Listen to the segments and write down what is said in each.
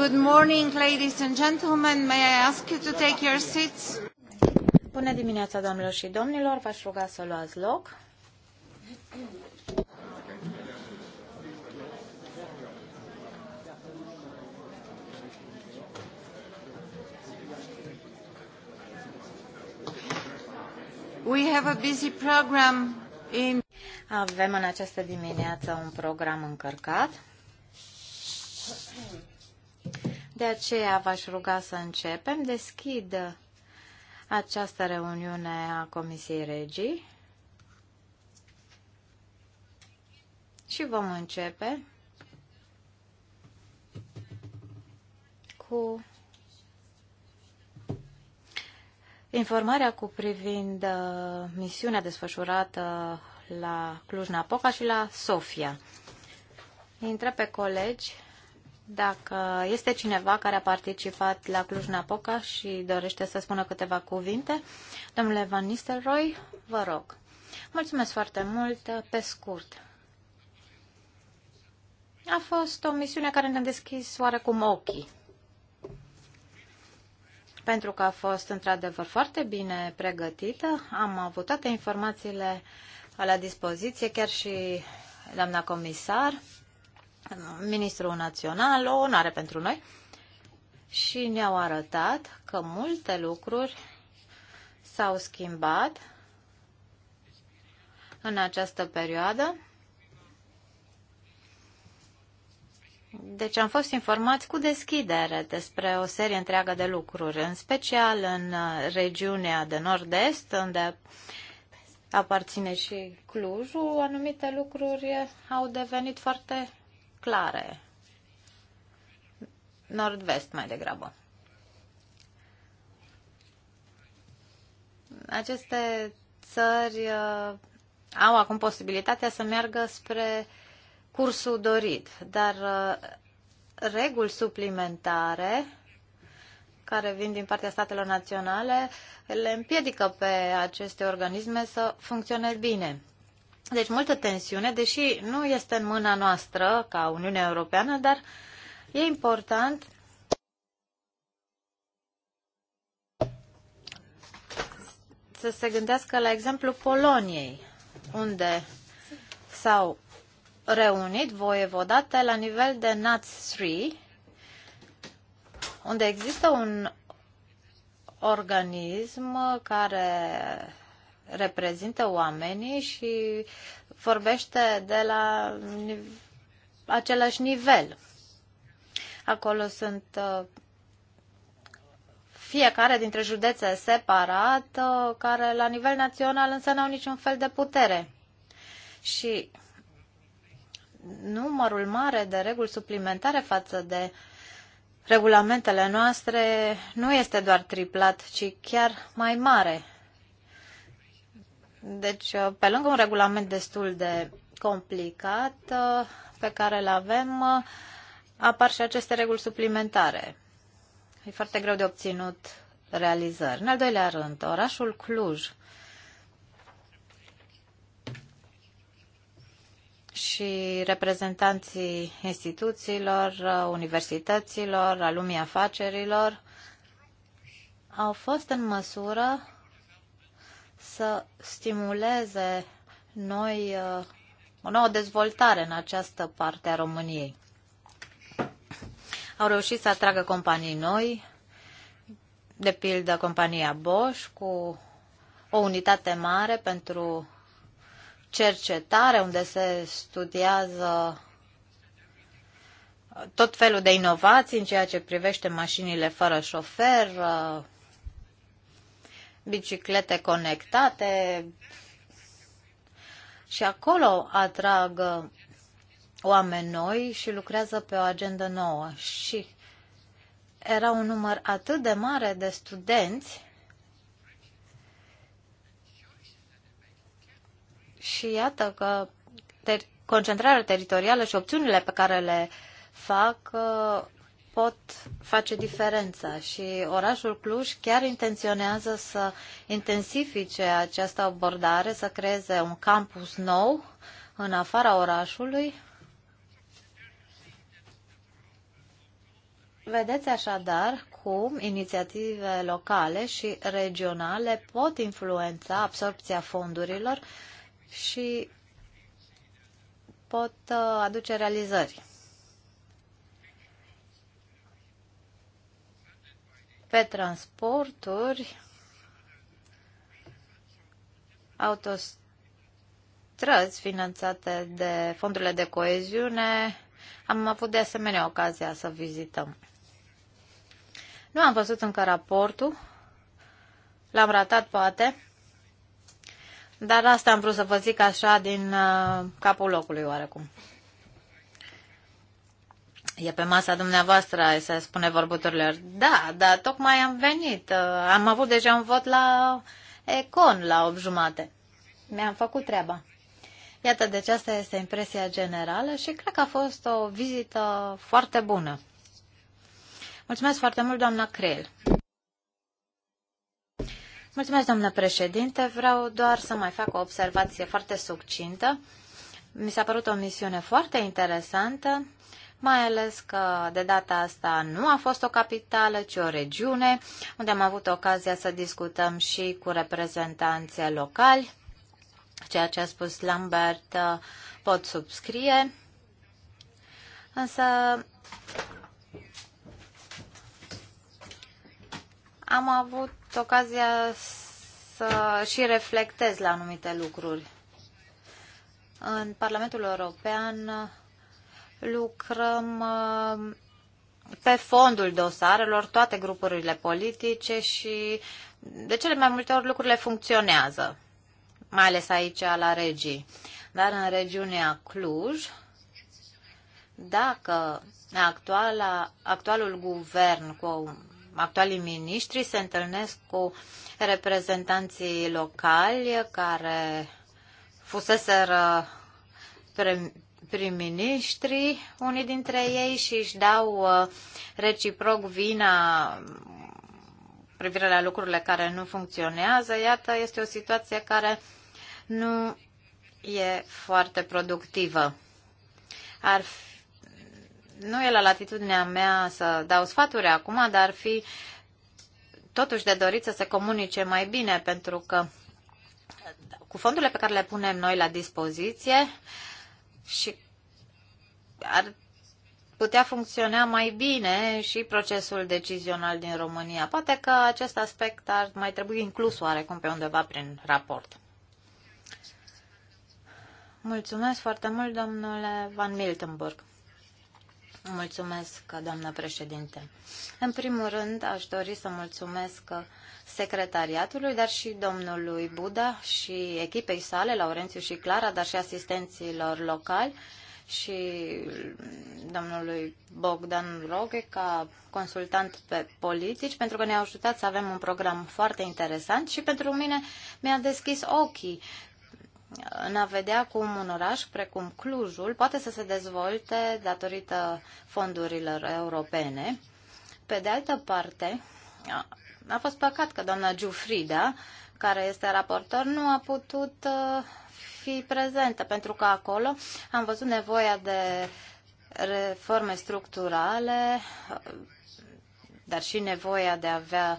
Good morning, ladies and gentlemen. May I ask you to take your seats? Bună dimineața, doamnelor și domnilor. V-aș ruga să luați loc. We have a busy program in avem în această dimineață un program încărcat. De aceea v-aș ruga să începem. Deschid această reuniune a Comisiei Regii și vom începe cu informarea cu privind uh, misiunea desfășurată la Cluj-Napoca și la Sofia. Intră pe colegi dacă este cineva care a participat la Cluj-Napoca și dorește să spună câteva cuvinte, domnule Van Nistelrooy, vă rog. Mulțumesc foarte mult, pe scurt. A fost o misiune care ne-a deschis oarecum ochii. Pentru că a fost într-adevăr foarte bine pregătită, am avut toate informațiile la dispoziție, chiar și doamna comisar ministrul național, o onoare pentru noi, și ne-au arătat că multe lucruri s-au schimbat în această perioadă. Deci am fost informați cu deschidere despre o serie întreagă de lucruri, în special în regiunea de nord-est, unde aparține și Clujul, anumite lucruri au devenit foarte clare. Nord-vest mai degrabă. Aceste țări uh, au acum posibilitatea să meargă spre cursul dorit, dar uh, reguli suplimentare care vin din partea statelor naționale le împiedică pe aceste organisme să funcționeze bine. Deci multă tensiune, deși nu este în mâna noastră ca Uniunea Europeană, dar e important să se gândească la exemplu Poloniei, unde s-au reunit voievodate la nivel de NATS 3, unde există un organism care reprezintă oamenii și vorbește de la același nivel. Acolo sunt uh, fiecare dintre județe separat, uh, care la nivel național însă n-au niciun fel de putere. Și numărul mare de reguli suplimentare față de regulamentele noastre nu este doar triplat, ci chiar mai mare deci, uh, pe lângă un regulament destul de complicat uh, pe care îl avem, uh, apar și aceste reguli suplimentare. E foarte greu de obținut realizări. În al doilea rând, orașul Cluj și reprezentanții instituțiilor, universităților, a lumii afacerilor au fost în măsură să stimuleze noi, uh, o nouă dezvoltare în această parte a României. Au reușit să atragă companii noi, de pildă compania Bosch, cu o unitate mare pentru cercetare, unde se studiază tot felul de inovații în ceea ce privește mașinile fără șofer, uh, biciclete conectate și acolo atrag uh, oameni noi și lucrează pe o agendă nouă. Și era un număr atât de mare de studenți și iată că ter- concentrarea teritorială și opțiunile pe care le fac uh, pot face diferența și orașul Cluj chiar intenționează să intensifice această abordare, să creeze un campus nou în afara orașului. Vedeți așadar cum inițiative locale și regionale pot influența absorpția fondurilor și pot uh, aduce realizări. Pe transporturi, autostrăzi finanțate de fondurile de coeziune, am avut de asemenea ocazia să vizităm. Nu am văzut încă raportul, l-am ratat poate, dar asta am vrut să vă zic așa din uh, capul locului oarecum. E pe masa dumneavoastră, să spune vorbitorilor. Da, dar tocmai am venit. Uh, am avut deja un vot la Econ la 8 jumate. Mi-am făcut treaba. Iată, deci asta este impresia generală și cred că a fost o vizită foarte bună. Mulțumesc foarte mult, doamna Creel. Mulțumesc, doamnă președinte. Vreau doar să mai fac o observație foarte succintă. Mi s-a părut o misiune foarte interesantă mai ales că de data asta nu a fost o capitală, ci o regiune, unde am avut ocazia să discutăm și cu reprezentanțe locali. Ceea ce a spus Lambert uh, pot subscrie, însă am avut ocazia să și reflectez la anumite lucruri. În Parlamentul European lucrăm uh, pe fondul dosarelor, toate grupurile politice și de cele mai multe ori lucrurile funcționează, mai ales aici la regii. Dar în regiunea Cluj, dacă actuala, actualul guvern cu actualii miniștri se întâlnesc cu reprezentanții locali care fuseseră prim-ministri, unii dintre ei, și își dau uh, reciproc vina mm, privire la lucrurile care nu funcționează. Iată, este o situație care nu e foarte productivă. Ar fi, nu e la latitudinea mea să dau sfaturi acum, dar ar fi totuși de dorit să se comunice mai bine, pentru că cu fondurile pe care le punem noi la dispoziție, și ar putea funcționa mai bine și procesul decizional din România. Poate că acest aspect ar mai trebui inclus oarecum pe undeva prin raport. Mulțumesc foarte mult, domnule Van Miltenburg. Mulțumesc, doamnă președinte. În primul rând, aș dori să mulțumesc secretariatului, dar și domnului Buda și echipei sale, Laurențiu și Clara, dar și asistenților locali și domnului Bogdan Roghe ca consultant pe politici, pentru că ne-a ajutat să avem un program foarte interesant și pentru mine mi-a deschis ochii în a vedea cum un oraș precum Clujul poate să se dezvolte datorită fondurilor europene. Pe de altă parte, a fost păcat că doamna Giufrida, care este raportor, nu a putut uh, fi prezentă, pentru că acolo am văzut nevoia de reforme structurale, dar și nevoia de a avea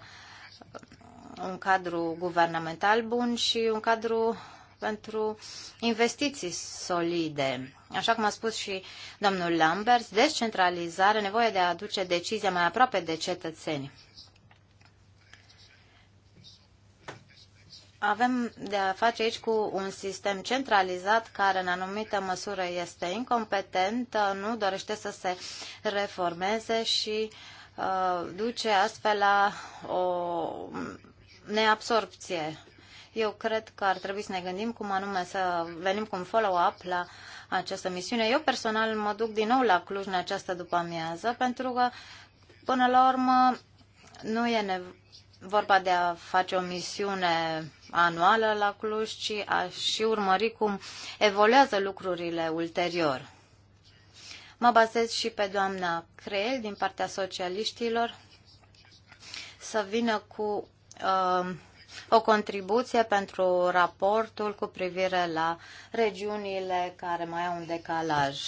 un cadru guvernamental bun și un cadru pentru investiții solide. Așa cum a spus și domnul Lambers, descentralizare, nevoie de a aduce decizia mai aproape de cetățeni. Avem de a face aici cu un sistem centralizat care în anumită măsură este incompetent, nu dorește să se reformeze și uh, duce astfel la o neabsorpție eu cred că ar trebui să ne gândim cum anume să venim cu un follow-up la această misiune. Eu personal mă duc din nou la Cluj în această după-amiază pentru că până la urmă nu e vorba de a face o misiune anuală la Cluj, ci a și urmări cum evoluează lucrurile ulterior. Mă bazez și pe doamna Creel din partea socialiștilor să vină cu uh, o contribuție pentru raportul cu privire la regiunile care mai au un decalaj.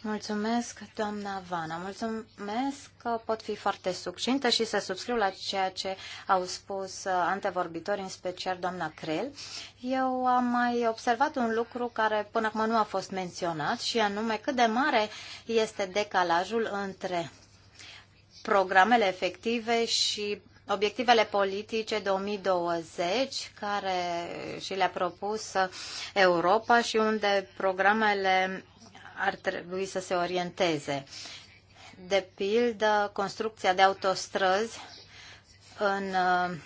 Mulțumesc, doamna Vana. Mulțumesc că pot fi foarte succintă și să subscriu la ceea ce au spus antevorbitori, în special doamna Crel. Eu am mai observat un lucru care până acum nu a fost menționat și anume cât de mare este decalajul între programele efective și obiectivele politice 2020 care și le-a propus Europa și unde programele ar trebui să se orienteze. De pildă, construcția de autostrăzi în uh,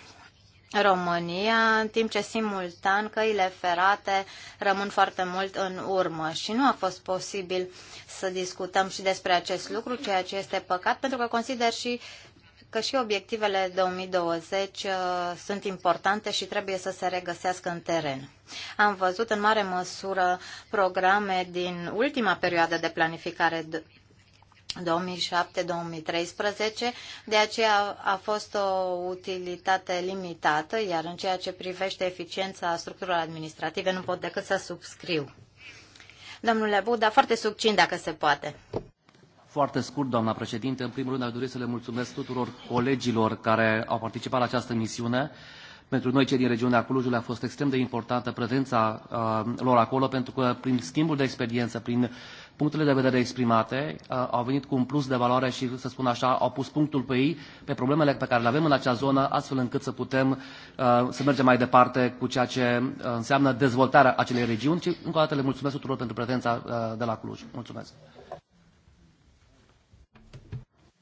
România, în timp ce simultan căile ferate rămân foarte mult în urmă și nu a fost posibil să discutăm și despre acest lucru, ceea ce este păcat, pentru că consider și că și obiectivele 2020 uh, sunt importante și trebuie să se regăsească în teren. Am văzut în mare măsură programe din ultima perioadă de planificare 2007-2013, de aceea a fost o utilitate limitată, iar în ceea ce privește eficiența structurilor administrative nu pot decât să subscriu. Domnule Buda, foarte succint dacă se poate. Foarte scurt, doamna președinte. În primul rând, aș dori să le mulțumesc tuturor colegilor care au participat la această misiune. Pentru noi, cei din regiunea Clujului, a fost extrem de importantă prezența uh, lor acolo, pentru că prin schimbul de experiență, prin punctele de vedere exprimate, uh, au venit cu un plus de valoare și, să spun așa, au pus punctul pe ei, pe problemele pe care le avem în acea zonă, astfel încât să putem uh, să mergem mai departe cu ceea ce uh, înseamnă dezvoltarea acelei regiuni. Și, încă o dată, le mulțumesc tuturor pentru prezența uh, de la Cluj. Mulțumesc!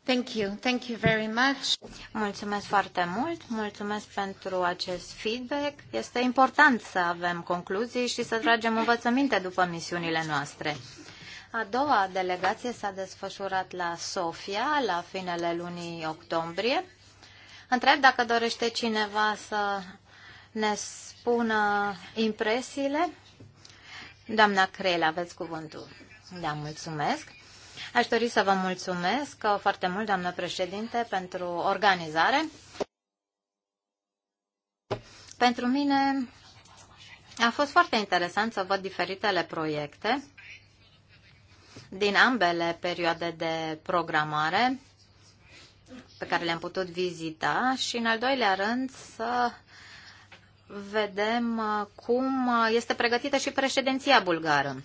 Thank you. Thank you very much. Mulțumesc foarte mult, mulțumesc pentru acest feedback. Este important să avem concluzii și să tragem învățăminte după misiunile noastre. A doua delegație s-a desfășurat la Sofia la finele lunii octombrie. Întreb dacă dorește cineva să ne spună impresiile. Doamna Crele, aveți cuvântul. Da, mulțumesc. Aș dori să vă mulțumesc foarte mult, doamnă președinte, pentru organizare. Pentru mine a fost foarte interesant să văd diferitele proiecte din ambele perioade de programare pe care le-am putut vizita și, în al doilea rând, să vedem cum este pregătită și președinția bulgară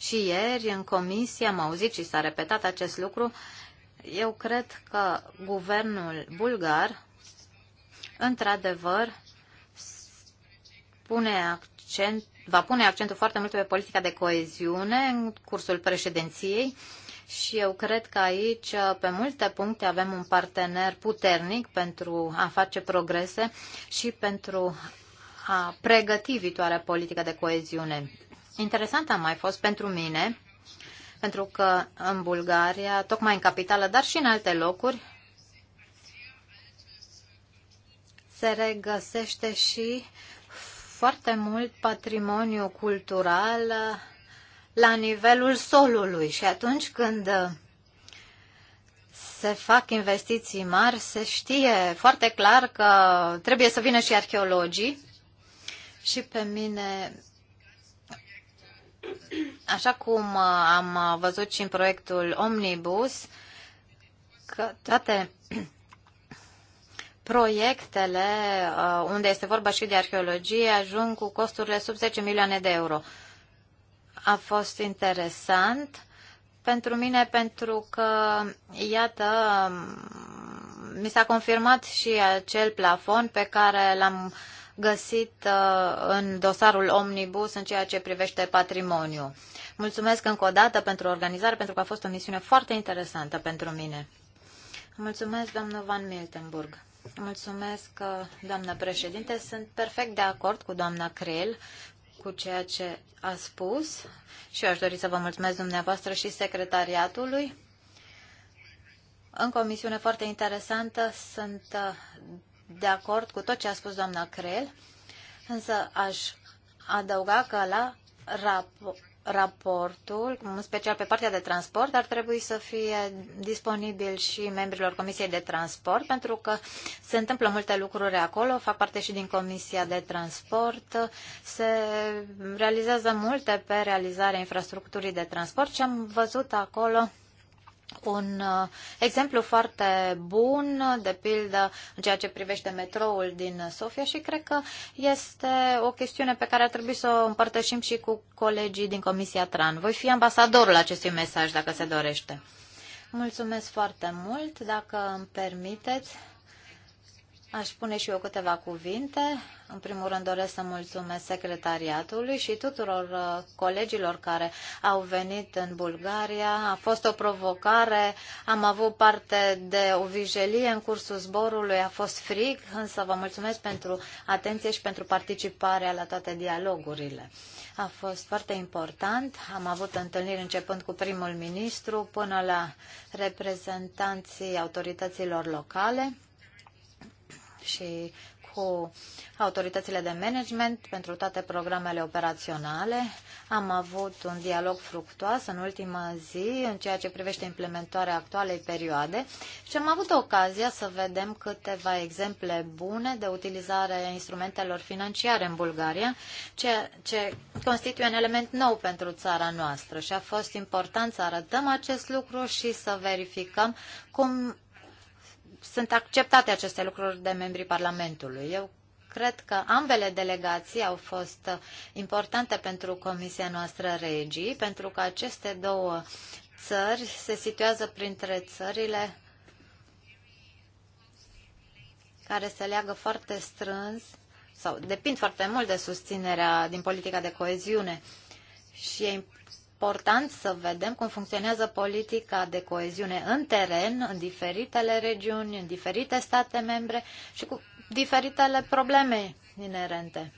și ieri în comisie am auzit și s-a repetat acest lucru. Eu cred că guvernul bulgar, într-adevăr, pune accent, va pune accentul foarte mult pe politica de coeziune în cursul președinției și eu cred că aici, pe multe puncte, avem un partener puternic pentru a face progrese și pentru a pregăti viitoarea politică de coeziune. Interesant a mai fost pentru mine, pentru că în Bulgaria, tocmai în capitală, dar și în alte locuri, se regăsește și foarte mult patrimoniu cultural la nivelul solului și atunci când se fac investiții mari, se știe foarte clar că trebuie să vină și arheologii și pe mine Așa cum uh, am uh, văzut și în proiectul Omnibus, că toate proiectele uh, unde este vorba și de arheologie ajung cu costurile sub 10 milioane de euro. A fost interesant pentru mine pentru că, iată, mi s-a confirmat și acel plafon pe care l-am găsit uh, în dosarul Omnibus în ceea ce privește patrimoniu. Mulțumesc încă o dată pentru organizare, pentru că a fost o misiune foarte interesantă pentru mine. Mulțumesc, doamnă Van Miltenburg. Mulțumesc, uh, doamnă președinte. Sunt perfect de acord cu doamna Creel cu ceea ce a spus și eu aș dori să vă mulțumesc dumneavoastră și secretariatului. Încă o misiune foarte interesantă. Sunt uh, de acord cu tot ce a spus doamna Crel, însă aș adăuga că la rap- raportul, în special pe partea de transport, ar trebui să fie disponibil și membrilor Comisiei de Transport, pentru că se întâmplă multe lucruri acolo, fac parte și din Comisia de Transport, se realizează multe pe realizarea infrastructurii de transport și am văzut acolo un uh, exemplu foarte bun, de pildă în ceea ce privește metroul din Sofia și cred că este o chestiune pe care ar trebui să o împărtășim și cu colegii din Comisia Tran. Voi fi ambasadorul acestui mesaj dacă se dorește. Mulțumesc foarte mult, dacă îmi permiteți. Aș spune și eu câteva cuvinte. În primul rând doresc să mulțumesc secretariatului și tuturor uh, colegilor care au venit în Bulgaria. A fost o provocare, am avut parte de o vijelie în cursul zborului, a fost frig, însă vă mulțumesc pentru atenție și pentru participarea la toate dialogurile. A fost foarte important, am avut întâlniri începând cu primul ministru până la reprezentanții autorităților locale și cu autoritățile de management pentru toate programele operaționale. Am avut un dialog fructuos în ultima zi în ceea ce privește implementarea actualei perioade și am avut ocazia să vedem câteva exemple bune de utilizare a instrumentelor financiare în Bulgaria, ceea ce constituie un element nou pentru țara noastră și a fost important să arătăm acest lucru și să verificăm cum sunt acceptate aceste lucruri de membrii Parlamentului. Eu cred că ambele delegații au fost importante pentru Comisia noastră Regii, pentru că aceste două țări se situează printre țările care se leagă foarte strâns sau depind foarte mult de susținerea din politica de coeziune și e important să vedem cum funcționează politica de coeziune în teren, în diferitele regiuni, în diferite state membre și cu diferitele probleme inerente.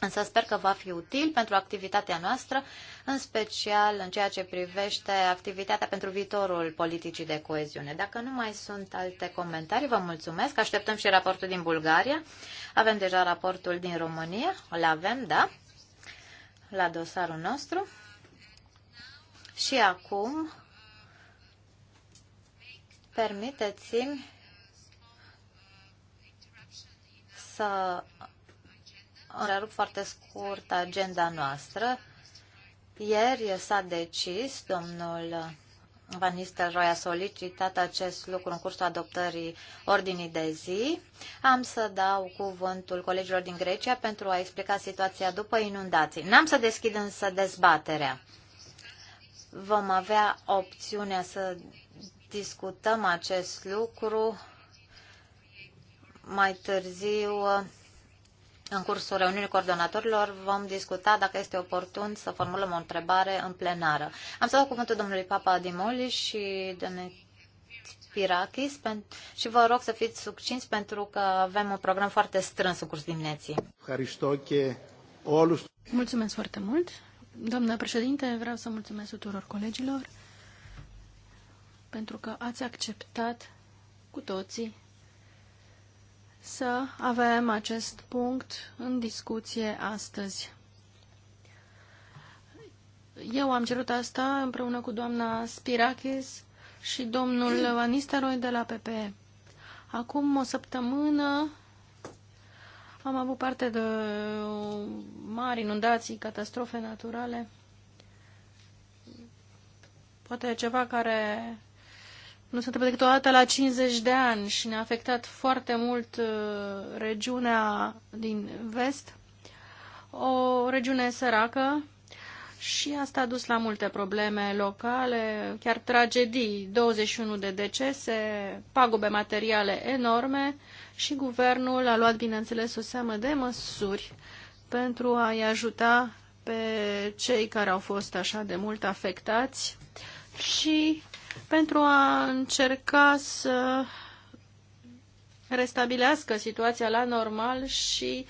Însă sper că va fi util pentru activitatea noastră, în special în ceea ce privește activitatea pentru viitorul politicii de coeziune. Dacă nu mai sunt alte comentarii, vă mulțumesc. Așteptăm și raportul din Bulgaria. Avem deja raportul din România. Îl avem, da? la dosarul nostru. Și acum permiteți-mi să întrerup foarte scurt agenda noastră. Ieri s-a decis, domnul Van Nistelrooy a solicitat acest lucru în cursul adoptării ordinii de zi. Am să dau cuvântul colegilor din Grecia pentru a explica situația după inundații. N-am să deschid însă dezbaterea. Vom avea opțiunea să discutăm acest lucru mai târziu în cursul reuniunii coordonatorilor vom discuta dacă este oportun să formulăm o întrebare în plenară. Am să dau cuvântul domnului Papa Dimoli și domnului Spirakis și vă rog să fiți succinți pentru că avem un program foarte strâns în curs dimineții. Mulțumesc foarte mult. Doamnă președinte, vreau să mulțumesc tuturor colegilor pentru că ați acceptat cu toții să avem acest punct în discuție astăzi. Eu am cerut asta împreună cu doamna Spirakis și domnul Vanisteroi de la PPE. Acum o săptămână am avut parte de mari inundații, catastrofe naturale. Poate ceva care nu se întâmplă decât o dată la 50 de ani și ne-a afectat foarte mult uh, regiunea din vest, o regiune săracă și asta a dus la multe probleme locale, chiar tragedii, 21 de decese, pagube materiale enorme și guvernul a luat, bineînțeles, o seamă de măsuri pentru a-i ajuta pe cei care au fost așa de mult afectați și pentru a încerca să restabilească situația la normal și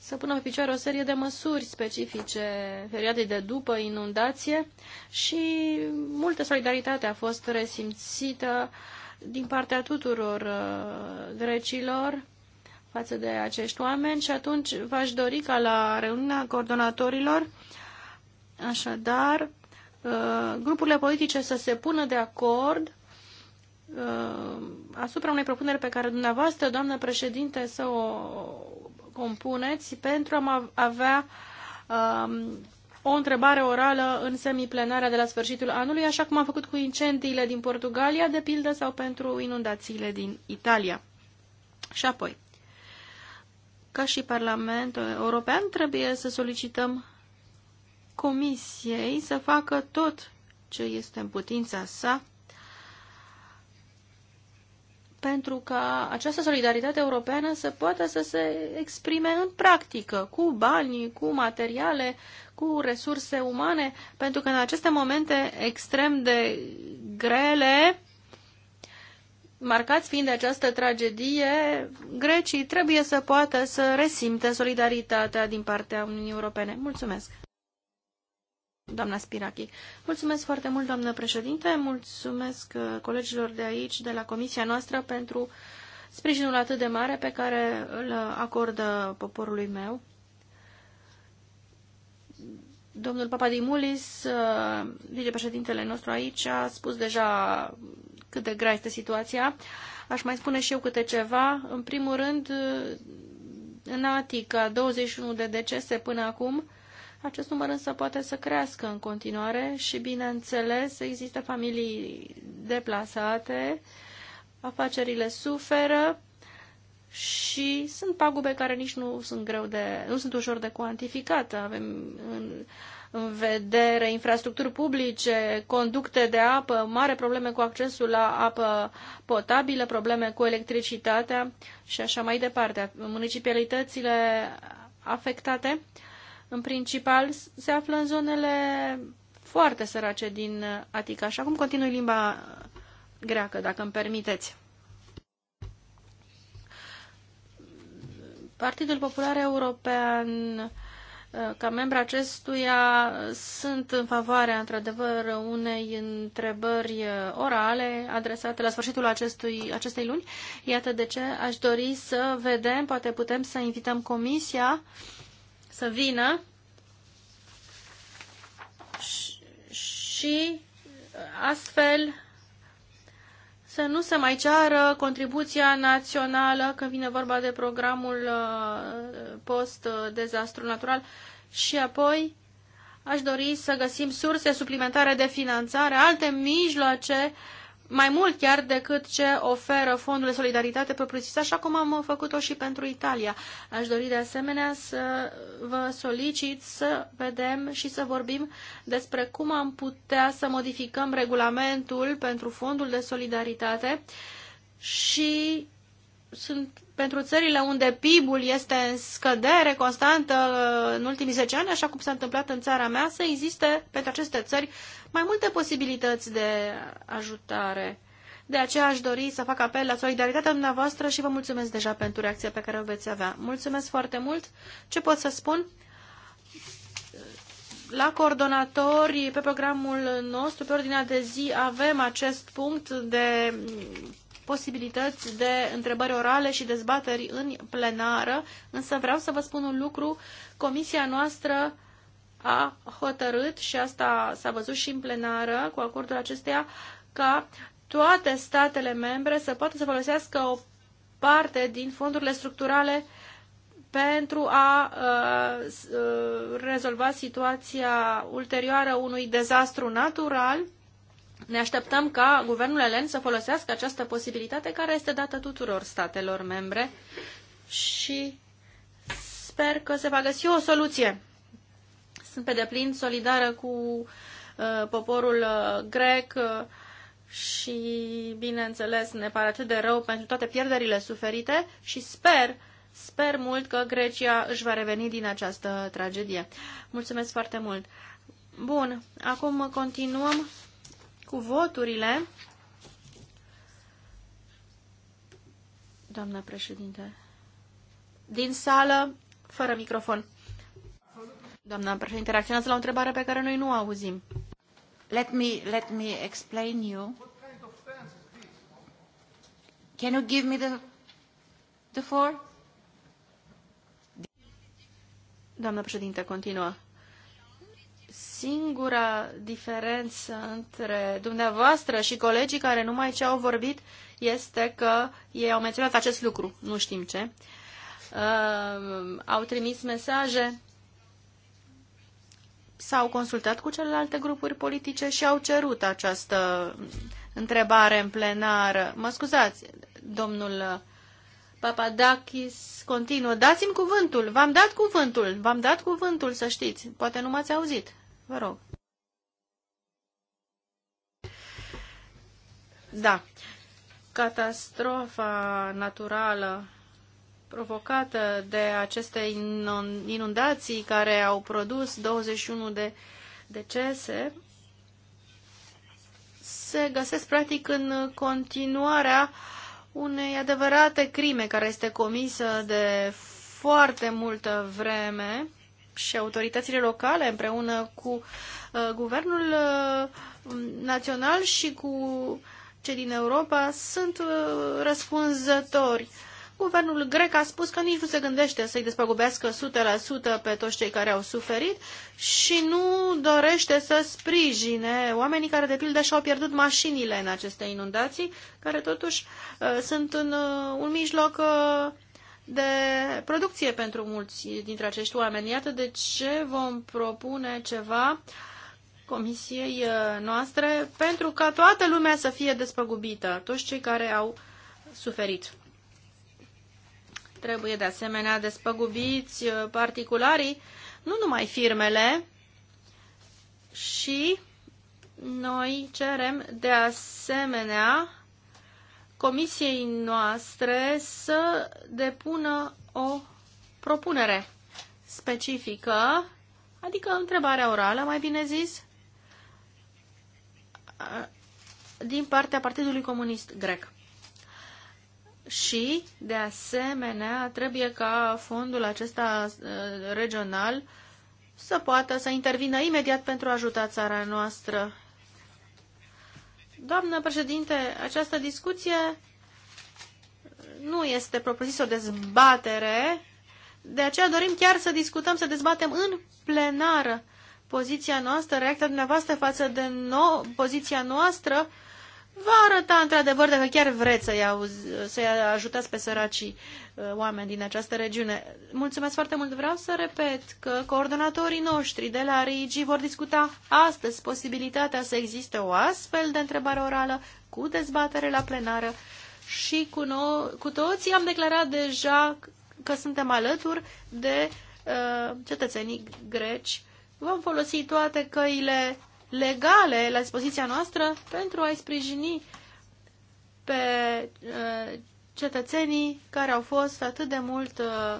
să pună pe picioare o serie de măsuri specifice perioadei de după inundație și multă solidaritate a fost resimțită din partea tuturor uh, grecilor față de acești oameni și atunci v-aș dori ca la reuniunea coordonatorilor Așadar, Uh, grupurile politice să se pună de acord uh, asupra unei propuneri pe care dumneavoastră, doamnă președinte, să o compuneți pentru a avea um, o întrebare orală în semiplenarea de la sfârșitul anului, așa cum am făcut cu incendiile din Portugalia, de pildă, sau pentru inundațiile din Italia. Și apoi, ca și Parlamentul European, trebuie să solicităm Comisiei să facă tot ce este în putința sa pentru ca această solidaritate europeană să poată să se exprime în practică, cu bani, cu materiale, cu resurse umane, pentru că în aceste momente extrem de grele, marcați fiind de această tragedie, grecii trebuie să poată să resimte solidaritatea din partea Uniunii Europene. Mulțumesc! Doamna Spirachi. Mulțumesc foarte mult, doamnă președinte, mulțumesc uh, colegilor de aici, de la comisia noastră, pentru sprijinul atât de mare pe care îl acordă poporului meu. Domnul Papadimulis, uh, vicepreședintele nostru aici, a spus deja cât de grea este situația. Aș mai spune și eu câte ceva. În primul rând, uh, în Atica, 21 de decese până acum, acest număr însă poate să crească în continuare și, bineînțeles, există familii deplasate, afacerile suferă și sunt pagube care nici nu sunt greu de, nu sunt ușor de cuantificat. Avem în, în vedere infrastructuri publice, conducte de apă, mare probleme cu accesul la apă potabilă, probleme cu electricitatea și așa mai departe. Municipalitățile afectate uh, în principal se află în zonele foarte sărace din Atica. Și acum continui limba greacă, dacă îmi permiteți. Partidul Popular European, ca membru acestuia, sunt în favoarea, într-adevăr, unei întrebări orale adresate la sfârșitul acestui, acestei luni. Iată de ce aș dori să vedem, poate putem să invităm Comisia uh, să vină și uh, astfel să nu se mai ceară contribuția națională când vine vorba de programul uh, post-dezastru uh, natural și apoi aș dori să găsim surse suplimentare de finanțare, alte mijloace uh, mai mult chiar decât ce oferă Fondul de Solidaritate propriu-zis, așa cum am făcut-o și pentru Italia. Aș dori de asemenea să vă solicit să vedem și să vorbim despre cum am putea să modificăm regulamentul pentru Fondul de Solidaritate și sunt pentru țările unde PIB-ul este în scădere constantă uh, în ultimii 10 ani, așa cum s-a întâmplat în țara mea, să existe pentru aceste țări mai multe posibilități de ajutare. De aceea aș dori să fac apel la solidaritatea dumneavoastră și vă mulțumesc deja pentru reacția pe care o veți avea. Mulțumesc foarte mult. Ce pot să spun? La coordonatori, pe programul nostru, pe ordinea de zi, avem acest punct de posibilități de întrebări orale și dezbateri în plenară, însă vreau să vă spun un lucru. Comisia noastră a hotărât, și asta s-a văzut și în plenară cu acordul acesteia, ca toate statele membre să poată să folosească o parte din fondurile structurale pentru a uh, uh rezolva situația ulterioară unui dezastru natural ne așteptăm ca guvernul elen să folosească această posibilitate care este dată tuturor statelor membre și sper că se va găsi o soluție. Sunt pe deplin solidară cu uh, poporul uh, grec uh, și, bineînțeles, ne pare atât de rău pentru toate pierderile suferite și sper Sper mult că Grecia își va reveni din această tragedie. Mulțumesc foarte mult! Bun, acum continuăm cu voturile. Doamna președinte, din sală, fără microfon. Doamna președinte, reacționați la o întrebare pe care noi nu o auzim. Let me, let me explain you. Can you give me the, the floor? Doamna președinte, continuă. Singura diferență între dumneavoastră și colegii care numai ce au vorbit este că ei au menționat acest lucru, nu știm ce. Uh, au trimis mesaje, s-au consultat cu celelalte grupuri politice și au cerut această întrebare în plenar. Mă scuzați, domnul Papadakis continuă. Dați-mi cuvântul, v-am dat cuvântul, v-am dat cuvântul, să știți. Poate nu m-ați auzit. Vă rog. Da. Catastrofa naturală provocată de aceste inundații care au produs 21 de decese se găsesc practic în continuarea unei adevărate crime care este comisă de foarte multă vreme și autoritățile locale împreună cu uh, guvernul uh, național și cu cei din Europa sunt uh, răspunzători. Guvernul grec a spus că nici nu se gândește să-i despăgubească 100% pe toți cei care au suferit și nu dorește să sprijine oamenii care, de pildă, și-au pierdut mașinile în aceste inundații, care totuși uh, sunt un, uh, un mijloc uh, de producție pentru mulți dintre acești oameni. Iată de ce vom propune ceva comisiei uh, noastre pentru ca toată lumea să fie despăgubită, toți cei care au suferit. Trebuie de asemenea despăgubiți uh, particularii, nu numai firmele, și noi cerem de asemenea comisiei noastre să depună o propunere specifică, adică întrebarea orală, mai bine zis, din partea Partidului Comunist Grec. Și, de asemenea, trebuie ca fondul acesta ă, regional să poată să intervină imediat pentru a ajuta țara noastră Doamnă președinte, această discuție nu este propriu-zis o dezbatere, de aceea dorim chiar să discutăm, să dezbatem în plenară poziția noastră, reacția dumneavoastră față de no poziția noastră va arăta într-adevăr dacă chiar vreți să-i, să ajutați pe săracii uh, oameni din această regiune. Mulțumesc foarte mult. Vreau să repet că coordonatorii noștri de la RIGI vor discuta astăzi posibilitatea să existe o astfel de întrebare orală cu dezbatere la plenară și cu, no- cu toții am declarat deja că suntem alături de uh, cetățenii greci. Vom folosi toate căile legale la dispoziția noastră pentru a-i sprijini pe uh, cetățenii care au fost atât de mult uh,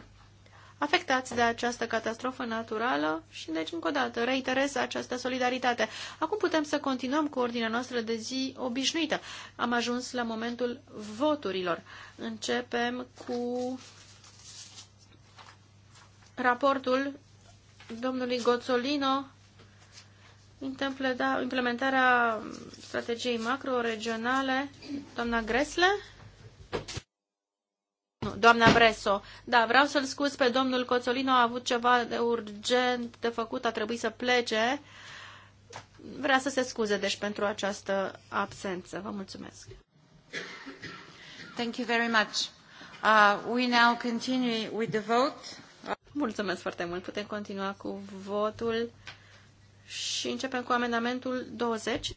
afectați de această catastrofă naturală și deci încă o dată reiterez această solidaritate. Acum putem să continuăm cu ordinea noastră de zi obișnuită. Am ajuns la momentul voturilor. Începem cu raportul domnului Gozzolino da, implementarea strategiei macro-regionale, doamna Gresle? Nu, doamna Breso. Da, vreau să-l scuz pe domnul Coțolino, a avut ceva de urgent de făcut, a trebuit să plece. Vrea să se scuze, deci, pentru această absență. Vă mulțumesc. Thank you very much. Uh, we now continue with the vote. Mulțumesc foarte mult. Putem continua cu votul și începem cu amendamentul 20.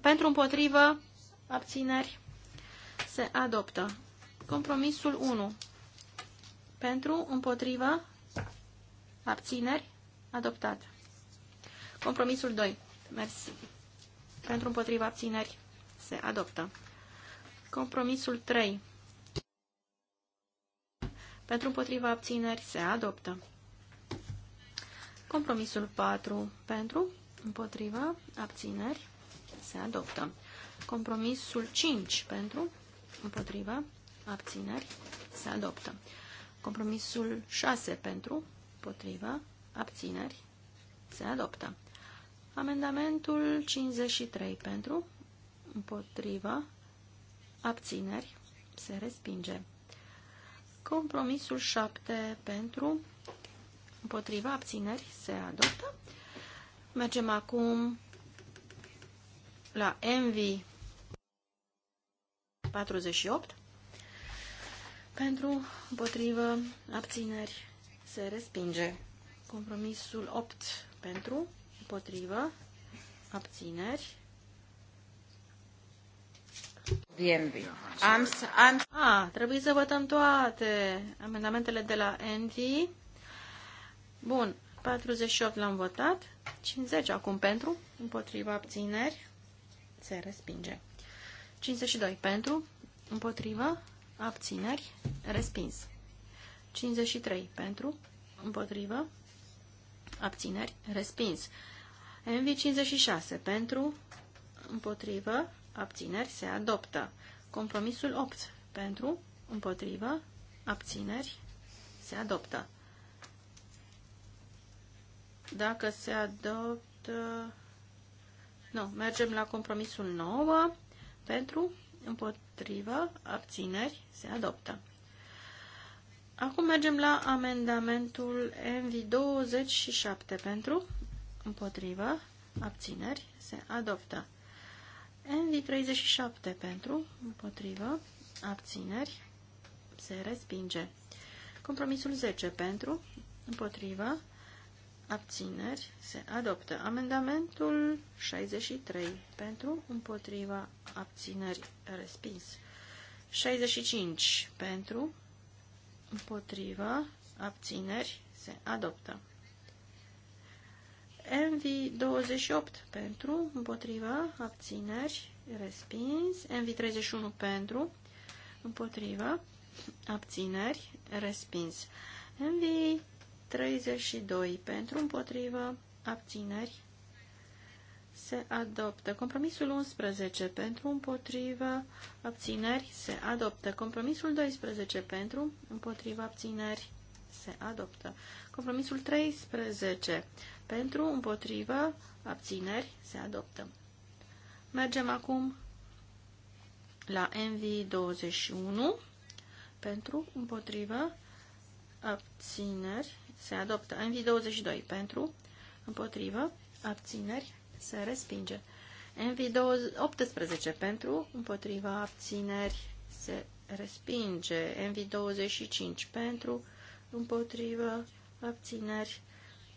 Pentru împotrivă, abțineri, se adoptă. Compromisul 1. Pentru împotrivă, abțineri, adoptat. Compromisul 2. Mersi. Pentru împotrivă, abțineri, se adoptă. Compromisul 3. Pentru împotriva abțineri, se adoptă. Compromisul 4 pentru, împotriva, abțineri, se adoptă. Compromisul 5 pentru, împotriva, abțineri, se adoptă. Compromisul 6 pentru, împotriva, abțineri, se adoptă. Amendamentul 53 pentru, împotriva, abțineri, se respinge. Compromisul 7 pentru, împotriva, abțineri, se adoptă. Mergem acum la Envy 48. Pentru, împotrivă, abțineri, se respinge. Compromisul 8 pentru, împotrivă, abțineri. Envy. Am, am... A, trebuie să votăm toate amendamentele de la Envy Bun, 48 l-am votat, 50 acum pentru, împotriva abțineri, se respinge. 52 pentru, împotriva, abțineri, respins. 53 pentru, împotriva abțineri, respins. MV 56 pentru, împotriva abțineri, se adoptă. Compromisul 8 pentru, împotriva abțineri, se adoptă. Dacă se adoptă... Nu, mergem la compromisul 9. Pentru, împotrivă, abțineri, se adoptă. Acum mergem la amendamentul MV27 pentru, împotrivă, abțineri, se adoptă. MV37 pentru, împotrivă, abțineri, se respinge. Compromisul 10 pentru, împotrivă, abțineri, se adoptă. Amendamentul 63 pentru, împotriva, abțineri, respins. 65 pentru, împotriva, abțineri, se adoptă. MV28 pentru, împotriva, abțineri, respins. MV31 pentru, împotriva, abțineri, respins. MV 32 pentru împotrivă abțineri se adoptă. Compromisul 11 pentru împotrivă abțineri se adoptă. Compromisul 12 pentru împotrivă abțineri se adoptă. Compromisul 13 pentru împotrivă abțineri se adoptă. Mergem acum la nv 21 pentru împotrivă abțineri se adoptă. NV22 pentru, împotrivă, abțineri, se respinge. NV18 pentru, împotriva, abțineri, se respinge. NV25 pentru, împotrivă, abțineri,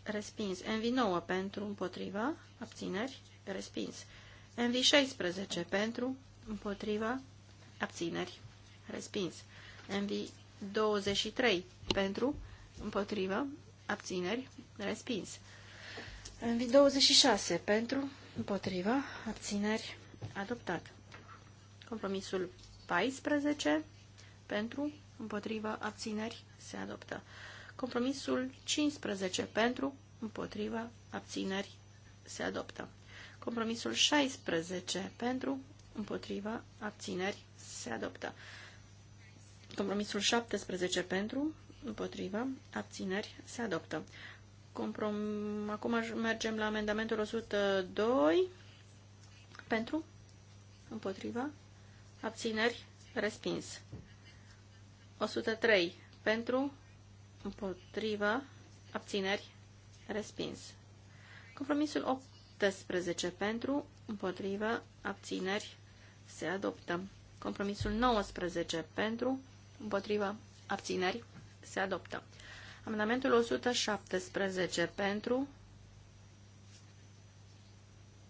respins. NV9 pentru, împotriva, abțineri, respins. NV16 pentru, împotriva, abțineri, respins. NV23 pentru, împotrivă, abțineri, respins. NV 26 pentru, împotrivă, abțineri, adoptat. Compromisul 14 pentru, împotrivă, abțineri, se adoptă. Compromisul 15 pentru, împotrivă, abțineri, se adoptă. Compromisul 16 pentru, împotrivă, abțineri, se adoptă. Compromisul 17 pentru, Împotrivă. Abțineri. Se adoptă. Comprom... Acum mergem la amendamentul 102. Pentru. Împotrivă. Abțineri. Respins. 103. Pentru. Împotrivă. Abțineri. Respins. Compromisul 18. Pentru. Împotrivă. Abțineri. Se adoptă. Compromisul 19. Pentru. Împotrivă. Abțineri se adoptă. Amendamentul 117 pentru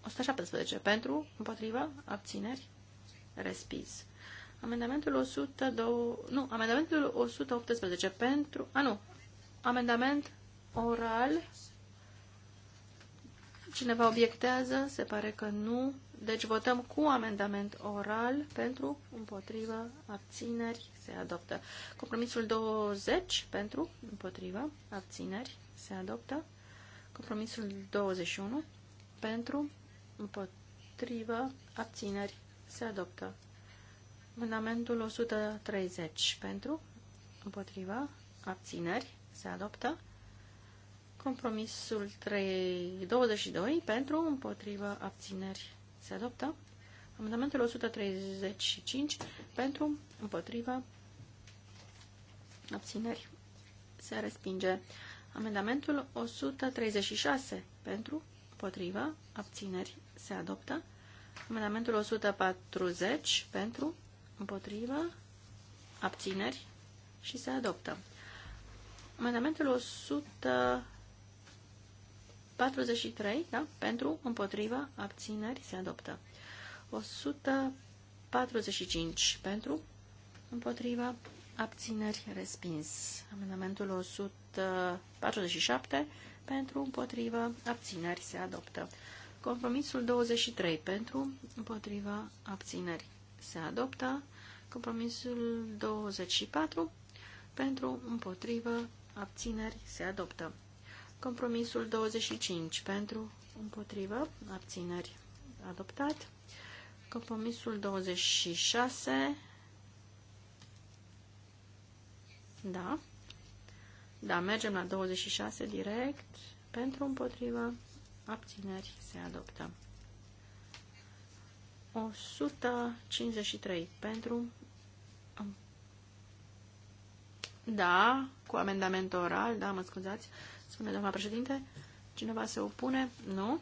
117 pentru, împotrivă, abțineri, respins. Amendamentul 102, nu, amendamentul 118 pentru, a nu, amendament oral, cineva obiectează, se pare că nu, deci votăm cu amendament oral pentru, împotrivă, abțineri, se adoptă. Compromisul 20 pentru, împotrivă, abțineri, se adoptă. Compromisul 21 pentru, împotrivă, abțineri, se adoptă. Amendamentul 130 pentru, împotriva, abțineri, se adoptă. Compromisul 3, 22 pentru, împotriva, abțineri, se adoptă. Amendamentul 135 pentru, împotrivă, abțineri. Se respinge. Amendamentul 136 pentru, împotrivă, abțineri. Se adoptă. Amendamentul 140 pentru, împotrivă, abțineri și se adoptă. Amendamentul 100 43, da? Pentru, împotriva, abțineri, se adoptă. 145 pentru, împotriva, abțineri, respins. Amendamentul 147 pentru, împotriva, abțineri, se adoptă. Compromisul 23 pentru, împotriva, abțineri, se adoptă. Compromisul 24 pentru, împotriva, abțineri, se adoptă. Compromisul 25 pentru, împotrivă, abțineri, adoptat. Compromisul 26, da, da, mergem la 26 direct, pentru, împotrivă, abțineri, se adoptă. 153 pentru, da, cu amendament oral, da, mă scuzați, spune doamna președinte. Cineva se opune? Nu.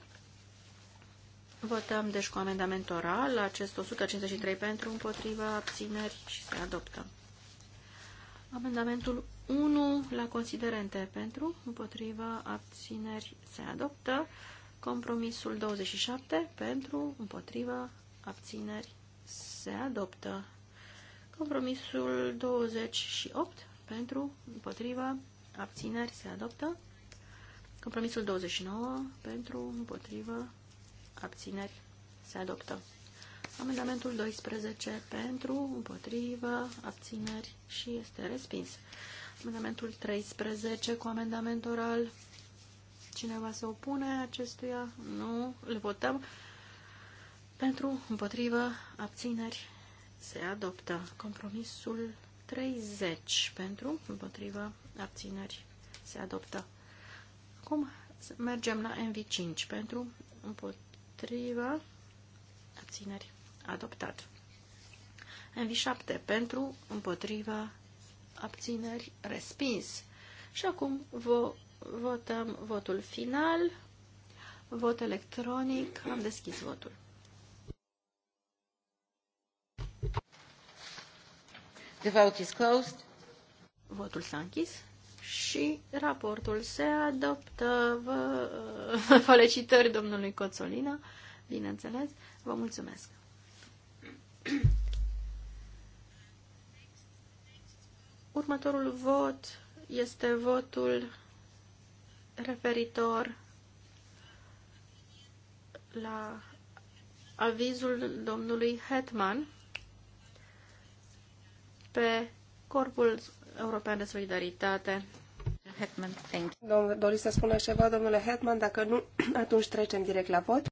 Votăm deci cu amendament oral acest 153 pentru, împotriva, abțineri și se adoptă. Amendamentul 1 la considerente pentru, împotriva, abțineri se adoptă. Compromisul 27 pentru, împotriva, abțineri se adoptă. Compromisul 28 pentru, împotriva, abțineri se adoptă. Compromisul 29 pentru, împotrivă, abțineri se adoptă. Amendamentul 12 pentru, împotrivă, abțineri și este respins. Amendamentul 13 cu amendament oral. Cineva se opune acestuia? Nu. Îl votăm. Pentru, împotrivă, abțineri se adoptă. Compromisul 30 pentru, împotrivă, abțineri se adoptă. Acum mergem la MV5 pentru împotriva abțineri. Adoptat. MV7 pentru împotriva abțineri. Respins. Și acum vo votăm votul final. Vot electronic. Am deschis votul. The vote is closed. Votul s-a închis și raportul se adoptă. Vă felicitări domnului Coțolina, bineînțeles. Vă mulțumesc. Următorul vot este votul referitor la avizul domnului Hetman pe corpul European de Solidaritate. Hetman, thank you. Doriți să spună ceva, domnule Hetman? Dacă nu, atunci trecem direct la vot.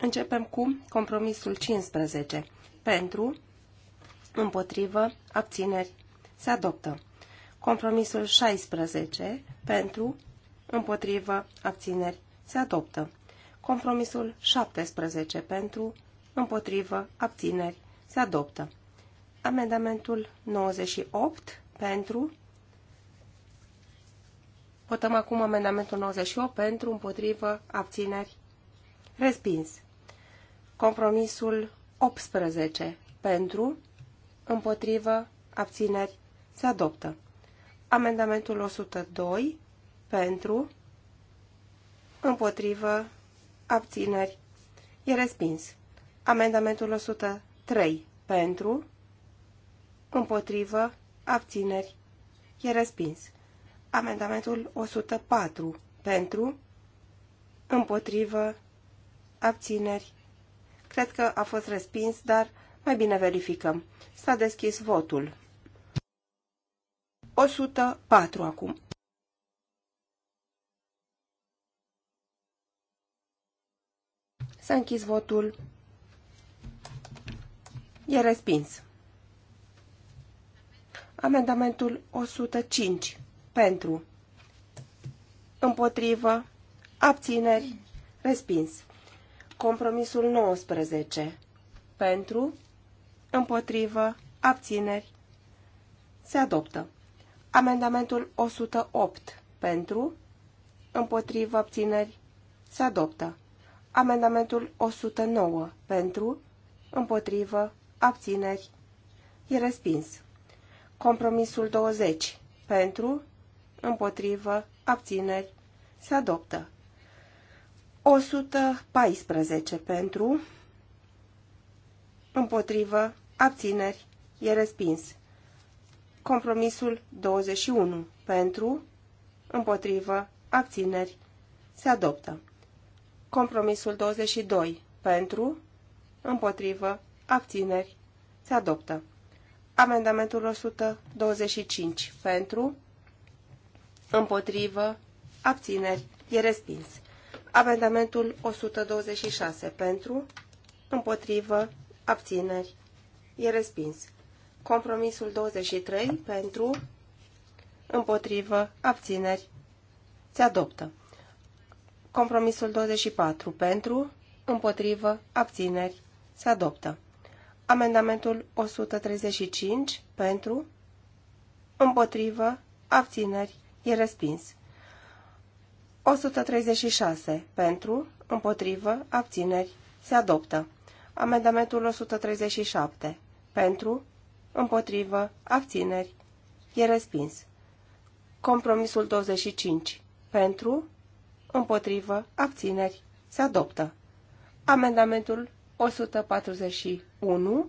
Începem cu compromisul 15. Pentru, împotrivă, abțineri, se adoptă. Compromisul 16. Pentru, împotrivă, abțineri, se adoptă. Compromisul 17. Pentru, împotrivă, abțineri, se adoptă. Amendamentul 98 pentru. Votăm acum amendamentul 98 pentru, împotrivă, abțineri. Respins. Compromisul 18 pentru, împotrivă, abțineri. Se adoptă. Amendamentul 102 pentru, împotrivă, abțineri. E respins. Amendamentul 103 pentru, împotrivă, abțineri, e respins. Amendamentul 104 pentru, împotrivă, abțineri. Cred că a fost respins, dar mai bine verificăm. S-a deschis votul. 104 acum. S-a închis votul. E respins. Amendamentul 105. Pentru. Împotrivă. Abțineri. Respins. Compromisul 19. Pentru. Împotrivă. Abțineri. Se adoptă. Amendamentul 108. Pentru. Împotrivă. Abțineri. Se adoptă. Amendamentul 109. Pentru. Împotrivă. Abțineri. E respins. Compromisul 20. Pentru, împotrivă, abțineri, se adoptă. 114 pentru, împotrivă, abțineri, e respins. Compromisul 21 pentru, împotrivă, abțineri, se adoptă. Compromisul 22 pentru, împotrivă, abțineri, se adoptă. Amendamentul 125 pentru, împotrivă, abțineri, e respins. Amendamentul 126 pentru, împotrivă, abțineri, e respins. Compromisul 23 pentru, împotrivă, abțineri, se adoptă. Compromisul 24 pentru, împotrivă, abțineri, se adoptă. Amendamentul 135 pentru, împotrivă, abțineri, e respins. 136 pentru, împotrivă, abțineri, se adoptă. Amendamentul 137 pentru, împotrivă, abțineri, e respins. Compromisul 25 pentru, împotrivă, abțineri, se adoptă. Amendamentul 141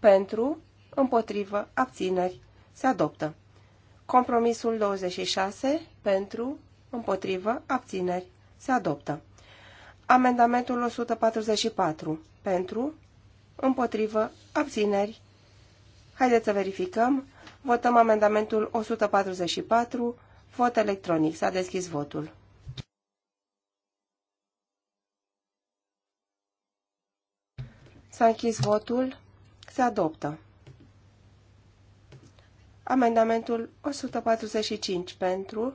pentru, împotrivă, abțineri, se adoptă. Compromisul 26 pentru, împotrivă, abțineri, se adoptă. Amendamentul 144 pentru, împotrivă, abțineri. Haideți să verificăm. Votăm amendamentul 144, vot electronic. S-a deschis votul. S-a închis votul. Se adoptă. Amendamentul 145 pentru,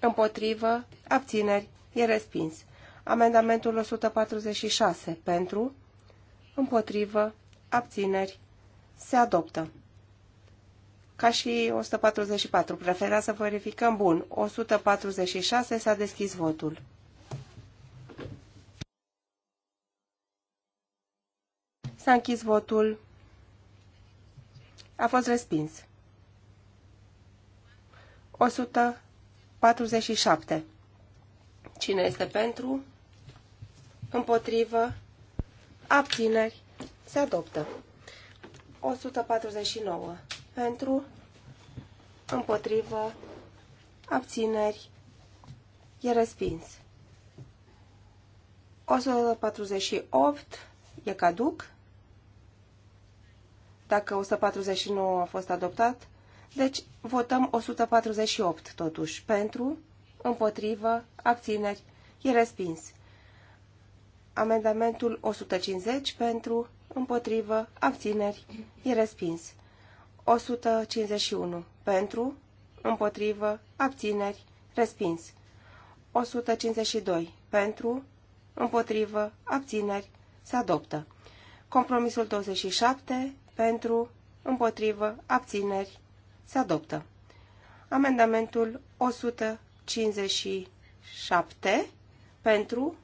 împotrivă, abțineri, e respins. Amendamentul 146 pentru, împotrivă, abțineri, se adoptă. Ca și 144, prefera să verificăm bun. 146 s-a deschis votul. S-a închis votul. A fost respins. 147. Cine este pentru? Împotrivă? Abțineri? Se adoptă. 149. Pentru? Împotrivă? Abțineri? E respins. 148. E caduc dacă 149 a fost adoptat. Deci votăm 148 totuși. Pentru, împotrivă, abțineri, e respins. Amendamentul 150 pentru, împotrivă, abțineri, e respins. 151 pentru, împotrivă, abțineri, respins. 152 pentru, împotrivă, abțineri, se adoptă. Compromisul 27 pentru, împotrivă, abțineri, se adoptă. Amendamentul 157 pentru,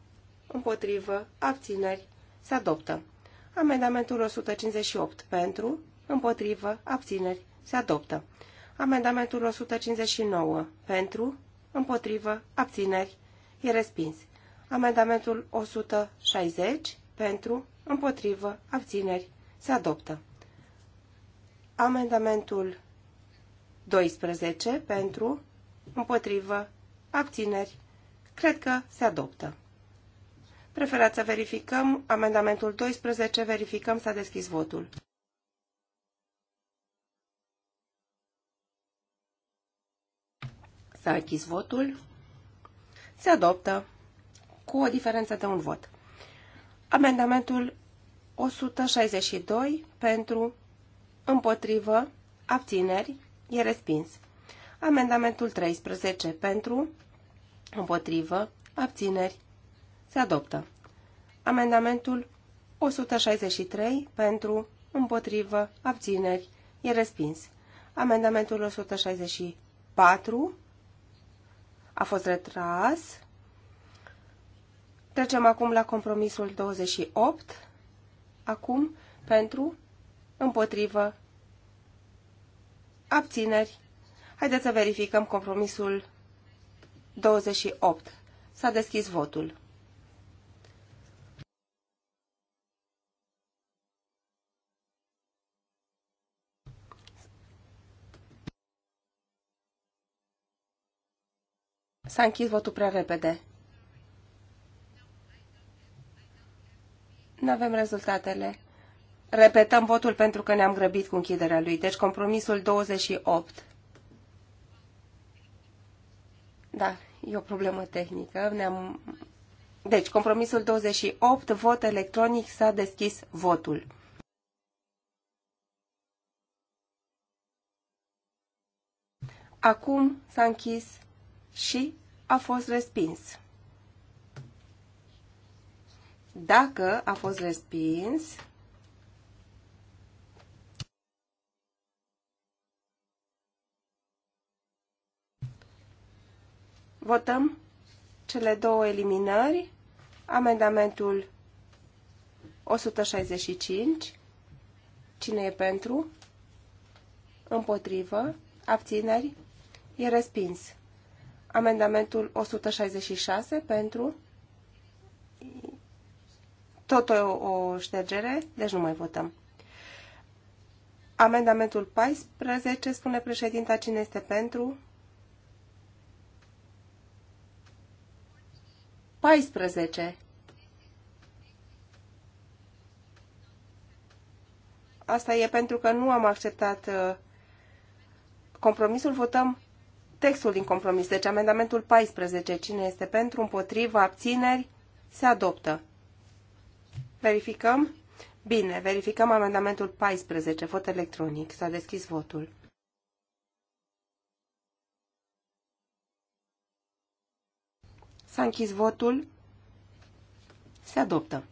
împotrivă, abțineri, se adoptă. Amendamentul 158 pentru, împotrivă, abțineri, se adoptă. Amendamentul 159 pentru, împotrivă, abțineri, e respins. Amendamentul 160 pentru, împotrivă, abțineri, se adoptă. Amendamentul 12 pentru, împotrivă, abțineri, cred că se adoptă. Preferați să verificăm amendamentul 12, verificăm s-a deschis votul. S-a închis votul. Se adoptă cu o diferență de un vot. Amendamentul 162 pentru împotrivă, abțineri, e respins. Amendamentul 13 pentru, împotrivă, abțineri, se adoptă. Amendamentul 163 pentru, împotrivă, abțineri, e respins. Amendamentul 164 a fost retras. Trecem acum la compromisul 28. Acum, pentru, împotrivă, abțineri. Haideți să verificăm compromisul 28. S-a deschis votul. S-a închis votul prea repede. Nu avem rezultatele. Repetăm votul pentru că ne-am grăbit cu închiderea lui. Deci compromisul 28. Da, e o problemă tehnică. Ne-am... Deci, compromisul 28, vot electronic, s-a deschis votul. Acum s-a închis și a fost respins. Dacă a fost respins, Votăm cele două eliminări, amendamentul 165, cine e pentru, împotrivă, abțineri, e respins. Amendamentul 166 pentru, tot o, o ștergere, deci nu mai votăm. Amendamentul 14, spune președinta, cine este pentru, 14. Asta e pentru că nu am acceptat uh, compromisul. Votăm textul din compromis. Deci amendamentul 14. Cine este pentru, împotriva, abțineri, se adoptă. Verificăm? Bine, verificăm amendamentul 14. Vot electronic. S-a deschis votul. S-a închis votul. Se adoptă.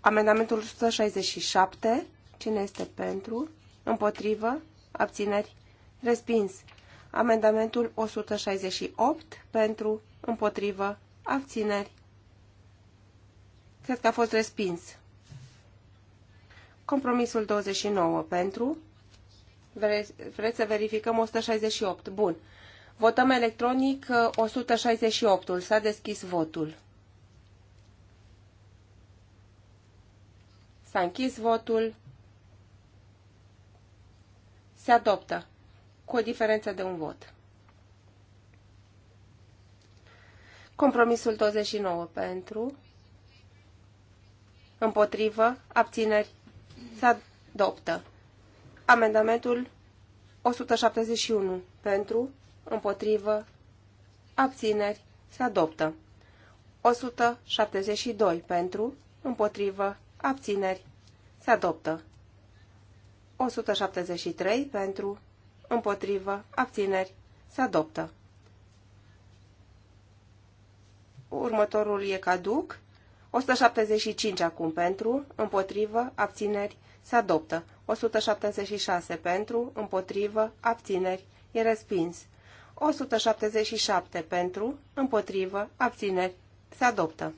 Amendamentul 167. Cine este pentru? Împotrivă? Abțineri? Respins. Amendamentul 168. Pentru? Împotrivă? Abțineri? Cred că a fost respins. Compromisul 29. Pentru? Vre vreți să verificăm 168. Bun. Votăm electronic 168-ul. Uh, S-a deschis votul. S-a închis votul. Se adoptă cu o diferență de un vot. Compromisul 29 pentru, împotrivă, abțineri, se adoptă. Amendamentul 171 pentru, împotrivă, abțineri, se adoptă. 172 pentru, împotrivă, abțineri, se adoptă. 173 pentru, împotrivă, abțineri, se adoptă. Următorul e caduc. 175 acum pentru, împotrivă, abțineri, se adoptă. 176 pentru, împotrivă, abțineri, e respins. 177 pentru, împotrivă, abțineri, se adoptă.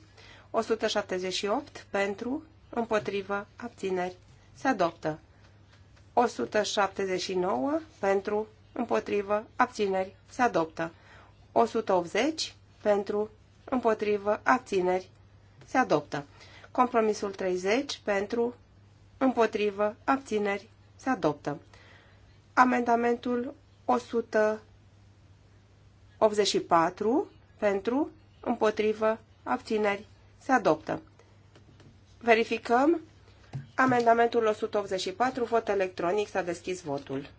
178 pentru, împotrivă, abțineri, se adoptă. 179 pentru, împotrivă, abțineri, se adoptă. 180 pentru, împotrivă, abțineri, se adoptă. Compromisul 30 pentru, împotrivă, abțineri, se adoptă. Amendamentul 100 84 pentru, împotrivă, abțineri, se adoptă. Verificăm amendamentul 184, vot electronic, s-a deschis votul.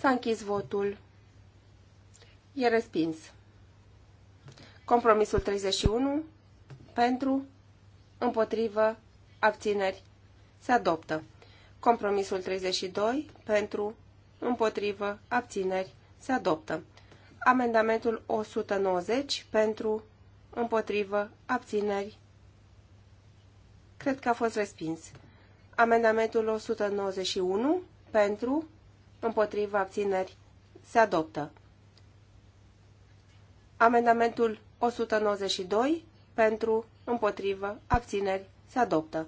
S-a închis votul. E respins. Compromisul 31, pentru, împotrivă, abțineri, se adoptă. Compromisul 32 pentru, împotrivă, abțineri se adoptă. Amendamentul 190 pentru, împotrivă, abțineri. Cred că a fost respins. Amendamentul 191 pentru, împotrivă, abțineri se adoptă. Amendamentul 192 pentru, împotrivă, abțineri se adoptă.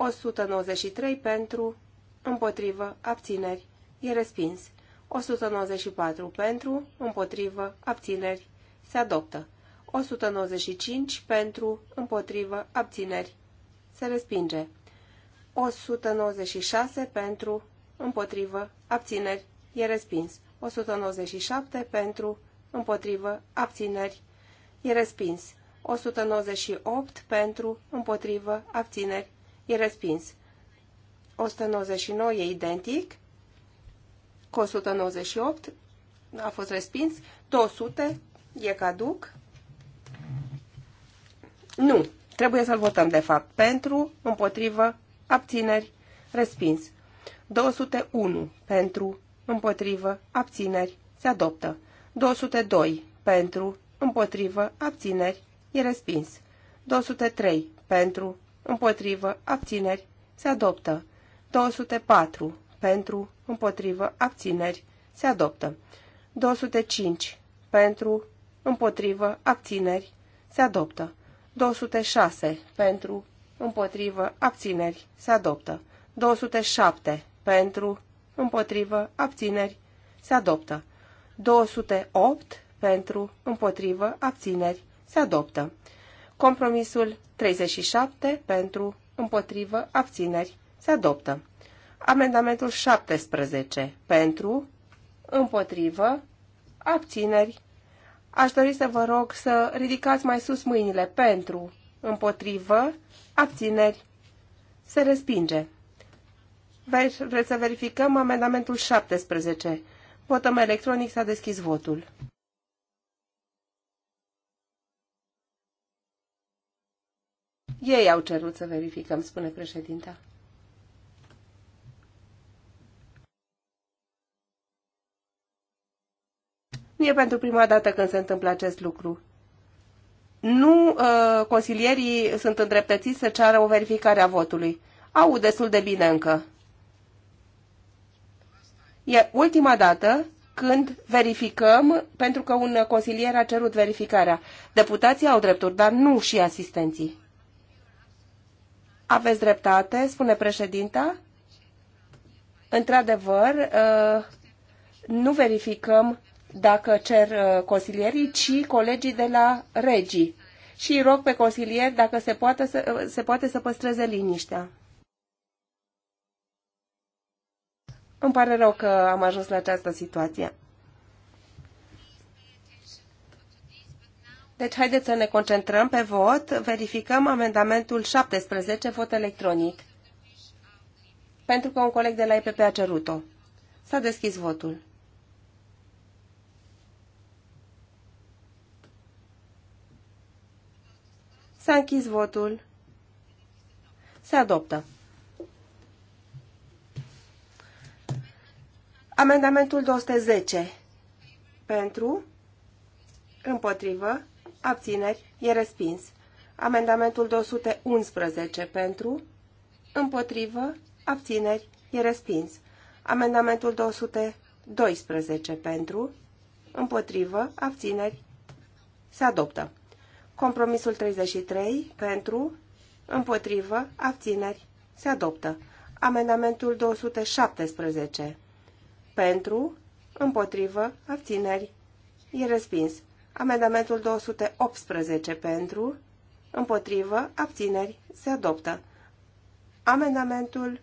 193 pentru, împotrivă, abțineri, e respins. 194 pentru, împotrivă, abțineri, se adoptă. 195 pentru, împotrivă, abțineri, se respinge. 196 pentru, împotrivă, abțineri, e respins. 197 pentru, împotrivă, abțineri, e respins. 198 pentru, împotrivă, abțineri, E respins. 199 e identic cu 198. A fost respins. 200 e caduc. Nu. Trebuie să-l votăm, de fapt. Pentru, împotrivă, abțineri, respins. 201 pentru, împotrivă, abțineri, se adoptă. 202 pentru, împotrivă, abțineri, e respins. 203 pentru, împotrivă, abțineri, se adoptă. 204 pentru, împotrivă, abțineri, se adoptă. 205 pentru, împotrivă, abțineri, se adoptă. 206 pentru, împotrivă, abțineri, se adoptă. 207 pentru, împotrivă, abțineri, se adoptă. 208 pentru, împotrivă, abțineri, se adoptă. Compromisul 37 pentru, împotrivă, abțineri se adoptă. Amendamentul 17 pentru, împotrivă, abțineri. Aș dori să vă rog să ridicați mai sus mâinile pentru, împotrivă, abțineri. Se respinge. Vreți să verificăm amendamentul 17. Votăm electronic s-a deschis votul. Ei au cerut să verificăm, spune președinta. Nu e pentru prima dată când se întâmplă acest lucru. Nu uh, consilierii sunt îndreptățiți să ceară o verificare a votului. Au destul de bine încă. E ultima dată când verificăm, pentru că un consilier a cerut verificarea. Deputații au drepturi, dar nu și asistenții. Aveți dreptate, spune președinta. Într-adevăr, uh, nu verificăm dacă cer uh, consilierii, ci colegii de la regii. Și rog pe consilieri dacă se poate să, uh, se poate să păstreze liniștea. Îmi pare rău că am ajuns la această situație. Deci, haideți să ne concentrăm pe vot. Verificăm amendamentul 17, vot electronic. Pentru că un coleg de la IPP a cerut-o. S-a deschis votul. S-a închis votul. Se adoptă. Amendamentul 210. Pentru. Împotrivă abțineri, e respins. Amendamentul 211 pentru, împotrivă, abțineri, e respins. Amendamentul 212 pentru, împotrivă, abțineri, se adoptă. Compromisul 33 pentru, împotrivă, abțineri, se adoptă. Amendamentul 217 pentru, împotrivă, abțineri, e respins. Amendamentul 218 pentru, împotrivă, abțineri, se adoptă. Amendamentul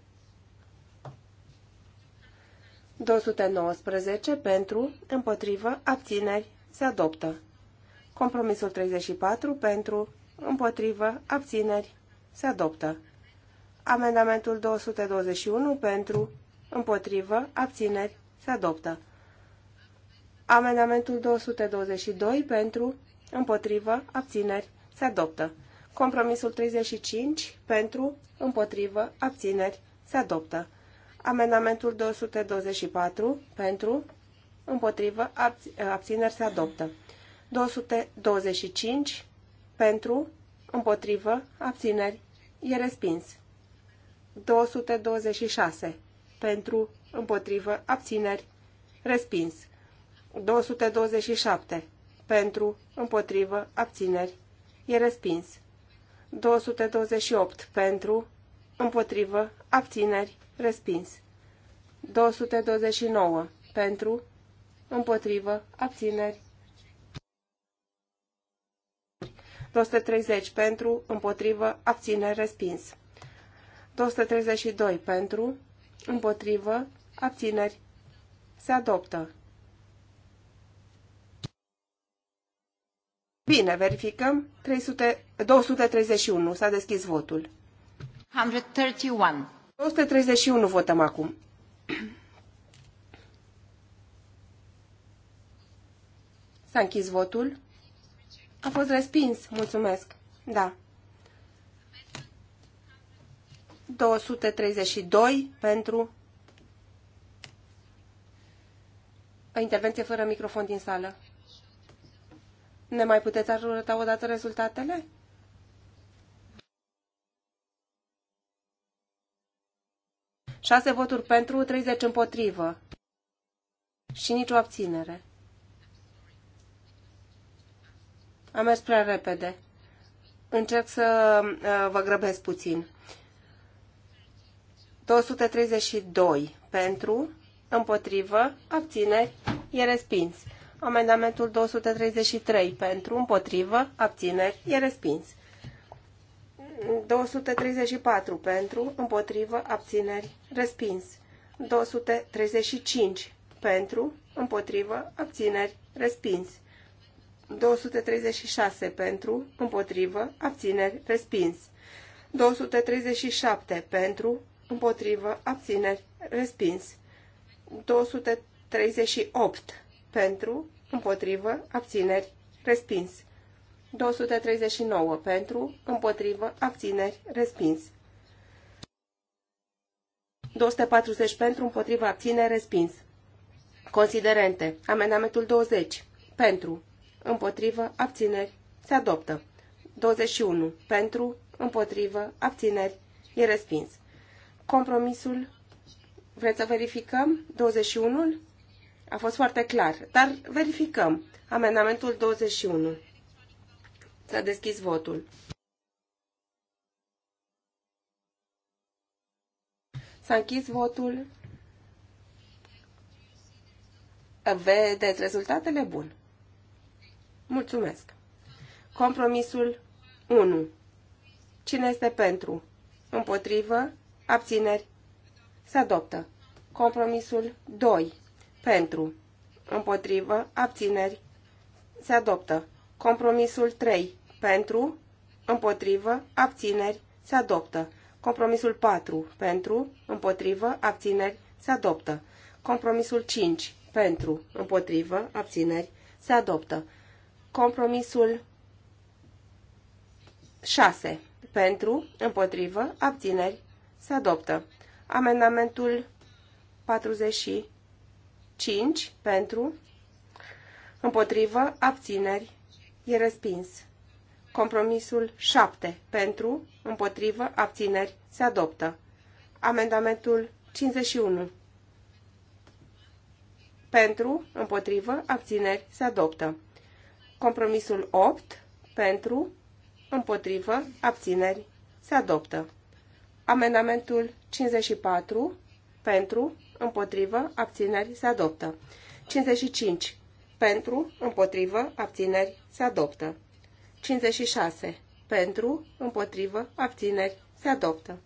219 pentru, împotrivă, abțineri, se adoptă. Compromisul 34 pentru, împotrivă, abțineri, se adoptă. Amendamentul 221 pentru, împotrivă, abțineri, se adoptă. Amendamentul 222 pentru, împotrivă, abțineri, se adoptă. Compromisul 35 pentru, împotrivă, abțineri, se adoptă. Amendamentul 224 pentru, împotrivă, abțineri, se adoptă. 225 pentru, împotrivă, abțineri, e respins. 226 pentru, împotrivă, abțineri, respins. 227. Pentru, împotrivă, abțineri. E respins. 228. Pentru, împotrivă, abțineri, respins. 229. Pentru, împotrivă, abțineri. 230. Pentru, împotrivă, abțineri, respins. 232. Pentru, împotrivă, abțineri. Se adoptă. Bine, verificăm. 300, 231. S-a deschis votul. 131. 231 votăm acum. S-a închis votul. A fost respins. Mulțumesc. Da. 232 pentru intervenție fără microfon din sală. Ne mai puteți arăta odată rezultatele? Șase voturi pentru, 30 împotrivă. Și nicio abținere. Am mers prea repede. Încerc să uh, vă grăbesc puțin. 232 pentru, împotrivă, abțineri, e respins. Amendamentul 233 pentru, împotrivă, abțineri, e respins. 234 pentru, împotrivă, abțineri, respins. 235 pentru, împotrivă, abțineri, respins. 236 pentru, împotrivă, abțineri, respins. 237 pentru, împotrivă, abțineri, respins. 238 pentru, împotrivă, abțineri, respins. 239 pentru, împotrivă, abțineri, respins. 240 pentru, împotrivă, abțineri, respins. Considerente. Amendamentul 20. Pentru. Împotrivă. Abțineri. Se adoptă. 21. Pentru. Împotrivă. Abțineri. E respins. Compromisul. Vreți să verificăm? 21. -ul? A fost foarte clar. Dar verificăm. Amendamentul 21. S-a deschis votul. S-a închis votul. Vedeți rezultatele? Bun. Mulțumesc. Compromisul 1. Cine este pentru? Împotrivă? Abțineri? Se adoptă. Compromisul 2 pentru, împotrivă, abțineri, se adoptă. Compromisul 3, pentru, împotrivă, abțineri, se adoptă. Compromisul 4, pentru, împotrivă, abțineri, se adoptă. Compromisul 5, pentru, împotrivă, abțineri, se adoptă. Compromisul 6. Pentru, împotrivă, abțineri, se adoptă. Amendamentul 40. 5 pentru, împotrivă, abțineri, e respins. Compromisul 7 pentru, împotrivă, abțineri, se adoptă. Amendamentul 51 pentru, împotrivă, abțineri, se adoptă. Compromisul 8 pentru, împotrivă, abțineri, se adoptă. Amendamentul 54 pentru, împotrivă, abțineri, se adoptă. 55. Pentru, împotrivă, abțineri, se adoptă. 56. Pentru, împotrivă, abțineri, se adoptă.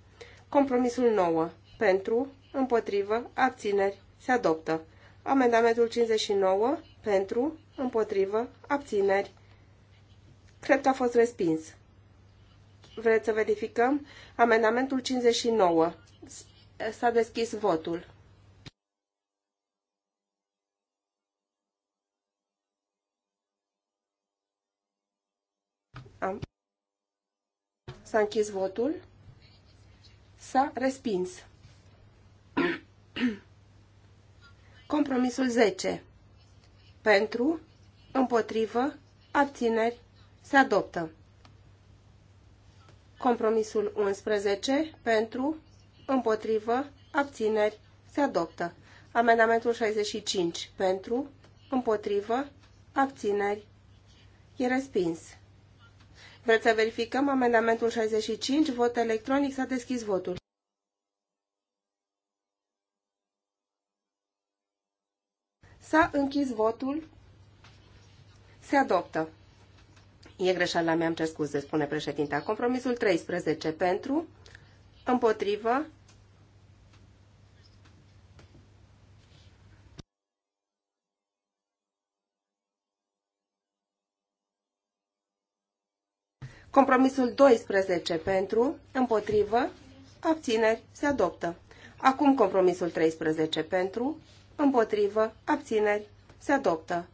Compromisul 9. Pentru, împotrivă, abțineri, se adoptă. Amendamentul 59. Pentru, împotrivă, abțineri. Cred că a fost respins. Vreți să verificăm? Amendamentul 59. S-a deschis votul. S-a închis votul. S-a respins. Compromisul 10. Pentru, împotrivă, abțineri, se adoptă. Compromisul 11. Pentru, împotrivă, abțineri, se adoptă. Amendamentul 65. Pentru, împotrivă, abțineri, e respins. Vreți să verificăm amendamentul 65? Vot electronic. S-a deschis votul. S-a închis votul. Se adoptă. E greșeală, mea, am cer scuze, spune președinta. Compromisul 13 pentru, împotrivă, Compromisul 12 pentru, împotrivă, abțineri, se adoptă. Acum compromisul 13 pentru, împotrivă, abțineri, se adoptă.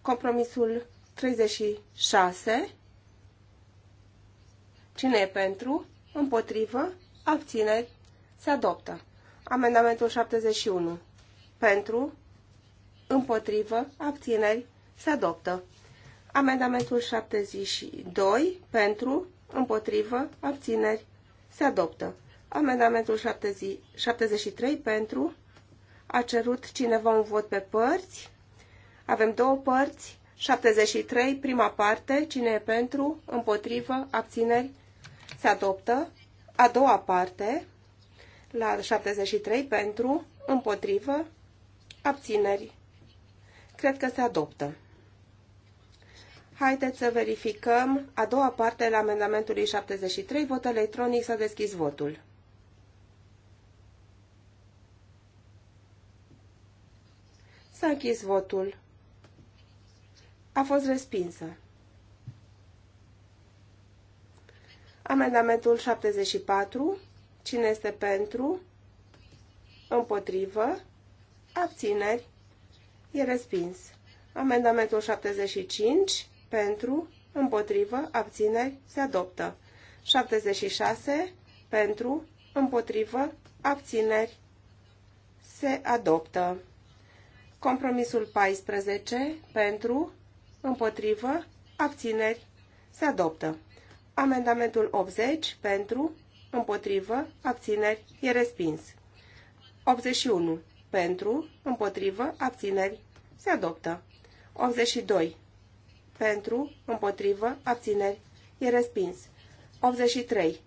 Compromisul 36, cine e pentru, împotrivă, abțineri, se adoptă. Amendamentul 71, pentru, împotrivă, abțineri, se adoptă. Amendamentul 72 pentru, împotrivă, abțineri, se adoptă. Amendamentul 73 pentru, a cerut cineva un vot pe părți. Avem două părți, 73, prima parte, cine e pentru, împotrivă, abțineri, se adoptă. A doua parte, la 73, pentru, împotrivă, abțineri. Cred că se adoptă. Haideți să verificăm a doua parte la amendamentului 73. Vot electronic s-a deschis votul. S-a închis votul. A fost respinsă. Amendamentul 74. Cine este pentru? Împotrivă? Abțineri? E respins. Amendamentul 75 pentru, împotrivă, abțineri, se adoptă. 76 pentru, împotrivă, abțineri, se adoptă. Compromisul 14 pentru, împotrivă, abțineri, se adoptă. Amendamentul 80 pentru, împotrivă, abțineri, e respins. 81 pentru, împotrivă, abțineri, se adoptă. 82 pentru, împotrivă, abțineri, e respins. 83.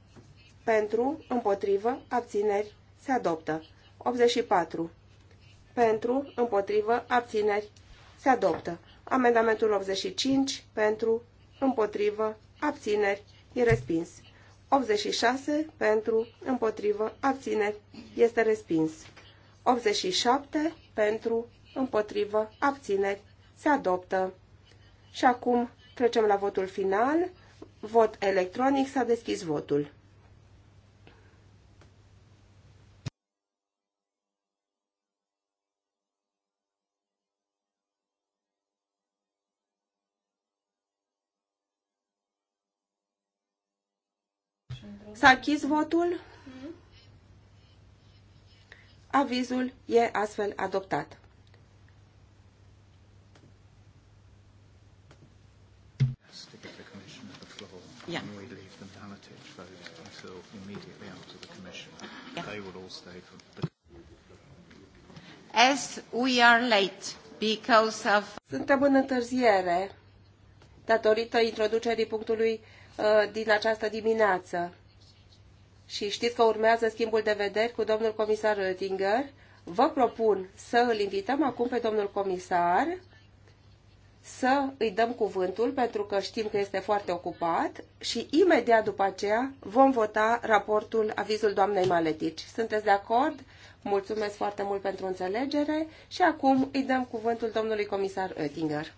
Pentru, împotrivă, abțineri, se adoptă. 84. Pentru, împotrivă, abțineri, se adoptă. Amendamentul 85, pentru, împotrivă, abțineri, e respins. 86, pentru, împotrivă, abțineri, este respins. 87, pentru, împotrivă, abțineri, se adoptă. Și acum trecem la votul final. Vot electronic. S-a deschis votul. S-a închis votul. Mhm. Avizul e astfel adoptat. Yeah. and we leave them down at Heritage Road until immediately after the Commission? Yeah. They will all stay for... the As we are late because of... Suntem în întârziere datorită introducerii punctului uh, din această dimineață. Și știți că urmează schimbul de vederi cu domnul comisar Oettinger. Vă propun să îl invităm acum pe domnul comisar să îi dăm cuvântul pentru că știm că este foarte ocupat și imediat după aceea vom vota raportul, avizul doamnei Maletici. Sunteți de acord? Mulțumesc foarte mult pentru înțelegere și acum îi dăm cuvântul domnului comisar Oettinger.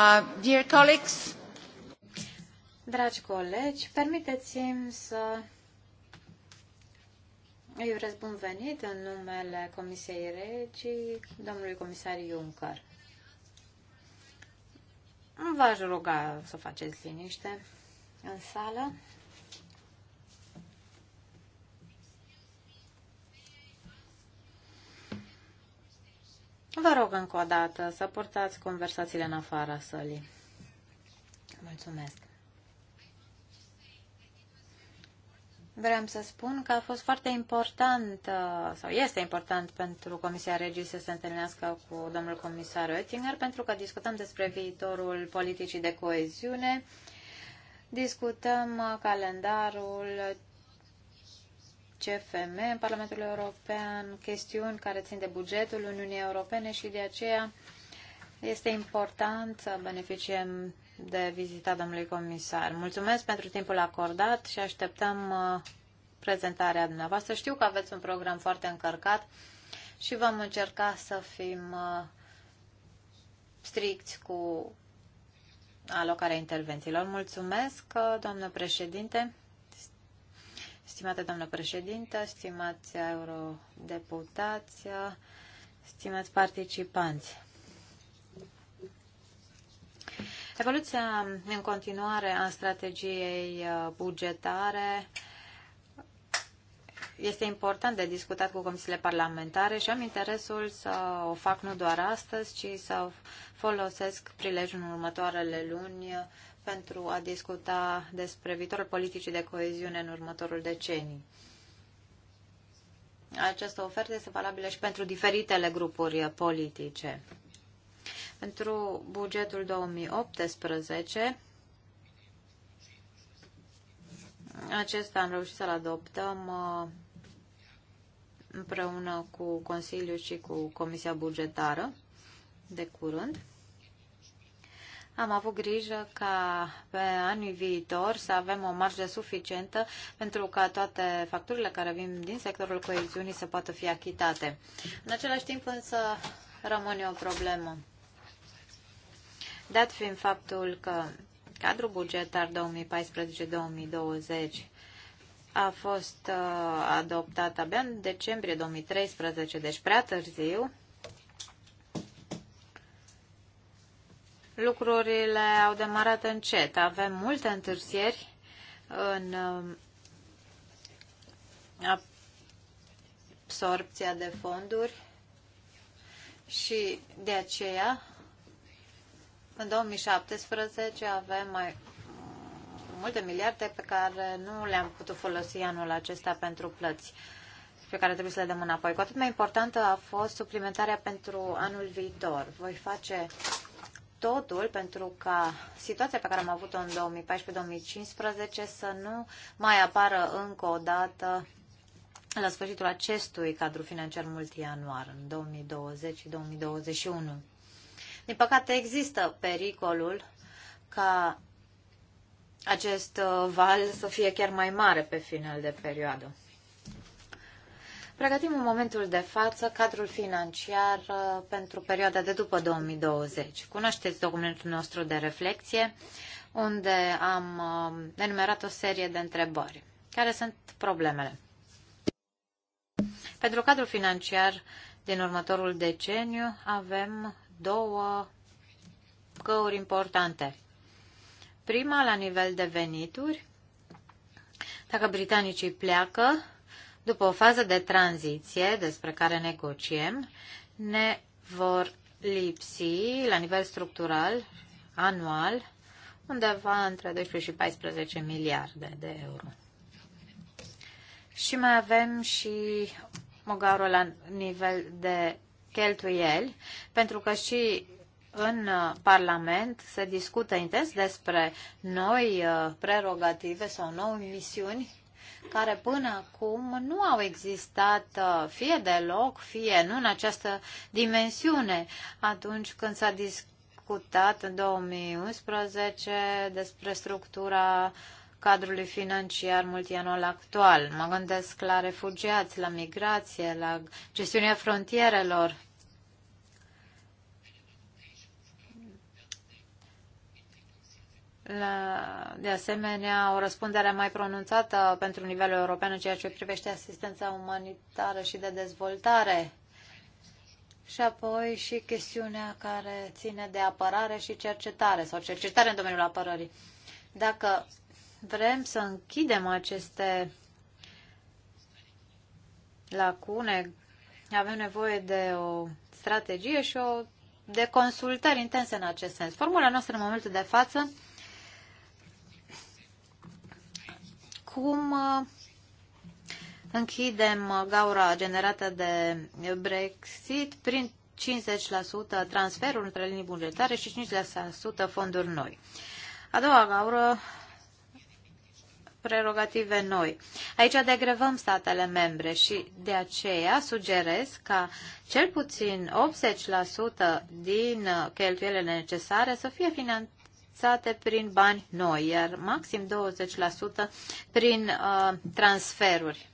Uh, dear colleagues, Dragi colegi, permiteți-mi să îi urez bun venit în numele Comisiei Regii, domnului comisar Juncker. V-aș ruga să faceți liniște în sală. Vă rog încă o dată să purtați conversațiile în afara sălii. Mulțumesc. Vreau să spun că a fost foarte important, uh, sau este important pentru Comisia Regii să se întâlnească cu domnul comisar Oettinger, pentru că discutăm despre viitorul politicii de coeziune, discutăm uh, calendarul CFM în Parlamentul European, chestiuni care țin de bugetul Uniunii Europene și de aceea este important să beneficiem de vizita domnului comisar. Mulțumesc pentru timpul acordat și așteptăm uh, prezentarea dumneavoastră. Știu că aveți un program foarte încărcat și vom încerca să fim uh, stricți cu alocarea intervențiilor. Mulțumesc, uh, doamnă președinte. Stimată doamnă președintă, stimați eurodeputați, stimați participanți. Evoluția în continuare a strategiei bugetare este important de discutat cu comisiile parlamentare și am interesul să o fac nu doar astăzi, ci să folosesc prilejul în următoarele luni pentru a discuta despre viitorul politicii de coeziune în următorul deceniu. Această ofertă este valabilă și pentru diferitele grupuri politice. Pentru bugetul 2018, acesta am reușit să-l adoptăm uh, împreună cu Consiliul și cu Comisia Bugetară de curând am avut grijă ca pe anii viitor să avem o marjă suficientă pentru ca toate facturile care vin din sectorul coeziunii să poată fi achitate. În același timp însă rămâne o problemă. Dat fiind faptul că cadrul bugetar 2014-2020 a fost uh, adoptat abia în decembrie 2013, deci prea târziu, lucrurile au demarat încet. Avem multe întârzieri în um, absorpția de fonduri și de aceea în 2017 avem mai multe miliarde pe care nu le-am putut folosi anul acesta pentru plăți pe care trebuie să le dăm înapoi. Cu atât mai importantă a fost suplimentarea pentru anul viitor. Voi face totul pentru ca situația pe care am avut-o în 2014-2015 să nu mai apară încă o dată la sfârșitul acestui cadru financiar multianuar, în 2020-2021. Din păcate, există pericolul ca acest uh, val să fie chiar mai mare pe final de perioadă. Pregătim în momentul de față cadrul financiar uh, pentru perioada de după 2020. Cunoașteți documentul nostru de reflexie, unde am uh, enumerat o serie de întrebări. Care sunt problemele? Pentru cadrul financiar din următorul deceniu avem două găuri importante. Prima, la nivel de venituri. Dacă britanicii pleacă, după o fază de tranziție despre care negociem, ne vor lipsi la nivel structural anual undeva între 12 și 14 miliarde de euro. Și mai avem și măgarul la nivel de cheltuieli, pentru că și în uh, Parlament se discută intens despre noi uh, prerogative sau noi misiuni care până acum nu au existat uh, fie deloc, fie nu în această dimensiune atunci când s-a discutat în 2011 despre structura cadrului financiar multianual actual. Mă gândesc la refugiați, la migrație, la gestiunea frontierelor de asemenea, o răspundere mai pronunțată pentru nivelul european în ceea ce privește asistența umanitară și de dezvoltare. Și apoi și chestiunea care ține de apărare și cercetare sau cercetare în domeniul apărării. Dacă vrem să închidem aceste lacune, avem nevoie de o strategie și o, de consultări intense în acest sens. Formula noastră în momentul de față Acum uh, închidem uh, gaura generată de Brexit prin 50% transferuri între linii bugetare și 50% fonduri noi. A doua gaură, prerogative noi. Aici degrevăm statele membre și de aceea sugerez ca cel puțin 80% din cheltuielile necesare să fie finanțate finanțate prin bani noi, iar maxim 20% prin uh, transferuri.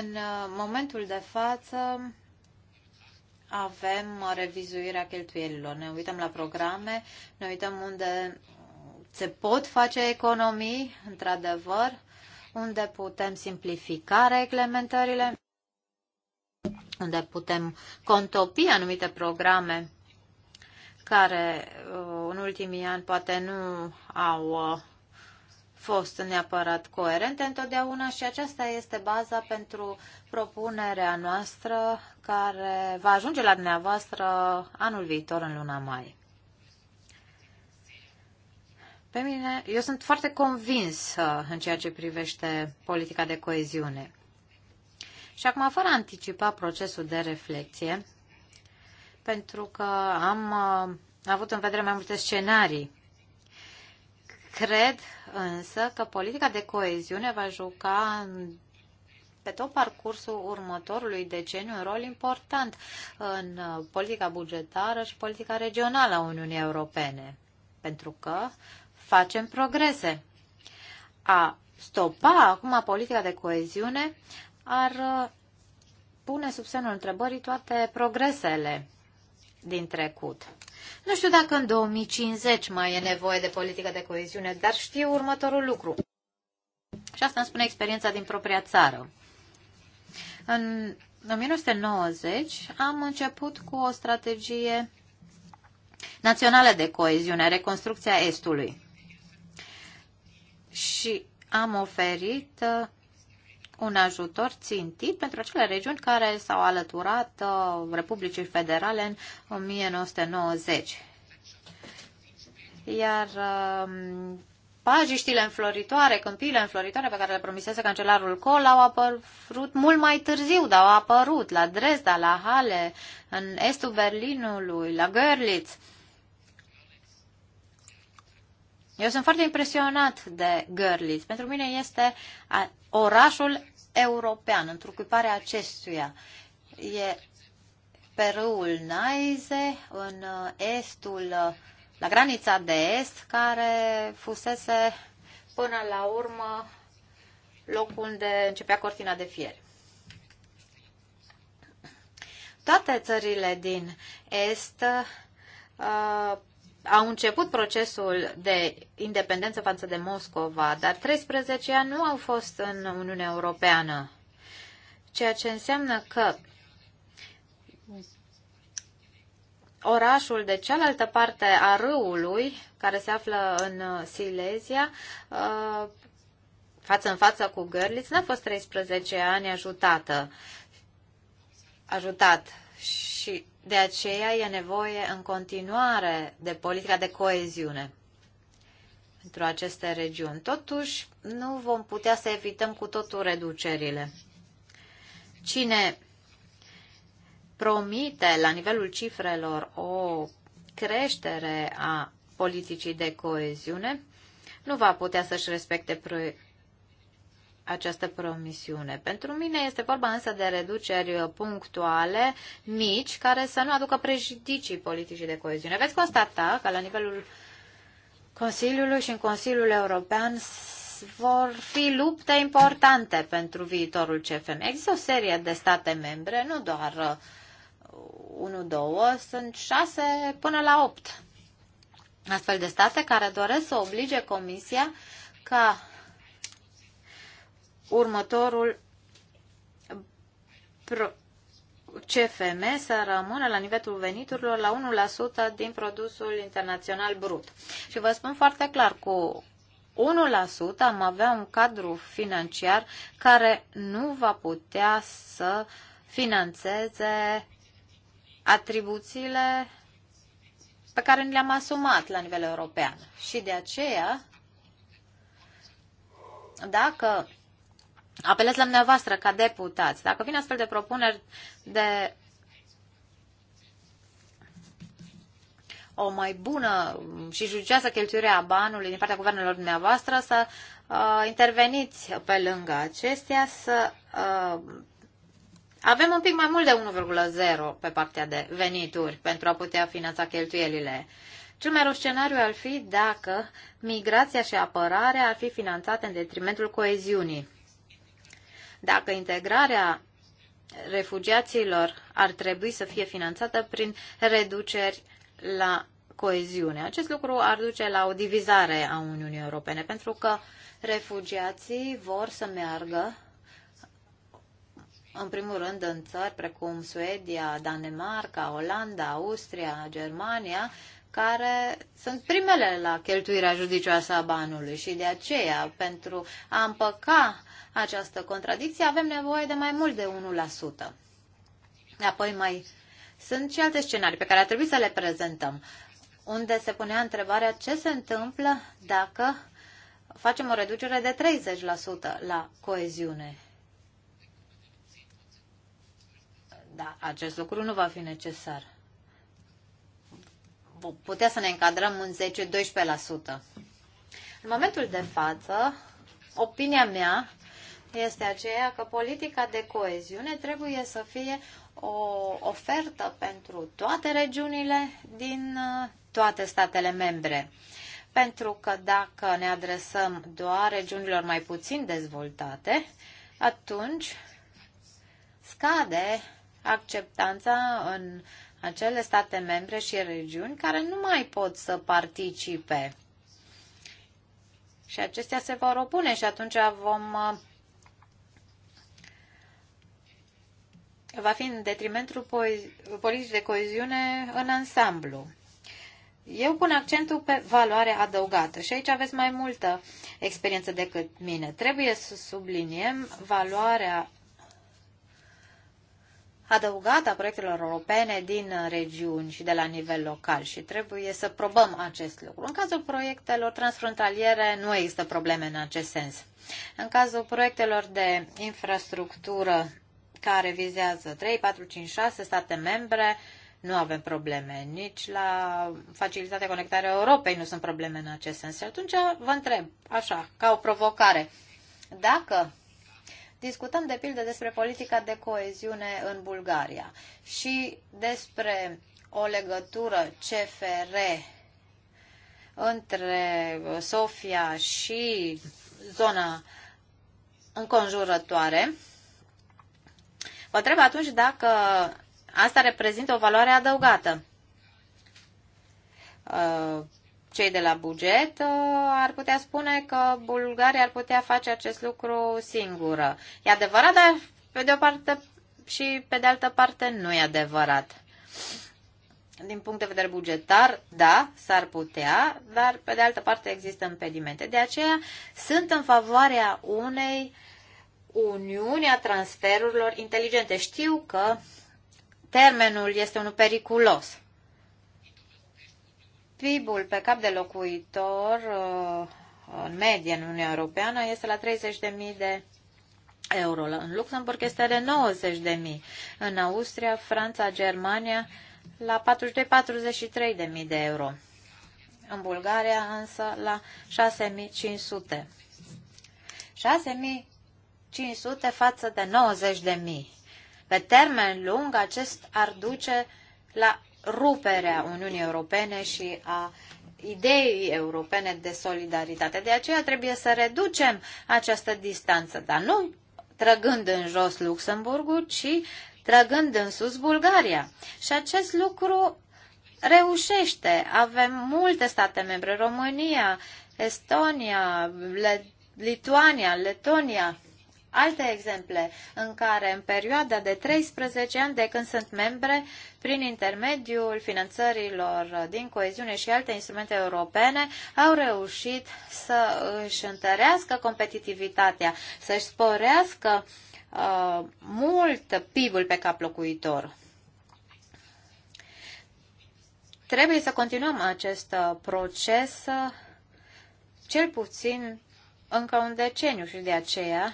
În uh, momentul de față avem uh, revizuirea cheltuielilor. Ne uităm la programe, ne uităm unde se pot face economii, într-adevăr, unde putem simplifica reglementările, unde putem contopi anumite programe care uh, în ultimii ani poate nu au uh, fost neapărat coerente întotdeauna și aceasta este baza pentru propunerea noastră care va ajunge la dumneavoastră anul viitor în luna mai. Pe mine, eu sunt foarte convins în ceea ce privește politica de coeziune. Și acum, fără a anticipa procesul de reflexie, pentru că am uh, avut în vedere mai multe scenarii. Cred însă că politica de coeziune va juca pe tot parcursul următorului deceniu un rol important în uh, politica bugetară și politica regională a Uniunii Europene, pentru că facem progrese. A stopa acum politica de coeziune ar uh, pune sub semnul întrebării toate progresele din trecut. Nu știu dacă în 2050 mai e nevoie de politică de coeziune, dar știu următorul lucru. Și asta îmi spune experiența din propria țară. În 1990 am început cu o strategie națională de coeziune, reconstrucția Estului. Și am oferit uh, un ajutor țintit pentru acele regiuni care s-au alăturat uh, Republicii Federale în 1990. Iar um, pajiștile înfloritoare, câmpiile înfloritoare pe care le promisese cancelarul Kohl au apărut mult mai târziu, dar au apărut la Dresda, la Halle, în estul Berlinului, la Görlitz. Eu sunt foarte impresionat de Görlitz. Pentru mine este orașul european, întrucuparea acestuia. E perul Naize, în uh, estul, uh, la granița de est, care fusese până la urmă locul unde începea cortina de fier. Toate țările din est uh, au început procesul de independență față de Moscova, dar 13 ani nu au fost în Uniunea Europeană, ceea ce înseamnă că orașul de cealaltă parte a râului, care se află în Silesia, uh, față în față cu Görlitz, n-a fost 13 ani ajutată, ajutat și de aceea e nevoie în continuare de politica de coeziune pentru aceste regiuni. Totuși, nu vom putea să evităm cu totul reducerile. Cine promite la nivelul cifrelor o creștere a politicii de coeziune, nu va putea să-și respecte această promisiune. Pentru mine este vorba însă de reduceri punctuale, mici, care să nu aducă prejudicii politicii de coeziune. Veți constata că la nivelul Consiliului și în Consiliul European vor fi lupte importante pentru viitorul CFM. Există o serie de state membre, nu doar 1-2, uh, sunt 6 până la 8 astfel de state care doresc să oblige Comisia ca următorul CFM să rămână la nivelul veniturilor la 1% din produsul internațional brut. Și vă spun foarte clar, cu 1% am avea un cadru financiar care nu va putea să financeze atribuțiile pe care ni le-am asumat la nivel european. Și de aceea, dacă apelez la dumneavoastră ca deputați. Dacă vin astfel de propuneri de o mai bună și judicioasă cheltuire a banului din partea guvernelor dumneavoastră, să uh, interveniți pe lângă acestea, să uh, avem un pic mai mult de 1,0 pe partea de venituri pentru a putea finanța cheltuielile. Cel mai rău scenariu ar fi dacă migrația și apărarea ar fi finanțate în detrimentul coeziunii. Dacă integrarea refugiaților ar trebui să fie finanțată prin reduceri la coeziune. Acest lucru ar duce la o divizare a Uniunii Europene, pentru că refugiații vor să meargă în primul rând în țări precum Suedia, Danemarca, Olanda, Austria, Germania, care sunt primele la cheltuirea judicioasă a banului și de aceea, pentru a împăca această contradicție, avem nevoie de mai mult de 1%. Apoi mai sunt și alte scenarii pe care ar trebui să le prezentăm, unde se punea întrebarea ce se întâmplă dacă facem o reducere de 30% la coeziune. Da, acest lucru nu va fi necesar. Putea să ne încadrăm în 10-12%. În momentul de față, opinia mea este aceea că politica de coeziune trebuie să fie o ofertă pentru toate regiunile din uh, toate statele membre. Pentru că dacă ne adresăm doar regiunilor mai puțin dezvoltate, atunci scade acceptanța în acele state membre și regiuni care nu mai pot să participe. Și acestea se vor opune și atunci vom uh, va fi în detrimentul politicii de coeziune în ansamblu. Eu pun accentul pe valoare adăugată și aici aveți mai multă experiență decât mine. Trebuie să subliniem valoarea adăugată a proiectelor europene din regiuni și de la nivel local și trebuie să probăm acest lucru. În cazul proiectelor transfrontaliere nu există probleme în acest sens. În cazul proiectelor de infrastructură care vizează 3, 4, 5, 6 state membre, nu avem probleme. Nici la Facilitatea Conectarea Europei nu sunt probleme în acest sens. Și atunci vă întreb, așa, ca o provocare, dacă discutăm de pildă despre politica de coeziune în Bulgaria și despre o legătură CFR între Sofia și zona înconjurătoare, Vă întreb atunci dacă asta reprezintă o valoare adăugată. Uh, cei de la buget uh, ar putea spune că Bulgaria ar putea face acest lucru singură. E adevărat, dar pe de o parte și pe de altă parte nu e adevărat. Din punct de vedere bugetar, da, s-ar putea, dar pe de altă parte există impedimente. De aceea sunt în favoarea unei Uniunea Transferurilor Inteligente. Știu că termenul este unul periculos. PIB-ul pe cap de locuitor uh, în medie în Uniunea Europeană este la 30.000 de euro. În Luxemburg este de 90.000. În Austria, Franța, Germania la 42-43.000 de euro. În Bulgaria însă la 6.500. 500 față de 90 de mii. Pe termen lung, acest ar duce la ruperea Uniunii Europene și a ideii europene de solidaritate. De aceea trebuie să reducem această distanță, dar nu trăgând în jos Luxemburgul, ci trăgând în sus Bulgaria. Și acest lucru reușește. Avem multe state membre, România, Estonia, Lituania, Letonia, alte exemple în care în perioada de 13 ani de când sunt membre, prin intermediul finanțărilor din coeziune și alte instrumente europene, au reușit să își întărească competitivitatea, să își sporească uh, mult PIB-ul pe cap locuitor. Trebuie să continuăm acest uh, proces uh, cel puțin încă un deceniu și de aceea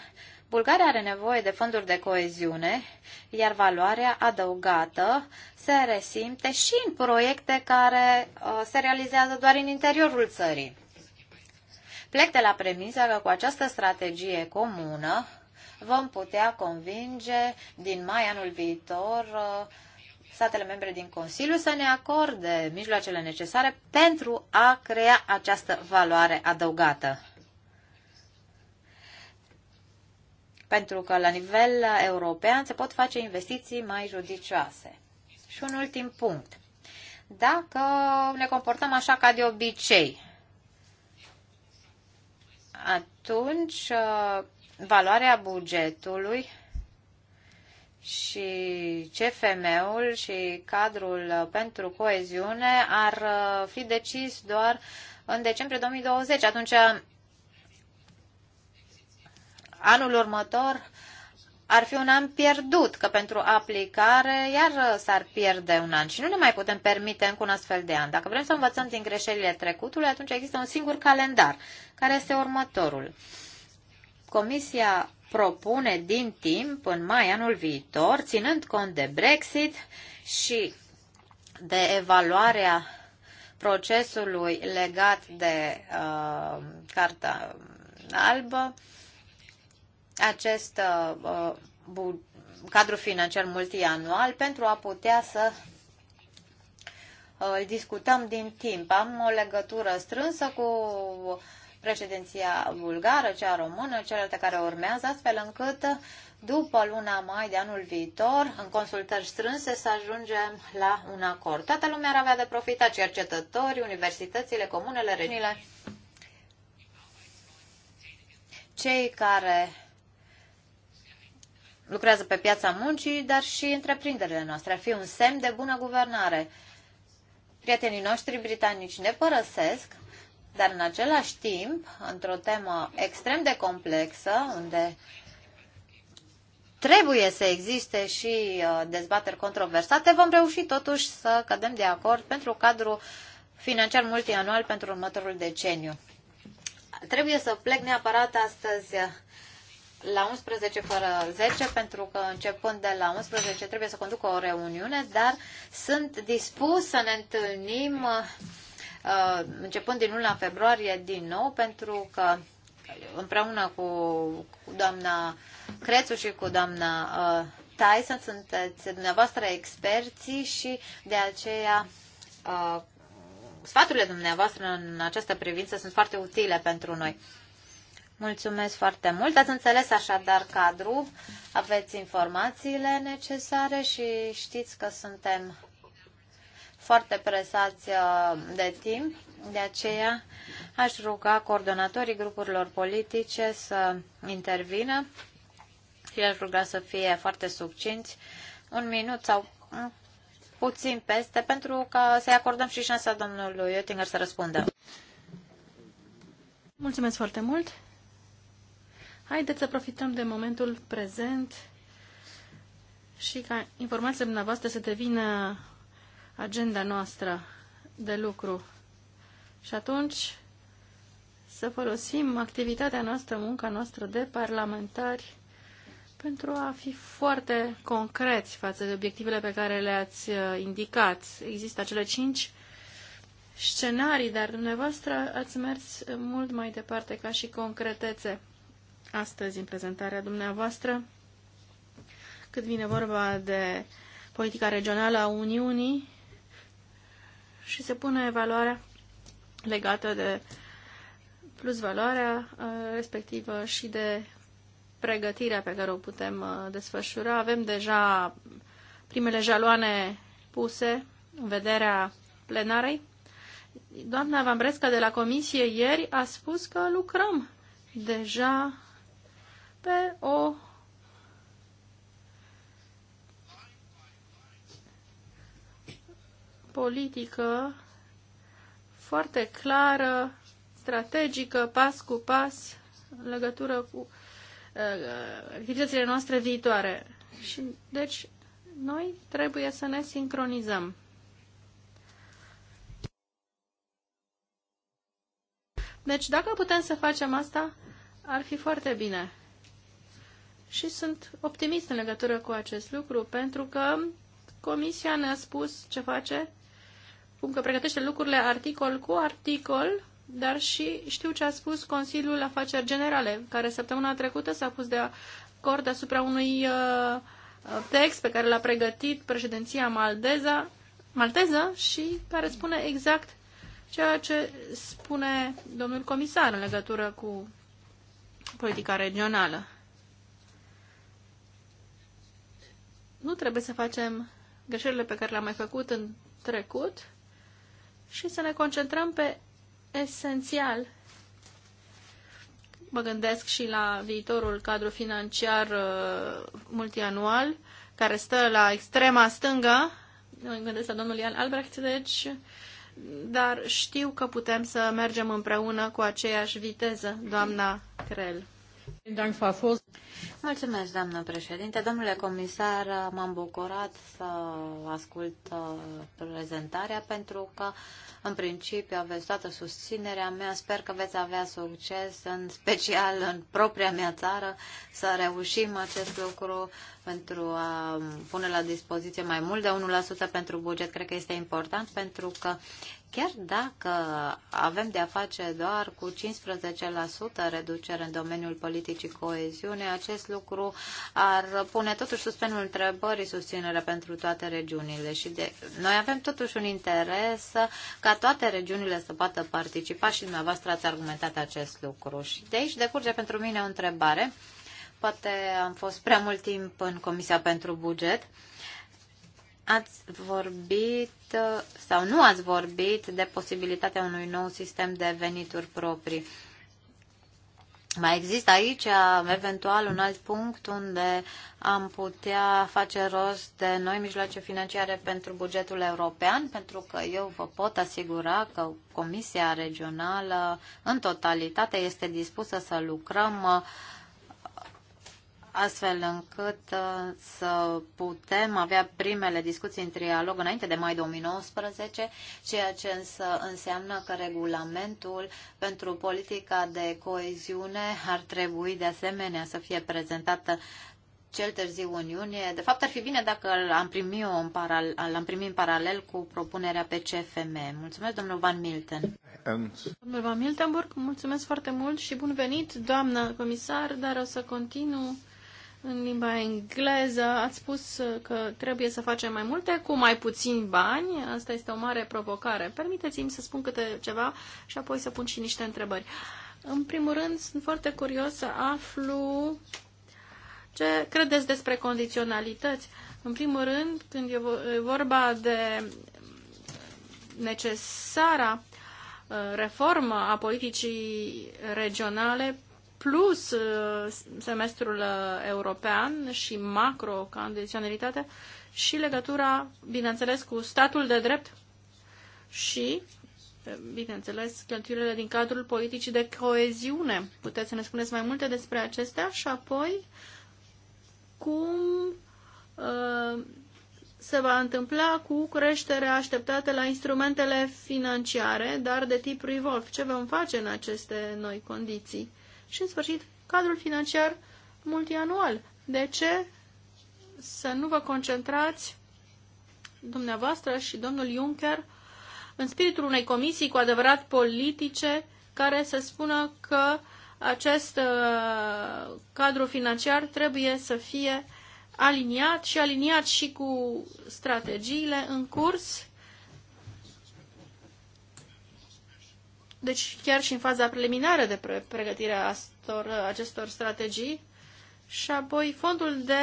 Bulgaria are nevoie de fonduri de coeziune, iar valoarea adăugată se resimte și în proiecte care uh, se realizează doar în interiorul țării. Plec de la premisa că cu această strategie comună vom putea convinge din mai anul viitor uh, statele membre din Consiliu să ne acorde mijloacele necesare pentru a crea această valoare adăugată. pentru că la nivel european se pot face investiții mai judicioase. Și un ultim punct. Dacă ne comportăm așa ca de obicei, atunci uh, valoarea bugetului și CFM-ul și cadrul pentru coeziune ar uh, fi decis doar în decembrie 2020. Atunci anul următor ar fi un an pierdut, că pentru aplicare iar s-ar pierde un an și nu ne mai putem permite încă un astfel de an. Dacă vrem să învățăm din greșelile trecutului, atunci există un singur calendar, care este următorul. Comisia propune din timp, în mai anul viitor, ținând cont de Brexit și de evaluarea procesului legat de uh, Carta Albă, uh, acest uh, uh cadru financiar multianual pentru a putea să uh, îl discutăm din timp. Am o legătură strânsă cu președinția bulgară, cea română, celelalte care urmează, astfel încât după luna mai de anul viitor, în consultări strânse, să ajungem la un acord. Toată lumea ar avea de profitat, cercetători, universitățile, comunele, regiunile. Cei care lucrează pe piața muncii, dar și întreprinderile noastre. Ar fi un semn de bună guvernare. Prietenii noștri britanici ne părăsesc, dar în același timp, într-o temă extrem de complexă, unde trebuie să existe și uh, dezbateri controversate, vom reuși totuși să cădem de acord pentru cadrul financiar multianual pentru următorul deceniu. Trebuie să plec neapărat astăzi uh, la 11 fără 10, pentru că începând de la 11 trebuie să conduc o reuniune, dar sunt dispus să ne întâlnim uh, începând din 1 februarie din nou, pentru că împreună cu, cu doamna Crețu și cu doamna uh, Tyson sunteți dumneavoastră experții și de aceea uh, sfaturile dumneavoastră în această privință sunt foarte utile pentru noi. Mulțumesc foarte mult. Ați înțeles așadar cadru, aveți informațiile necesare și știți că suntem foarte presați uh, de timp. De aceea aș ruga coordonatorii grupurilor politice să intervină și aș ruga să fie foarte succinți, un minut sau puțin peste, pentru ca să-i acordăm și șansa domnului Oettinger să răspundă. Mulțumesc foarte mult. Haideți să profităm de momentul prezent și ca informațiile dumneavoastră să devină agenda noastră de lucru. Și atunci să folosim activitatea noastră, munca noastră de parlamentari pentru a fi foarte concreți față de obiectivele pe care le-ați uh, indicat. Există acele cinci scenarii, dar dumneavoastră ați mers mult mai departe ca și concretețe astăzi în prezentarea dumneavoastră. Cât vine vorba de politica regională a Uniunii și se pune evaluarea legată de plus valoarea uh, respectivă și de pregătirea pe care o putem uh, desfășura. Avem deja primele jaloane puse în vederea plenarei. Doamna Vambresca de la Comisie ieri a spus că lucrăm deja pe o politică foarte clară, strategică, pas cu pas, în legătură cu uh, activitățile noastre viitoare. Și, deci, noi trebuie să ne sincronizăm. Deci, dacă putem să facem asta, ar fi foarte bine și sunt optimist în legătură cu acest lucru, pentru că Comisia ne-a spus ce face, cum că pregătește lucrurile articol cu articol, dar și știu ce a spus Consiliul Afaceri Generale, care săptămâna trecută s-a pus de acord asupra unui uh, text pe care l-a pregătit președinția maldeza, malteză și care spune exact ceea ce spune domnul comisar în legătură cu politica regională. Nu trebuie să facem greșelile pe care le-am mai făcut în trecut și să ne concentrăm pe esențial. Mă gândesc și la viitorul cadru financiar uh, multianual, care stă la extrema stângă. Mă gândesc la domnul Ian Albrecht, deci dar știu că putem să mergem împreună cu aceeași viteză, doamna Crel. Mulțumesc, doamnă președinte. Domnule comisar, m-am bucurat să ascult uh, prezentarea pentru că, în principiu, aveți toată susținerea mea. Sper că veți avea succes, în special în propria mea țară, să reușim acest lucru pentru a pune la dispoziție mai mult de 1% pentru buget. Cred că este important pentru că chiar dacă avem de a face doar cu 15% reducere în domeniul politic și coeziune, acest lucru ar pune totuși suspendul întrebării susținerea pentru toate regiunile și de... noi avem totuși un interes ca toate regiunile să poată participa și dumneavoastră ați argumentat acest lucru. Și de aici decurge pentru mine o întrebare. Poate am fost prea mult timp în Comisia pentru Buget. Ați vorbit sau nu ați vorbit de posibilitatea unui nou sistem de venituri proprii. Mai există aici eventual un alt punct unde am putea face rost de noi mijloace financiare pentru bugetul european, pentru că eu vă pot asigura că Comisia Regională în totalitate este dispusă să lucrăm astfel încât uh, să putem avea primele discuții în trialog înainte de mai 2019, ceea ce însă înseamnă că regulamentul pentru politica de coeziune ar trebui de asemenea să fie prezentată cel târziu în iunie. De fapt, ar fi bine dacă l-am primit, în, paral- l-am primit în paralel cu propunerea pe CFM. Mulțumesc, domnul Van Milten. Domnul Van Miltenburg, mulțumesc foarte mult și bun venit, doamnă comisar, dar o să continu în limba engleză. Ați spus că trebuie să facem mai multe cu mai puțini bani. Asta este o mare provocare. Permiteți-mi să spun câte ceva și apoi să pun și niște întrebări. În primul rând, sunt foarte curios să aflu ce credeți despre condiționalități. În primul rând, când e vorba de necesara uh, reformă a politicii regionale, plus uh, semestrul uh, european și macro-condiționalitatea și legătura, bineînțeles, cu statul de drept și, uh, bineînțeles, cheltuielile din cadrul politicii de coeziune. Puteți să ne spuneți mai multe despre acestea și apoi cum uh, se va întâmpla cu creșterea așteptată la instrumentele financiare, dar de tip revolve. Ce vom face în aceste noi condiții? și, în sfârșit, cadrul financiar multianual. De ce să nu vă concentrați dumneavoastră și domnul Juncker în spiritul unei comisii cu adevărat politice care să spună că acest uh, cadru financiar trebuie să fie aliniat și aliniat și cu strategiile în curs Deci chiar și în faza preliminară de pre pregătire a acestor strategii și apoi fondul de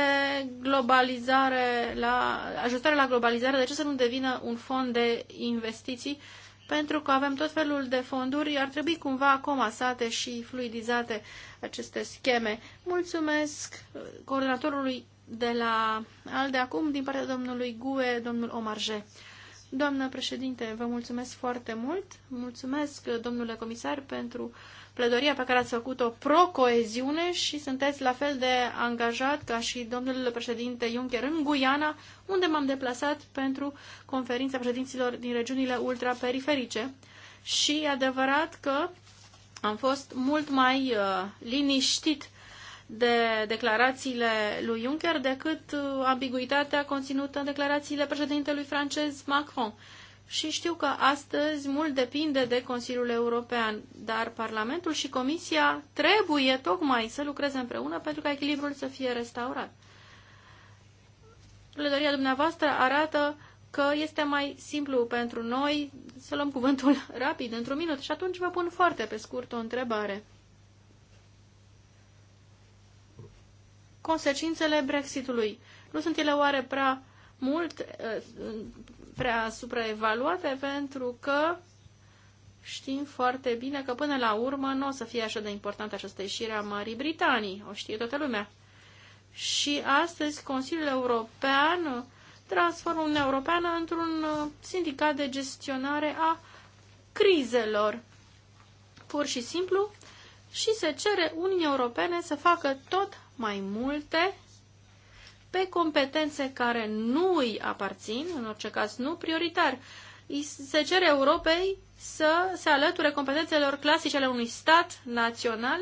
globalizare, la, ajustare la globalizare, de ce să nu devină un fond de investiții? Pentru că avem tot felul de fonduri, ar trebui cumva comasate și fluidizate aceste scheme. Mulțumesc coordonatorului de la al de acum, din partea domnului Gue, domnul Omarje. Doamnă președinte, vă mulțumesc foarte mult. Mulțumesc, domnule comisar, pentru pledoria pe care ați făcut-o pro-coeziune și sunteți la fel de angajat ca și domnul președinte Juncker în Guiana, unde m-am deplasat pentru conferința președinților din regiunile ultraperiferice. Și e adevărat că am fost mult mai uh, liniștit de declarațiile lui Juncker decât uh, ambiguitatea conținută în declarațiile președintelui francez Macron. Și știu că astăzi mult depinde de Consiliul European, dar Parlamentul și Comisia trebuie tocmai să lucreze împreună pentru ca echilibrul să fie restaurat. Plădăria dumneavoastră arată că este mai simplu pentru noi să luăm cuvântul rapid, într-un minut, și atunci vă pun foarte pe scurt o întrebare. consecințele Brexitului. Nu sunt ele oare prea mult, eh, prea supraevaluate pentru că știm foarte bine că până la urmă nu o să fie așa de importantă această ieșire a Marii Britanii. O știe toată lumea. Și astăzi Consiliul European transformă Uniunea Europeană într-un eh, sindicat de gestionare a crizelor. Pur și simplu, și se cere Uniunii Europene să facă tot mai multe pe competențe care nu îi aparțin, în orice caz nu prioritar. Se cere Europei să se alăture competențelor clasice ale unui stat național,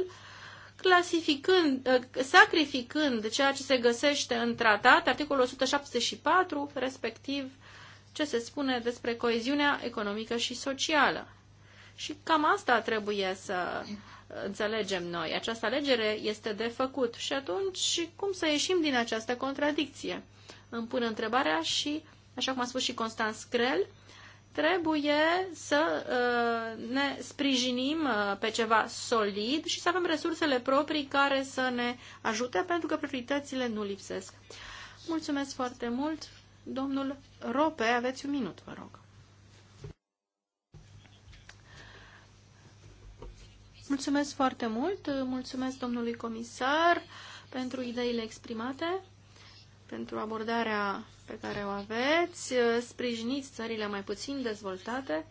clasificând, ă, sacrificând ceea ce se găsește în tratat, articolul 174, respectiv ce se spune despre coeziunea economică și socială. Și cam asta trebuie să înțelegem noi. Această alegere este de făcut și atunci cum să ieșim din această contradicție? Îmi pun întrebarea și, așa cum a spus și Constanț Crel, trebuie să uh, ne sprijinim uh, pe ceva solid și să avem resursele proprii care să ne ajute, pentru că prioritățile nu lipsesc. Mulțumesc foarte mult. Domnul Rope, aveți un minut, vă rog. Mulțumesc foarte mult, mulțumesc domnului comisar pentru ideile exprimate, pentru abordarea pe care o aveți, sprijiniți țările mai puțin dezvoltate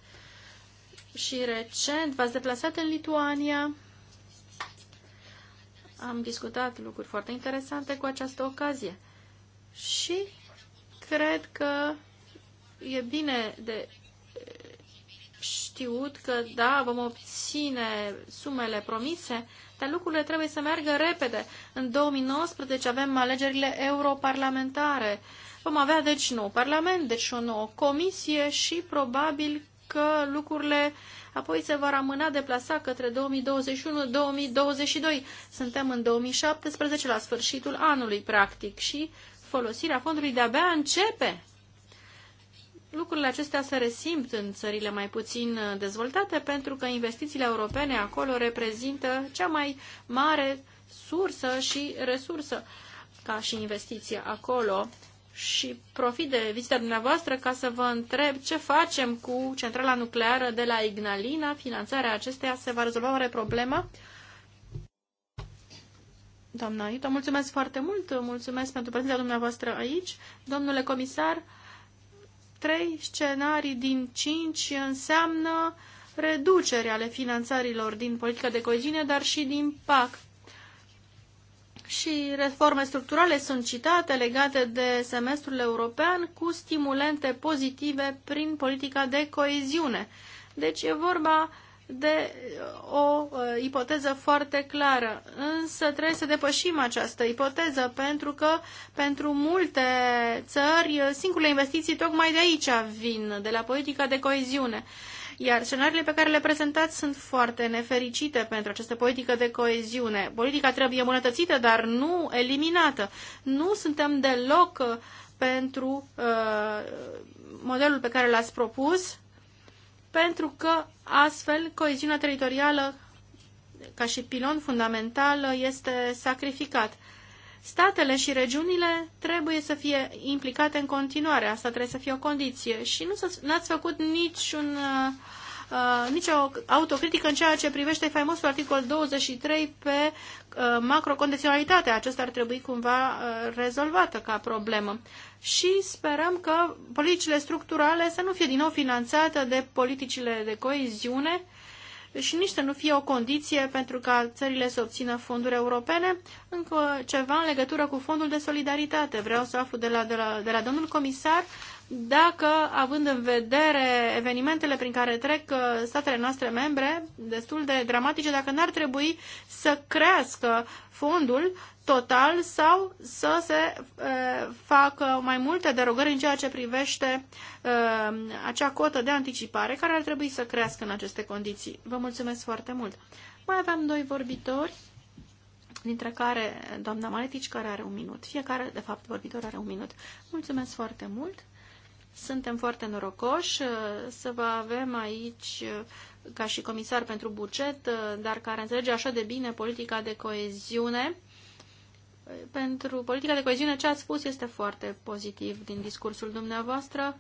și recent v-ați deplasat în Lituania. Am discutat lucruri foarte interesante cu această ocazie și cred că e bine de știut că, da, vom obține sumele promise, dar lucrurile trebuie să meargă repede. În 2019 avem alegerile europarlamentare. Vom avea, deci, nou parlament, deci o nouă comisie și probabil că lucrurile apoi se vor amâna deplasa către 2021-2022. Suntem în 2017, la sfârșitul anului, practic, și folosirea fondului de-abia începe lucrurile acestea se resimt în țările mai puțin uh, dezvoltate pentru că investițiile europene acolo reprezintă cea mai mare sursă și resursă ca și investiție acolo și profit de vizita dumneavoastră ca să vă întreb ce facem cu centrala nucleară de la Ignalina, finanțarea acesteia, se va rezolva oare problema? Doamna Iuta, mulțumesc foarte mult, mulțumesc pentru prezența dumneavoastră aici. Domnule comisar, trei scenarii din cinci înseamnă reducere ale finanțărilor din politica de coeziune, dar și din PAC. Și reforme structurale sunt citate legate de semestrul european cu stimulente pozitive prin politica de coeziune. Deci e vorba de o uh, ipoteză foarte clară. Însă trebuie să depășim această ipoteză pentru că pentru multe țări uh, singurele investiții tocmai de aici vin, de la politica de coeziune. Iar scenariile pe care le prezentați sunt foarte nefericite pentru această politică de coeziune. Politica trebuie îmbunătățită, dar nu eliminată. Nu suntem deloc uh, pentru uh, modelul pe care l-ați propus, pentru că astfel coeziunea teritorială ca și pilon fundamental este sacrificat. Statele și regiunile trebuie să fie implicate în continuare, asta trebuie să fie o condiție și nu ați făcut niciun uh, uh, nicio autocritică în ceea ce privește faimosul articol 23 pe uh, macrocondiționalitate. Acesta ar trebui cumva uh, rezolvată ca problemă. Și sperăm că politicile structurale să nu fie din nou finanțate de politicile de coeziune și nici să nu fie o condiție pentru ca țările să obțină fonduri europene, încă ceva în legătură cu fondul de solidaritate. Vreau să aflu de la, de la, de la domnul comisar uh, dacă, având în vedere evenimentele prin care trec uh, statele noastre membre, destul de dramatice, dacă n-ar trebui să crească fondul total sau să se e, uh, facă mai multe derogări în ceea ce privește e, uh, acea cotă de anticipare care ar trebui să crească în aceste condiții. Vă mulțumesc foarte mult! Mai aveam doi vorbitori, dintre care doamna Maletici, care are un minut. Fiecare, de fapt, vorbitor are un minut. Mulțumesc foarte mult! Suntem foarte norocoși uh, să vă avem aici uh, ca și comisar pentru buget, uh, dar care înțelege așa de bine politica de coeziune. Pentru politica de coeziune, ce ați spus este foarte pozitiv din discursul dumneavoastră.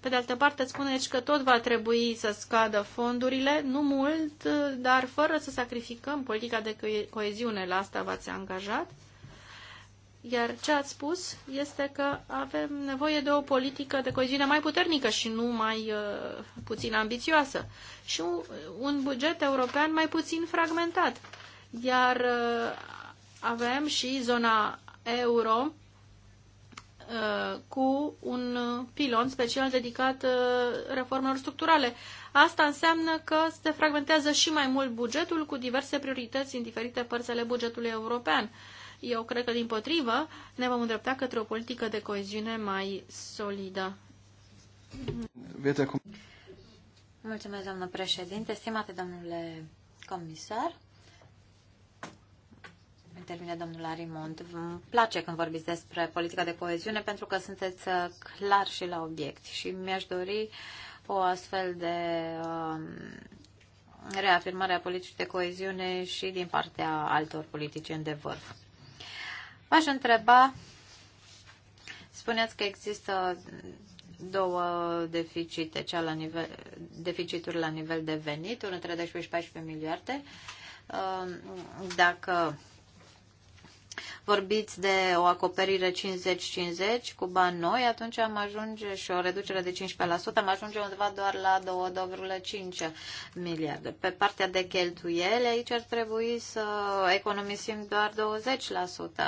Pe de altă parte, spuneți că tot va trebui să scadă fondurile, nu mult, dar fără să sacrificăm politica de coeziune. La asta v-ați angajat. Iar ce ați spus este că avem nevoie de o politică de coeziune mai puternică și nu mai uh, puțin ambițioasă. Și un, buget european mai puțin fragmentat. Iar uh, avem și zona euro uh, cu un pilon special dedicat uh, reformelor structurale. Asta înseamnă că se fragmentează și mai mult bugetul cu diverse priorități în diferite părți ale bugetului european. Uh, eu cred că, din potrivă, ne vom îndrepta către o politică de coeziune mai solidă. Mulțumesc, doamnă președinte, stimate domnule comisar. intervine domnul Arimont. Îmi place când vorbiți despre politica de coeziune pentru că sunteți uh, clar și la obiect și mi-aș dori o astfel de um, reafirmare a politicii de coeziune și din partea altor politicieni de vârf. V-aș întreba, spuneți că există două deficite, cea la nivel, deficituri la nivel de venit, între 12 și 14 miliarde. Ehm, dacă vorbiți de o acoperire 50-50 cu bani noi, atunci am ajunge și o reducere de 15%, am ajunge undeva doar la 2,5 miliarde. Pe partea de cheltuieli, aici ar trebui să economisim doar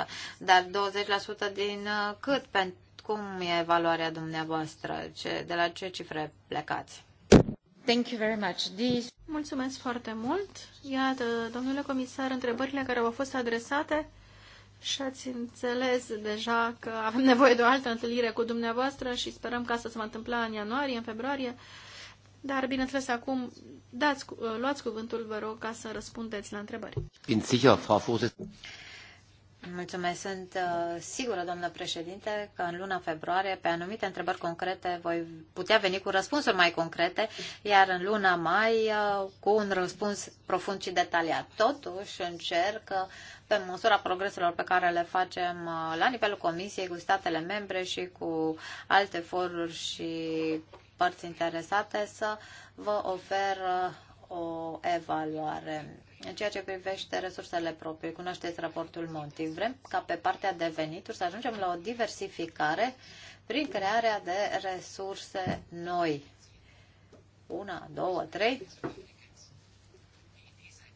20%, dar 20% din uh, cât? Cum e evaluarea dumneavoastră? de la ce cifre plecați? Thank you very much. This... Mulțumesc foarte mult. Iată, domnule comisar, întrebările care au fost adresate și ați înțeles deja că avem nevoie de o altă întâlnire cu dumneavoastră și sperăm că asta se va întâmpla în ianuarie, în februarie. Dar, bineînțeles, acum dați, luați cuvântul, vă rog, ca să răspundeți la întrebări. Mulțumesc. Sunt uh, sigură, domnule președinte, că în luna februarie, pe anumite întrebări concrete, voi putea veni cu răspunsuri mai concrete, iar în luna mai uh, cu un răspuns profund și detaliat. Totuși, încerc, uh, pe măsura progreselor pe care le facem la nivelul Comisiei, cu statele membre și cu alte foruri și părți interesate, să vă ofer o evaluare în ceea ce privește resursele proprii, cunoașteți raportul Monti. Vrem ca pe partea de venituri să ajungem la o diversificare prin crearea de resurse noi. Una, două, trei.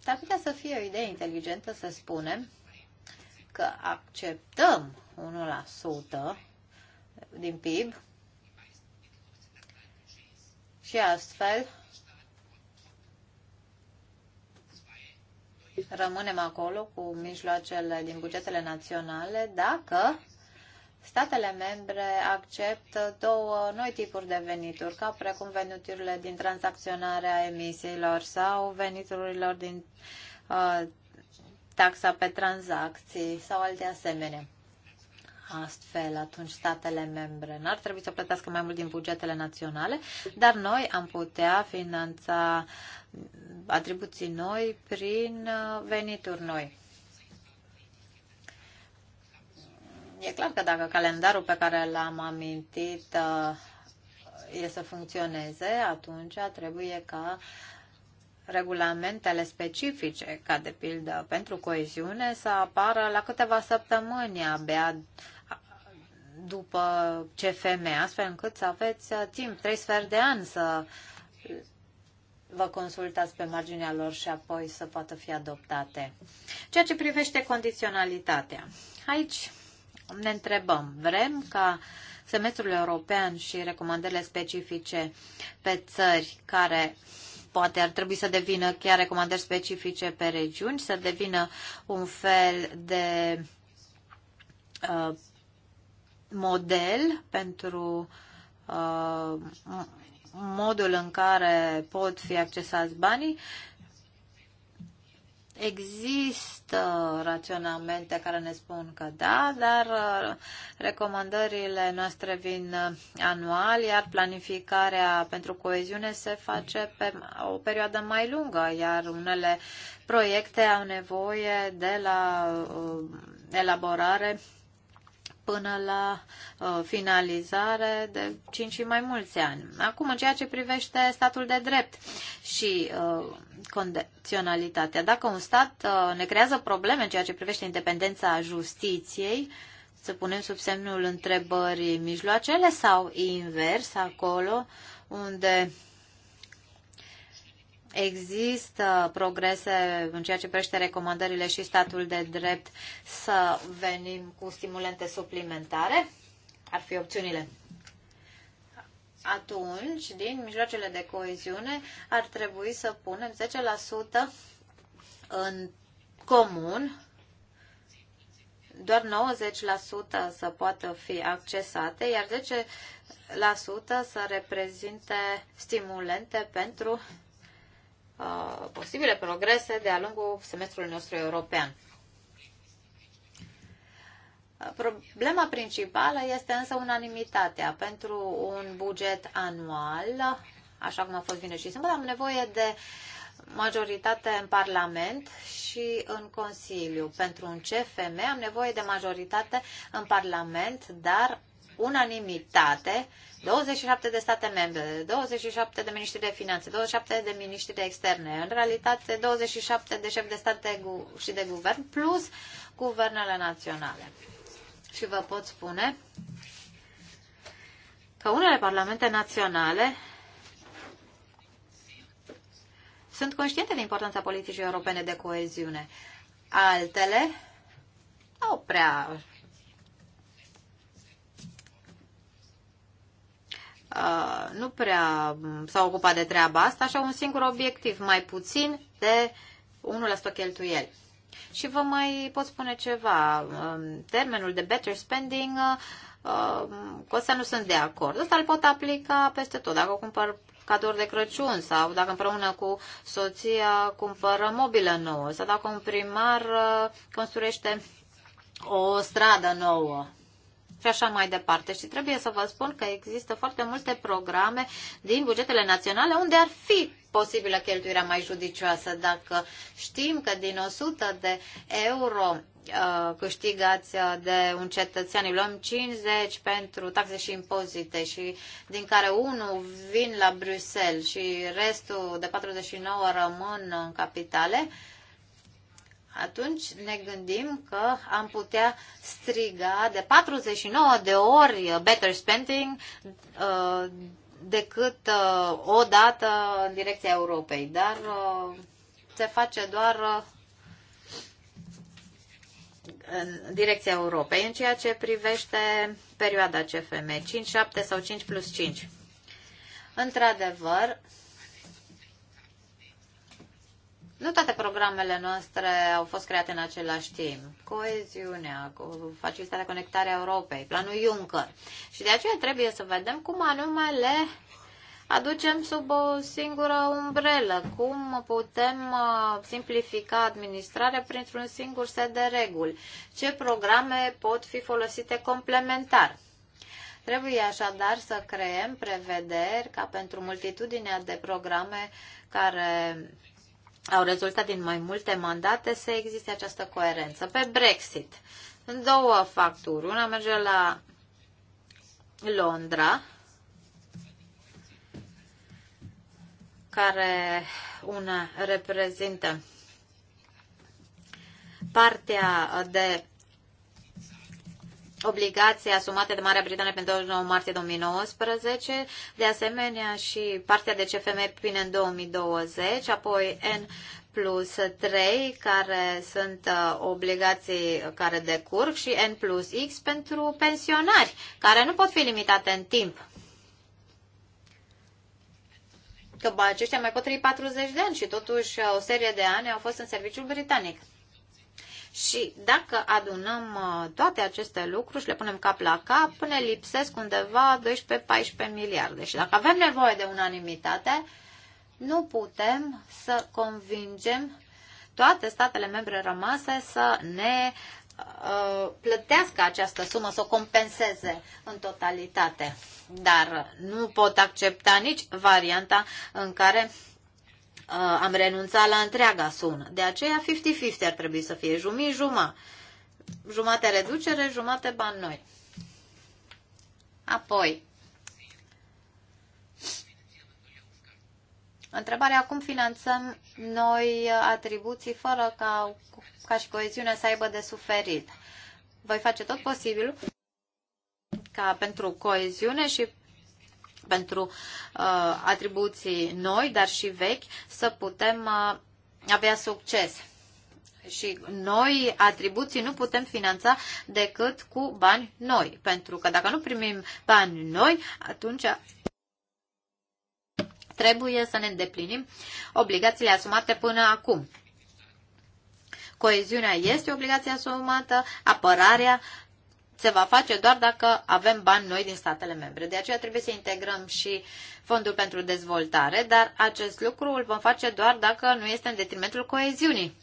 Dar putea să fie o idee inteligentă să spunem că acceptăm 1% din PIB și astfel rămânem acolo cu mijloacele din bugetele naționale dacă statele membre acceptă două noi tipuri de venituri, ca precum veniturile din tranzacționarea emisiilor sau veniturilor din uh, taxa pe tranzacții sau alte asemenea astfel atunci statele membre. N-ar trebui să plătească mai mult din bugetele naționale, dar noi am putea finanța atribuții noi prin uh, venituri noi. E clar că dacă calendarul pe care l-am amintit uh, e să funcționeze, atunci trebuie ca regulamentele specifice, ca de pildă pentru coeziune, să apară la câteva săptămâni abia după CFM, astfel încât să aveți timp, trei sfert de ani să vă consultați pe marginea lor și apoi să poată fi adoptate. Ceea ce privește condiționalitatea. Aici ne întrebăm, vrem ca semestrul european și recomandările specifice pe țări care poate ar trebui să devină chiar recomandări specifice pe regiuni, să devină un fel de uh, model pentru uh, modul în care pot fi accesați banii Există raționamente care ne spun că da, dar uh, recomandările noastre vin uh, anual, iar planificarea pentru coeziune se face pe o perioadă mai lungă, iar unele proiecte au nevoie de la uh, elaborare până la uh, finalizare de 5 și mai mulți ani. Acum, în ceea ce privește statul de drept și uh, condiționalitatea, dacă un stat uh, ne creează probleme în ceea ce privește independența justiției, să punem sub semnul întrebării mijloacele sau invers acolo unde uh, există progrese în ceea ce privește recomandările și statul de drept să venim cu stimulente suplimentare? Ar fi opțiunile. Atunci, din mijloacele de coeziune, ar trebui să punem 10% în comun, doar 90% să poată fi accesate, iar 10% să reprezinte stimulente pentru Uh, posibile progrese de-a lungul semestrului nostru european. Problema principală este însă unanimitatea. Pentru un buget anual, așa cum a fost bine și sâmbătă, am nevoie de majoritate în Parlament și în Consiliu. Pentru un CFM am nevoie de majoritate în Parlament, dar unanimitate 27 de state membre, 27 de miniștri de finanțe, 27 de miniștri de externe, în realitate 27 de șefi de state și de guvern, plus guvernele naționale. Și vă pot spune că unele parlamente naționale sunt conștiente de importanța politicii europene de coeziune. Altele au prea Uh, nu prea s-au ocupat de treaba asta și au un singur obiectiv, mai puțin de 1% cheltuieli. Și vă mai pot spune ceva, um, termenul de better spending, uh, um, cu asta nu sunt de acord. Asta îl pot aplica peste tot. Dacă cumpăr cadouri de Crăciun sau dacă împreună cu soția cumpără mobilă nouă sau dacă un primar uh, construiește o stradă nouă și așa mai departe. Și trebuie să vă spun că există foarte multe programe din bugetele naționale unde ar fi posibilă cheltuirea mai judicioasă. Dacă știm că din 100 de euro uh, câștigați uh, de un cetățean, îi luăm 50 pentru taxe și impozite și din care unul vin la Bruxelles și restul de 49 rămân în capitale, uh, atunci ne gândim că am putea striga de 49 de ori better spending uh, decât uh, o dată în direcția Europei, dar uh, se face doar în direcția Europei, în ceea ce privește perioada CFM, 5, 7 sau 5 plus 5. Într-adevăr, nu toate programele noastre au fost create în același timp. Coeziunea, facilitatea conectarea Europei, planul Juncker. Și de aceea trebuie să vedem cum anume le aducem sub o singură umbrelă, cum putem uh, simplifica administrarea printr-un singur set de reguli, ce programe pot fi folosite complementar. Trebuie așadar să creăm prevederi ca pentru multitudinea de programe care au rezultat din mai multe mandate să existe această coerență. Pe Brexit, în două facturi. Una merge la Londra, care una reprezintă partea de obligații asumate de Marea Britanie pe 29 martie 2019, de asemenea și partea de CFM până în 2020, apoi N plus 3, care sunt uh, obligații care decurg, și N plus X pentru pensionari, care nu pot fi limitate în timp. Că bă, aceștia mai pot trăi 40 de ani și totuși uh, o serie de ani au fost în serviciul britanic. Și dacă adunăm uh, toate aceste lucruri și le punem cap la cap, ne lipsesc undeva 12-14 miliarde. Și dacă avem nevoie de unanimitate, nu putem să convingem toate statele membre rămase să ne uh, plătească această sumă, să o compenseze în totalitate. Dar nu pot accepta nici varianta în care Uh, am renunțat la întreaga sumă. De aceea 50-50 ar trebui să fie jumii, juma. Jumate reducere, jumate bani noi. Apoi, întrebarea cum finanțăm noi atribuții fără ca, ca și coeziunea să aibă de suferit. Voi face tot posibilul ca pentru coeziune și pentru uh, atribuții noi, dar și vechi, să putem uh, avea succes. Și noi atribuții nu putem finanța decât cu bani noi, pentru că dacă nu primim bani noi, atunci trebuie să ne îndeplinim obligațiile asumate până acum. Coeziunea este obligația asumată, apărarea se va face doar dacă avem bani noi din statele membre. De aceea trebuie să integrăm și fondul pentru dezvoltare, dar acest lucru îl vom face doar dacă nu este în detrimentul coeziunii.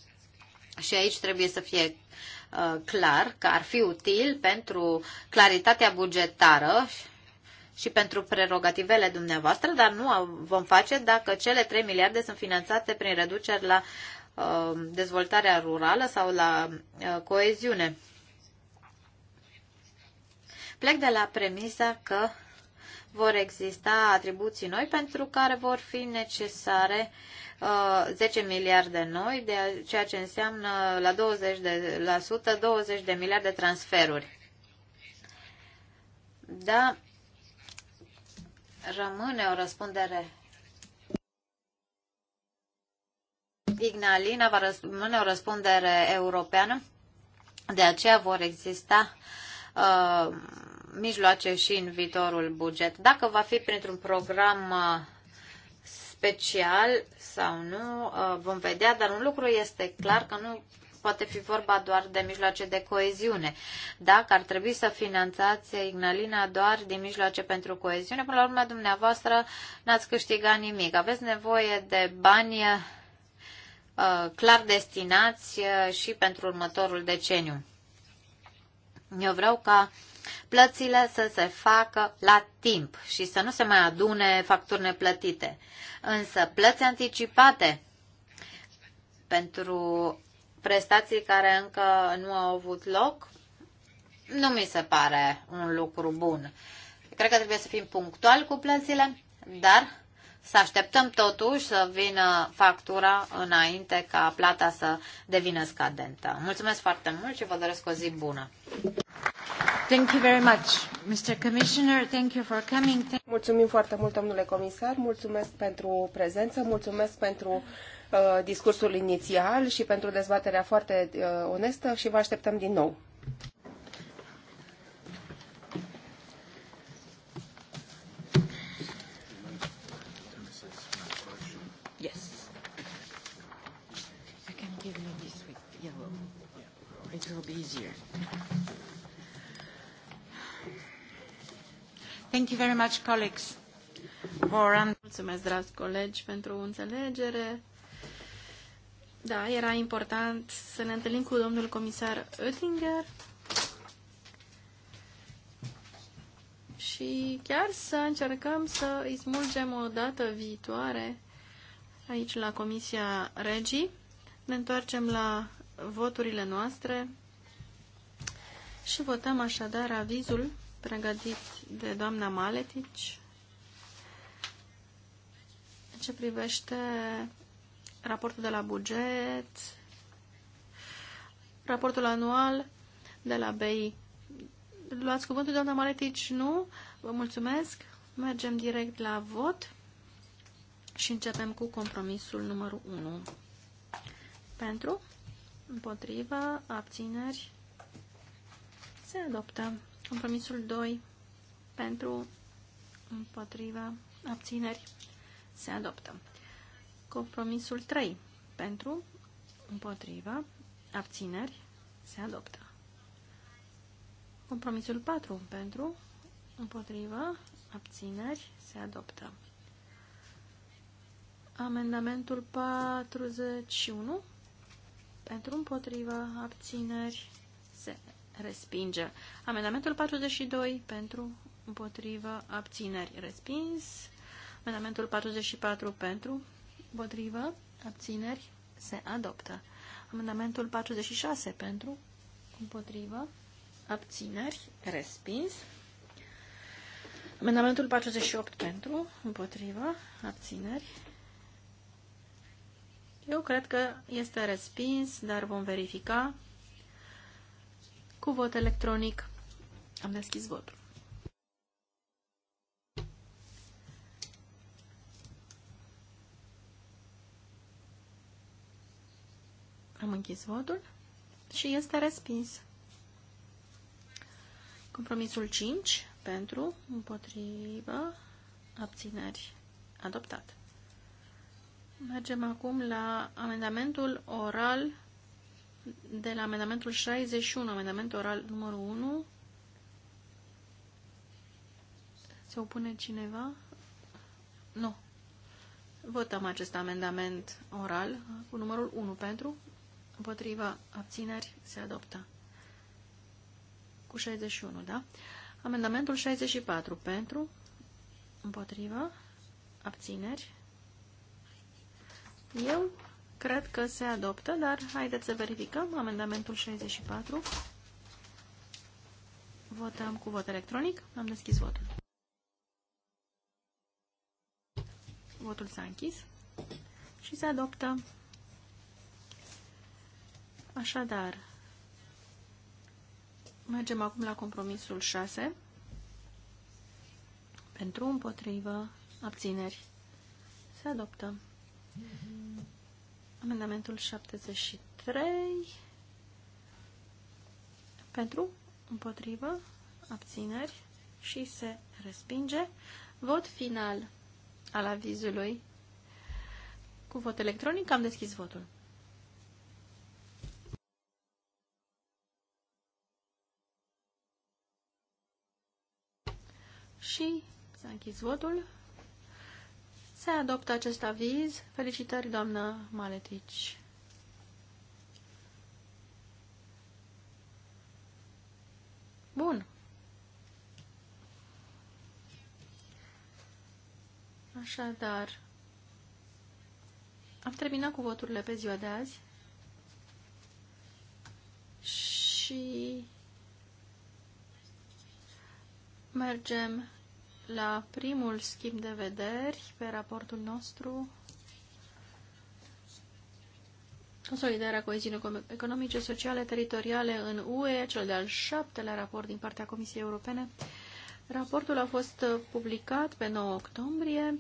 Și aici trebuie să fie uh, clar că ar fi util pentru claritatea bugetară și pentru prerogativele dumneavoastră, dar nu vom face dacă cele 3 miliarde sunt finanțate prin reduceri la uh, dezvoltarea rurală sau la uh, coeziune. Plec de la premisa că vor exista atribuții noi pentru care vor fi necesare uh, 10 miliarde noi, de ceea ce înseamnă la 20%, de, la 100, 20 de miliarde transferuri. Da, rămâne o răspundere. Ignalina va rămâne o răspundere europeană, de aceea vor exista uh, mijloace și în viitorul buget. Dacă va fi printr-un program uh, special sau nu, uh, vom vedea, dar un lucru este clar că nu poate fi vorba doar de mijloace de coeziune. Dacă ar trebui să finanțați Ignalina doar din mijloace pentru coeziune, până la urmă dumneavoastră n-ați câștigat nimic. Aveți nevoie de bani uh, clar destinați și pentru următorul deceniu. Eu vreau ca plățile să se facă la timp și să nu se mai adune facturi neplătite. Însă plăți anticipate pentru prestații care încă nu au avut loc, nu mi se pare un lucru bun. Cred că trebuie să fim punctuali cu plățile, dar să așteptăm totuși să vină factura înainte ca plata să devină scadentă. Mulțumesc foarte mult și vă doresc o zi bună. Thank you very much, Mr. Commissioner. Thank you for coming. Mulțumim foarte mult, domnule comisar. Mulțumesc pentru prezență. Mulțumesc pentru uh, discursul inițial și pentru dezbaterea foarte uh, onestă și vă așteptăm din nou. Thank you very much, colleagues. For... Mulțumesc, dragi colegi, pentru înțelegere. Da, era important să ne întâlnim cu domnul comisar Oettinger și chiar să încercăm să îi smulgem o dată viitoare aici la Comisia Regii. Ne întoarcem la voturile noastre și votăm așadar avizul pregătit de doamna Maletici în ce privește raportul de la buget, raportul anual de la BI. Luați cuvântul, doamna Maletici? Nu? Vă mulțumesc. Mergem direct la vot și începem cu compromisul numărul 1. Pentru, împotriva, abțineri, se adoptă. Compromisul 2 pentru împotriva abțineri se adoptă. Compromisul 3 pentru împotriva abțineri se adoptă. Compromisul 4 pentru împotriva abțineri se adoptă. Amendamentul 41 pentru împotriva abțineri se adoptă respinge. Amendamentul 42 pentru, împotrivă, abțineri, respins. Amendamentul 44 pentru, împotrivă, abțineri, se adoptă. Amendamentul 46 pentru, împotrivă, abțineri, respins. Amendamentul 48 pentru, împotrivă, abțineri. Eu cred că este respins, dar vom verifica. Cu vot electronic am deschis votul. Am închis votul și este respins. Compromisul 5 pentru, împotrivă, abțineri, adoptat. Mergem acum la amendamentul oral de la amendamentul 61, amendament oral numărul 1. Se opune cineva? Nu. Votăm acest amendament oral cu numărul 1 pentru, împotriva abțineri se adoptă. Cu 61, da? Amendamentul 64 pentru, împotriva abțineri. Eu Cred că se adoptă, dar haideți să verificăm amendamentul 64. Votăm cu vot electronic. Am deschis votul. Votul s-a închis și se adoptă. Așadar, mergem acum la compromisul 6. Pentru împotrivă, abțineri. Se adoptă. Mm -hmm. Amendamentul 73. Pentru, împotrivă, abțineri și se respinge. Vot final al avizului cu vot electronic. Am deschis votul. Și s-a închis votul. Se adoptă acest aviz. Felicitări, doamnă Maletici. Bun. Așadar, am terminat cu voturile pe ziua de azi și mergem la primul schimb de vederi pe raportul nostru Consolidarea coeziunii economice, sociale, teritoriale în UE, cel de-al șaptelea raport din partea Comisiei Europene. Raportul a fost publicat pe 9 octombrie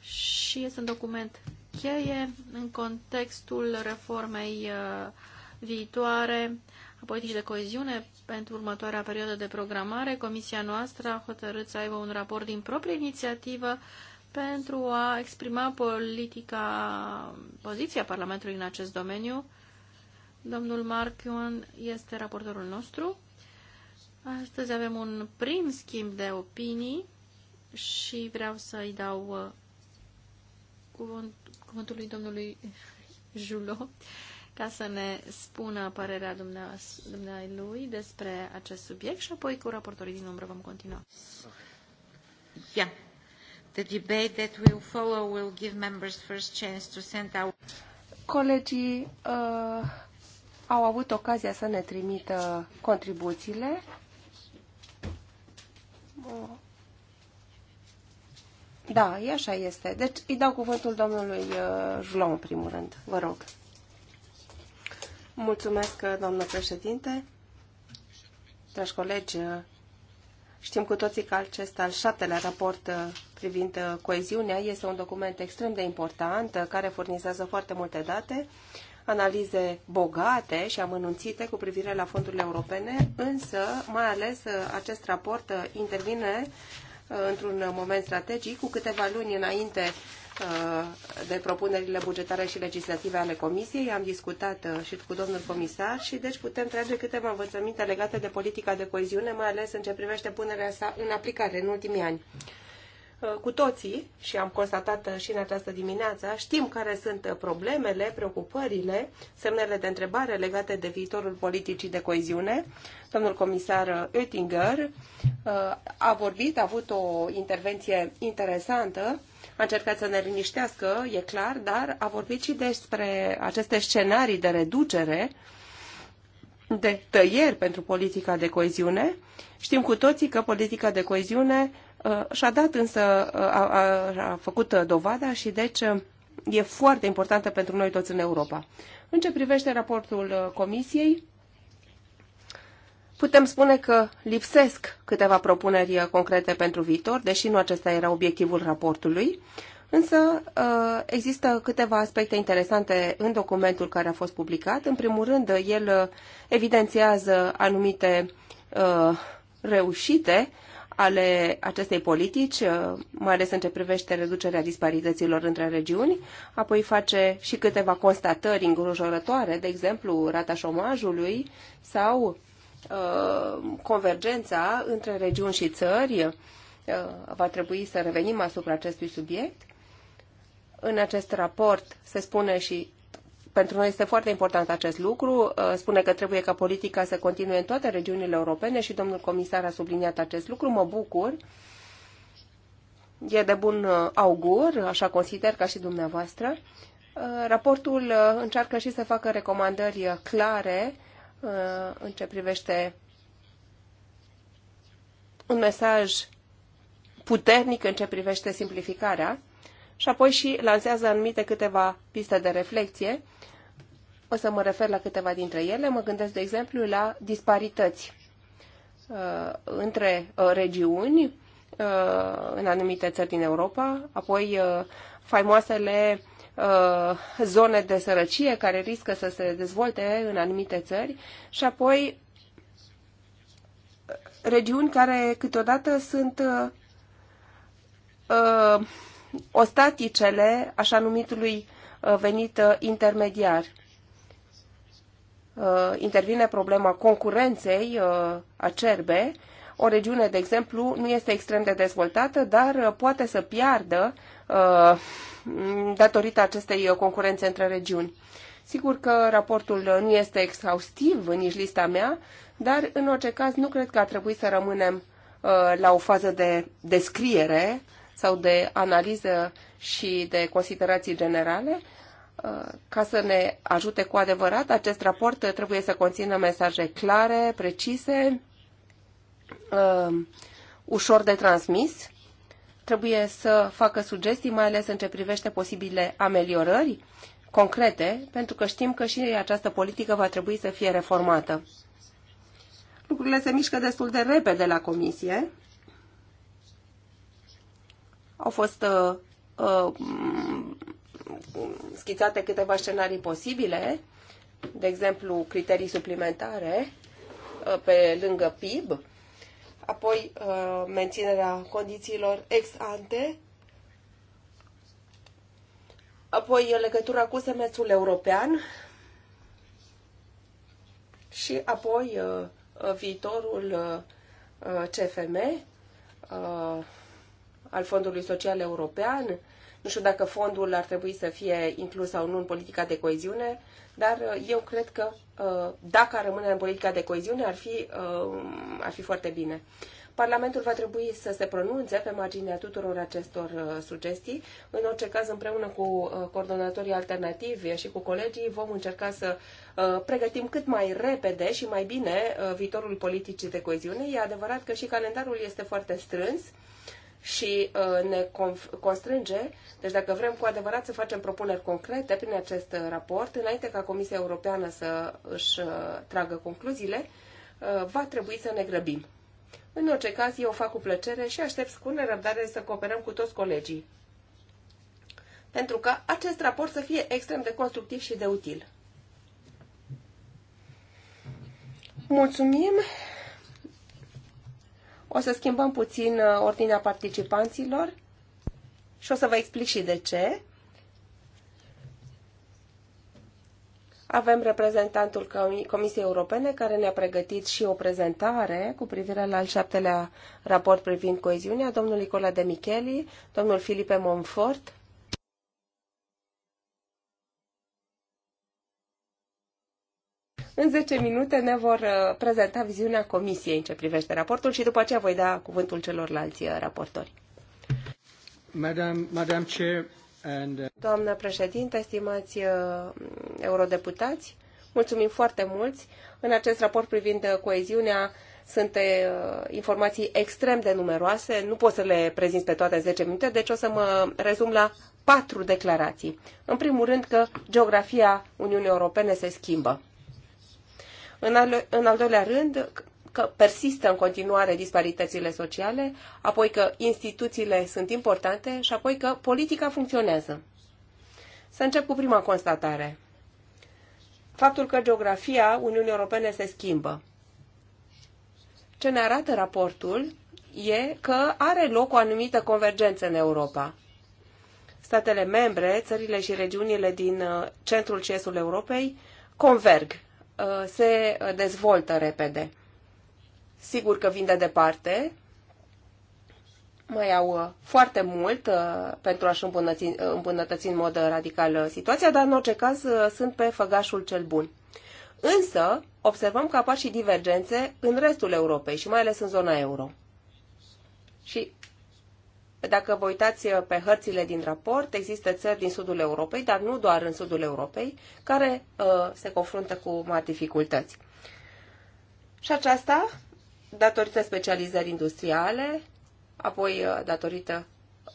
și este un document cheie în contextul reformei uh, viitoare politici de coeziune pentru următoarea perioadă de programare, comisia noastră a hotărât să aibă un raport din proprie inițiativă pentru a exprima politica, poziția Parlamentului în acest domeniu. Domnul Mark Ion este raportorul nostru. Astăzi avem un prim schimb de opinii și vreau să-i dau uh, cuvânt, cuvântul lui domnului Julo ca să ne spună părerea lui despre acest subiect și apoi cu raportorii din umbră vom continua. Yeah. The debate that will follow will give members first chance to send out... Colegii uh, au avut ocazia să ne trimită contribuțiile. Da, e așa este. Deci îi dau cuvântul domnului uh, Julon în primul rând. Vă rog. Mulțumesc, doamnă președinte. Dragi colegi, știm cu toții că acest al șaptelea raport uh, privind uh, coeziunea este un document extrem de important uh, care furnizează foarte multe date, analize bogate și amănunțite cu privire la fondurile europene, însă mai ales acest raport intervine într-un moment strategic cu câteva luni înainte Uh, de propunerile bugetare și legislative ale Comisiei. Am discutat uh, și cu domnul comisar și deci putem trage câteva învățăminte legate de politica de coeziune, mai ales în ce privește punerea sa în aplicare în ultimii ani. Uh, cu toții, și am constatat și în această dimineață, știm care sunt problemele, preocupările, semnele de întrebare legate de viitorul politicii de coeziune. Domnul comisar Oettinger a vorbit, a avut o intervenție interesantă a încercat să ne liniștească, e clar, dar a vorbit și despre aceste scenarii de reducere, de tăieri pentru politica de coeziune. Știm cu toții că politica de coeziune uh, și-a dat însă, uh, a, a, a făcut uh, dovada și deci e foarte importantă pentru noi toți în Europa. În ce privește raportul Comisiei, Putem spune că lipsesc câteva propuneri concrete pentru viitor, deși nu acesta era obiectivul raportului, însă uh, există câteva aspecte interesante în documentul care a fost publicat. În primul rând, el evidențiază anumite uh, reușite ale acestei politici, uh, mai ales în ce privește reducerea disparităților între regiuni, apoi face și câteva constatări îngrijorătoare, de exemplu, rata șomajului sau Uh, convergența între regiuni și țări. Uh, va trebui să revenim asupra acestui subiect. În acest raport se spune și pentru noi este foarte important acest lucru. Uh, spune că trebuie ca politica să continue în toate regiunile europene și domnul comisar a subliniat acest lucru. Mă bucur. E de bun augur, așa consider ca și dumneavoastră. Raportul încearcă și să facă recomandări clare în ce privește un mesaj puternic în ce privește simplificarea și apoi și lansează anumite câteva piste de reflexie. O să mă refer la câteva dintre ele. Mă gândesc, de exemplu, la disparități uh, între uh, regiuni uh, în anumite țări din Europa, apoi faimoasele Uh, zone de sărăcie care riscă să se dezvolte în anumite țări și apoi uh, regiuni care câteodată sunt uh, ostaticele așa numitului uh, venit intermediar. Uh, intervine problema concurenței uh, acerbe. O regiune, de exemplu, nu este extrem de dezvoltată, dar poate să piardă Uh, datorită acestei concurențe între regiuni. Sigur că raportul nu este exhaustiv în nici lista mea, dar în orice caz nu cred că ar trebui să rămânem uh, la o fază de descriere sau de analiză și de considerații generale. Uh, ca să ne ajute cu adevărat, acest raport trebuie să conțină mesaje clare, precise, ușor de transmis trebuie să facă sugestii, mai ales în ce privește posibile ameliorări concrete, pentru că știm că și această politică va trebui să fie reformată. Lucrurile se mișcă destul de repede la comisie. Au fost uh, uh, mm, schițate câteva scenarii posibile, de exemplu criterii suplimentare uh, pe lângă PIB, apoi uh, menținerea condițiilor ex ante, apoi legătura cu semestrul european și apoi uh, viitorul uh, CFM al Fondului Social European, nu știu dacă fondul ar trebui să fie inclus sau nu în politica de coeziune, dar uh, eu cred că uh, dacă ar rămâne în politica de coeziune, ar fi, uh, ar fi foarte bine. Parlamentul va trebui să se pronunțe pe marginea tuturor acestor sugestii. În orice caz, împreună cu coordonatorii alternativi și cu colegii, vom încerca să pregătim cât mai repede și mai bine viitorul politicii de coeziune. E adevărat că și calendarul este foarte strâns și uh, ne constrânge, deci dacă vrem cu adevărat să facem propuneri concrete prin acest uh, raport, înainte ca Comisia Europeană să își uh, tragă concluziile, va trebui să ne grăbim. În orice caz, eu o fac cu plăcere și aștept cu nerăbdare să cooperăm cu toți colegii. Pentru ca acest raport să fie extrem de constructiv și de util. Mulțumim! O să schimbăm puțin uh, ordinea participanților și o să vă explic și de ce. Avem reprezentantul Comisiei Europene care ne-a pregătit și o prezentare cu privire la al șaptelea raport privind coeziunea, domnul Nicola de Micheli, domnul Filipe Monfort, În 10 minute ne vor uh, prezenta viziunea Comisiei în ce privește raportul și după aceea voi da cuvântul celorlalți uh, raportori. Madame, Madame Chair and... Uh, Doamnă președinte, estimați eurodeputați, mulțumim foarte mulți. În acest raport privind coeziunea, sunt informații extrem de numeroase, nu pot să le prezint pe toate în 10 minute, deci o să mă rezum la patru declarații. În primul rând că geografia Uniunii Europene se schimbă. În al, în al doilea rând, că persistă în continuare disparitățile sociale, apoi că instituțiile sunt importante și apoi că politica funcționează. Să încep cu prima constatare. Faptul că geografia Uniunii Europene se schimbă. Ce ne arată raportul e că are loc o anumită convergență în Europa. Statele membre, țările și regiunile din uh, centrul și estul Europei converg Uh, se dezvoltă repede. Sigur că vin de departe, mai au uh, foarte mult uh, pentru a-și îmbunătăți, îmbunătăți în mod radical situația, dar în orice caz sunt pe făgașul cel bun. Însă, observăm că apar și divergențe în restul Europei și mai ales în zona euro. Și dacă vă uitați uh, pe hărțile din raport, există țări din sudul Europei, dar nu doar în sudul Europei, care uh, se confruntă cu mari dificultăți. Și aceasta, datorită specializării industriale, apoi uh, datorită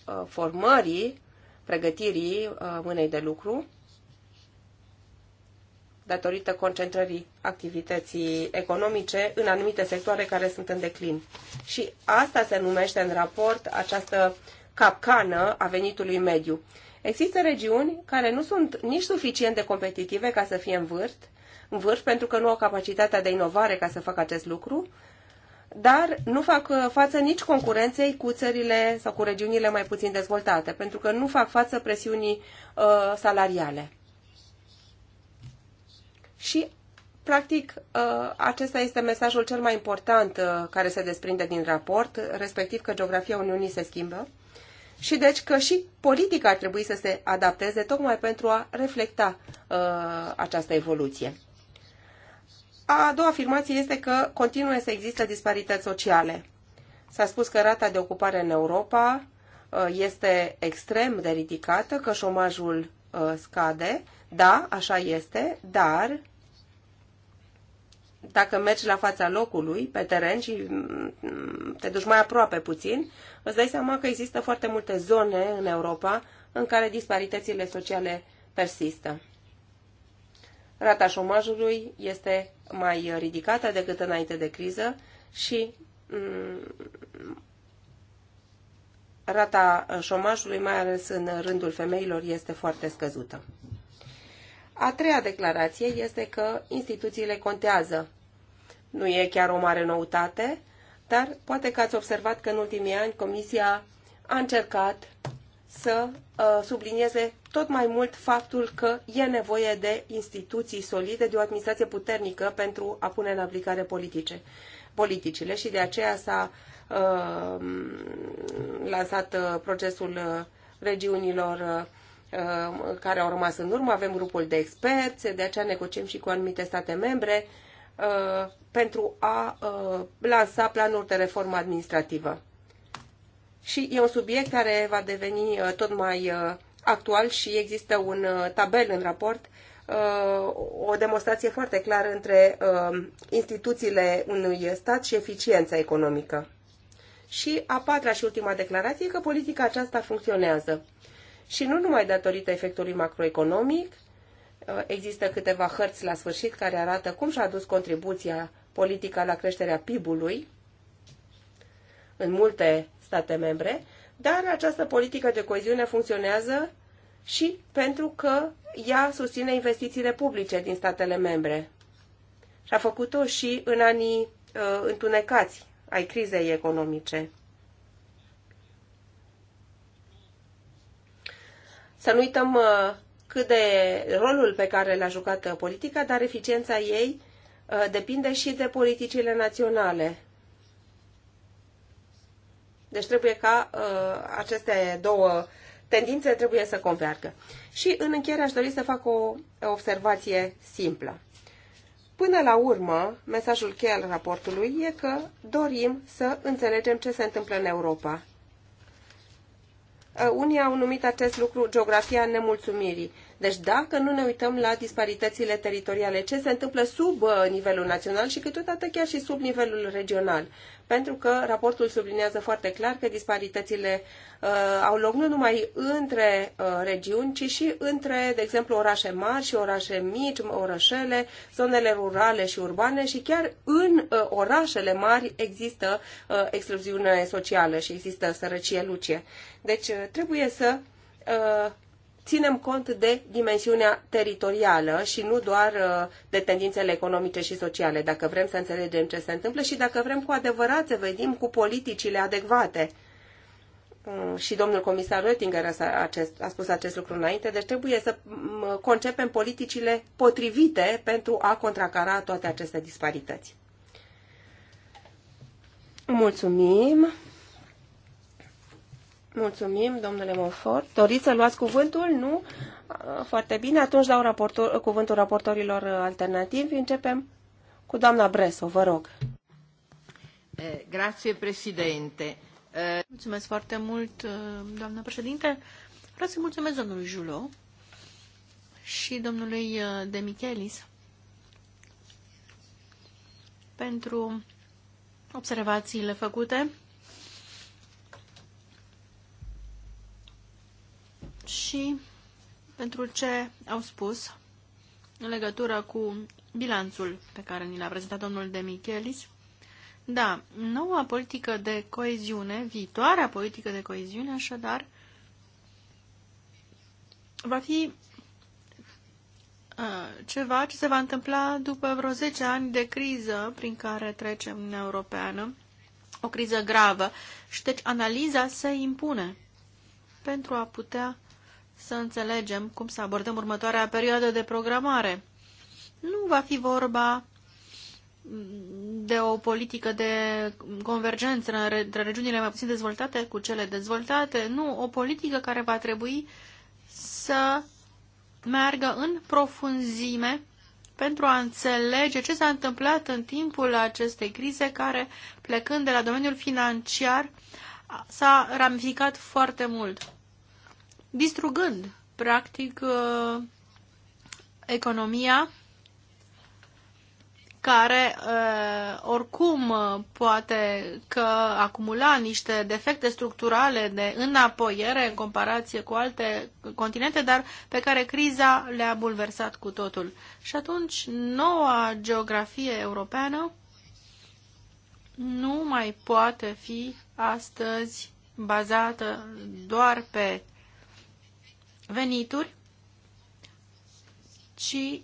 uh, formării, pregătirii uh, mânei de lucru, datorită concentrării activității economice în anumite sectoare care sunt în declin. Și asta se numește în raport această capcană a venitului mediu. Există regiuni care nu sunt nici suficient de competitive ca să fie în vârf, în vârf pentru că nu au capacitatea de inovare ca să facă acest lucru, dar nu fac uh, față nici concurenței cu țările sau cu regiunile mai puțin dezvoltate, pentru că nu fac față presiunii uh, salariale. Și, practic, uh, acesta este mesajul cel mai important uh, care se desprinde din raport, respectiv că geografia Uniunii se schimbă și deci că și politica ar trebui să se adapteze tocmai pentru a reflecta uh, această evoluție. A doua afirmație este că continuă să există disparități sociale. S-a spus că rata de ocupare în Europa este extrem de ridicată, că șomajul uh, scade da, așa este, dar dacă mergi la fața locului, pe teren și mm, mm, te duci mai aproape puțin, îți dai seama că există foarte multe zone în Europa în care disparitățile sociale persistă. Rata șomajului este mai ridicată decât înainte de criză și mm, rata șomajului, mai ales în rândul femeilor, este foarte scăzută. A treia declarație este că instituțiile contează. Nu e chiar o mare noutate, dar poate că ați observat că în ultimii ani Comisia a încercat să uh, sublinieze tot mai mult faptul că e nevoie de instituții solide, de o administrație puternică pentru a pune în aplicare politice, politicile și de aceea s-a uh, lansat uh, procesul uh, regiunilor uh, Um, care au rămas în urmă, avem grupul de experți, de aceea negociem și cu anumite state membre uh, pentru a uh, lansa planuri de reformă administrativă. Și e un subiect care va deveni uh, tot mai actual și există un tabel în raport, o demonstrație foarte clară între um, instituțiile unui stat și eficiența economică. Și a patra și ultima declarație că politica aceasta funcționează și nu numai datorită efectului macroeconomic, uh, există câteva hărți la sfârșit care arată cum și-a adus contribuția politica la creșterea PIB-ului în multe state membre, dar această politică de coeziune funcționează și pentru că ea susține investițiile publice din statele membre. Și a făcut-o și în anii uh, întunecați ai crizei economice. Să nu uităm uh, cât de rolul pe care l-a jucat uh, politica, dar eficiența ei uh, depinde și de politicile naționale. Deci trebuie ca aceste două tendințe trebuie să convergă. Și în încheiere aș dori să fac o observație simplă. Până la urmă, mesajul cheie al raportului e că dorim să înțelegem ce se întâmplă în Europa. Uh, unii au numit acest lucru geografia nemulțumirii. Deci dacă nu ne uităm la disparitățile teritoriale, ce se întâmplă sub uh, nivelul național și câteodată chiar și sub nivelul regional pentru că raportul sublinează foarte clar că disparitățile uh, au loc nu numai între uh, regiuni, ci și între, de exemplu, orașe mari și orașe mici, orășele, zonele rurale și urbane și chiar în uh, orașele mari există uh, excluziune socială și există sărăcie lucie. Deci uh, trebuie să uh, ținem cont de dimensiunea teritorială și nu doar uh, de tendințele economice și sociale, dacă vrem să înțelegem ce se întâmplă și dacă vrem cu adevărat să vedem cu politicile adecvate. Mm, și domnul comisar Oettinger a, acest, a spus acest lucru înainte, deci trebuie să mm, concepem politicile potrivite pentru a contracara toate aceste disparități. Mulțumim! Mulțumim, domnule Monfort. Doriți să luați cuvântul? Nu? Foarte bine. Atunci dau raportor, cuvântul raportorilor alternativi. Începem cu doamna Breso, vă rog. Eh, Grație, președinte. Eh, mulțumesc foarte mult, eh, doamnă președinte. Vreau să mulțumesc domnului Julo și domnului De Michelis pentru observațiile făcute și pentru ce au spus în legătură cu bilanțul pe care ni l-a prezentat domnul de Michelis. Da, noua politică de coeziune, viitoarea politică de coeziune, așadar, va fi uh, ceva ce se va întâmpla după vreo 10 ani de criză prin care trece Uniunea Europeană, o criză gravă, și deci analiza se impune pentru a putea să înțelegem cum să abordăm următoarea perioadă de programare. Nu va fi vorba de o politică de convergență între regiunile mai puțin dezvoltate cu cele dezvoltate, nu, o politică care va trebui să meargă în profunzime pentru a înțelege ce s-a întâmplat în timpul acestei crize care, plecând de la domeniul financiar, s-a ramificat foarte mult distrugând, practic, uh, economia care uh, oricum uh, poate că acumula niște defecte structurale de înapoiere în comparație cu alte continente, dar pe care criza le-a bulversat cu totul. Și atunci noua geografie europeană nu mai poate fi astăzi bazată doar pe uh, venituri, ci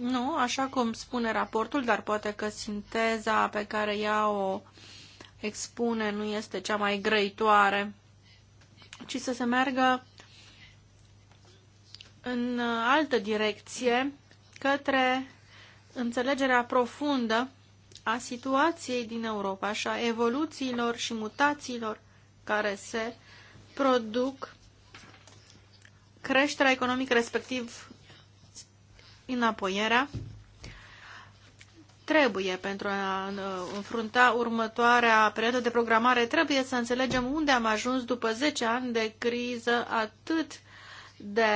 nu, așa cum spune raportul, dar poate că sinteza pe care ea o expune nu este cea mai grăitoare, ci să se meargă în altă direcție, către înțelegerea profundă a situației din Europa și a evoluțiilor și mutațiilor care se produc creșterea economică, respectiv înapoierea, trebuie pentru a uh, înfrunta următoarea perioadă de programare, trebuie să înțelegem unde am ajuns după 10 ani de criză atât de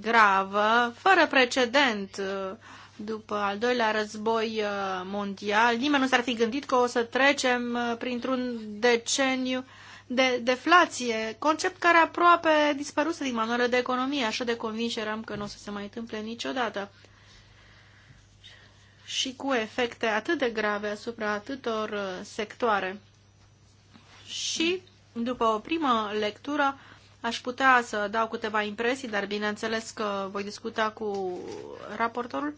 gravă, fără precedent uh, după al doilea război uh, mondial. Nimeni nu s-ar fi gândit că o să trecem printr-un deceniu uh, de deflație, concept care aproape dispăruse din manualele de economie, așa de convins eram că nu o să se mai întâmple niciodată. Și cu efecte atât de grave asupra atâtor uh, sectoare. Și, după o primă lectură, aș putea să dau câteva impresii, dar bineînțeles că voi discuta cu raportorul,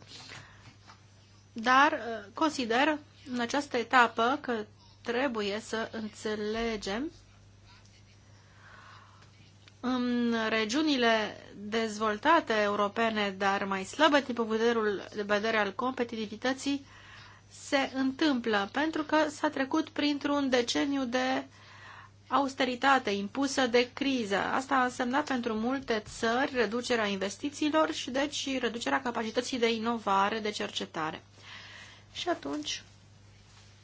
dar uh, consider în această etapă că trebuie să înțelegem în regiunile dezvoltate europene, dar mai slabe din punct de vedere al competitivității, se întâmplă pentru că s-a trecut printr-un deceniu de austeritate impusă de criză. Asta a însemnat pentru multe țări reducerea investițiilor și deci reducerea capacității de inovare, de cercetare. Și atunci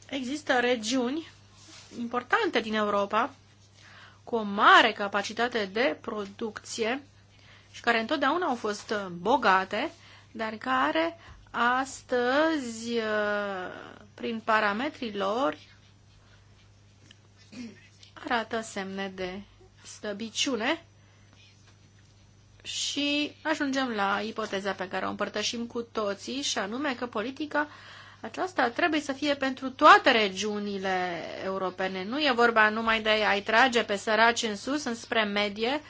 există regiuni importante din Europa cu o mare capacitate de producție și care întotdeauna au fost uh, bogate, dar care astăzi, uh, prin parametrii lor, arată semne de slăbiciune și ajungem la ipoteza pe care o împărtășim cu toții, și anume că politica aceasta trebuie să fie pentru toate regiunile europene. Nu e vorba numai de a-i trage pe săraci în sus, înspre medie,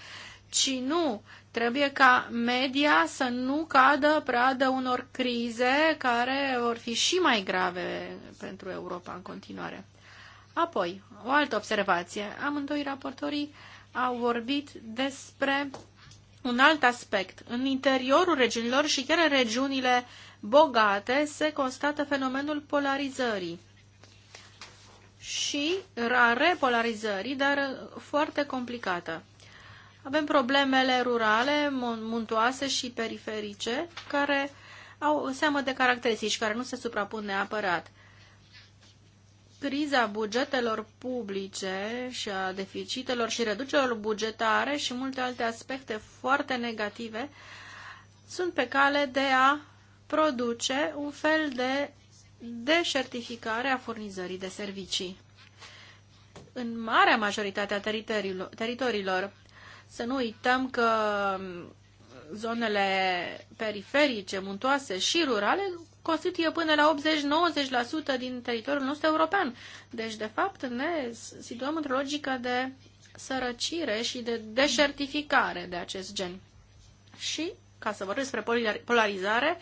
ci nu. Trebuie ca media să nu cadă pradă unor crize care vor fi și mai grave pentru Europa în continuare. Apoi, o altă observație. Amândoi raportorii au vorbit despre un alt aspect. În interiorul regiunilor și chiar în regiunile uh, bogate se constată fenomenul polarizării și rare repolarizării, dar foarte complicată. Avem problemele rurale, muntoase și periferice, care au seamă de caracteristici care nu se suprapun neapărat. Criza bugetelor publice și a deficitelor și reducerilor bugetare și multe alte aspecte foarte negative sunt pe cale de a produce un fel de deșertificare a furnizării de servicii. În marea majoritate a teritoriilor, să nu uităm că mm, zonele periferice, muntoase și rurale constituie până la 80-90% din teritoriul nostru european. Deci, de fapt, ne situăm într-o logică de sărăcire și de deșertificare de acest gen. Și, ca să vorbesc despre polarizare,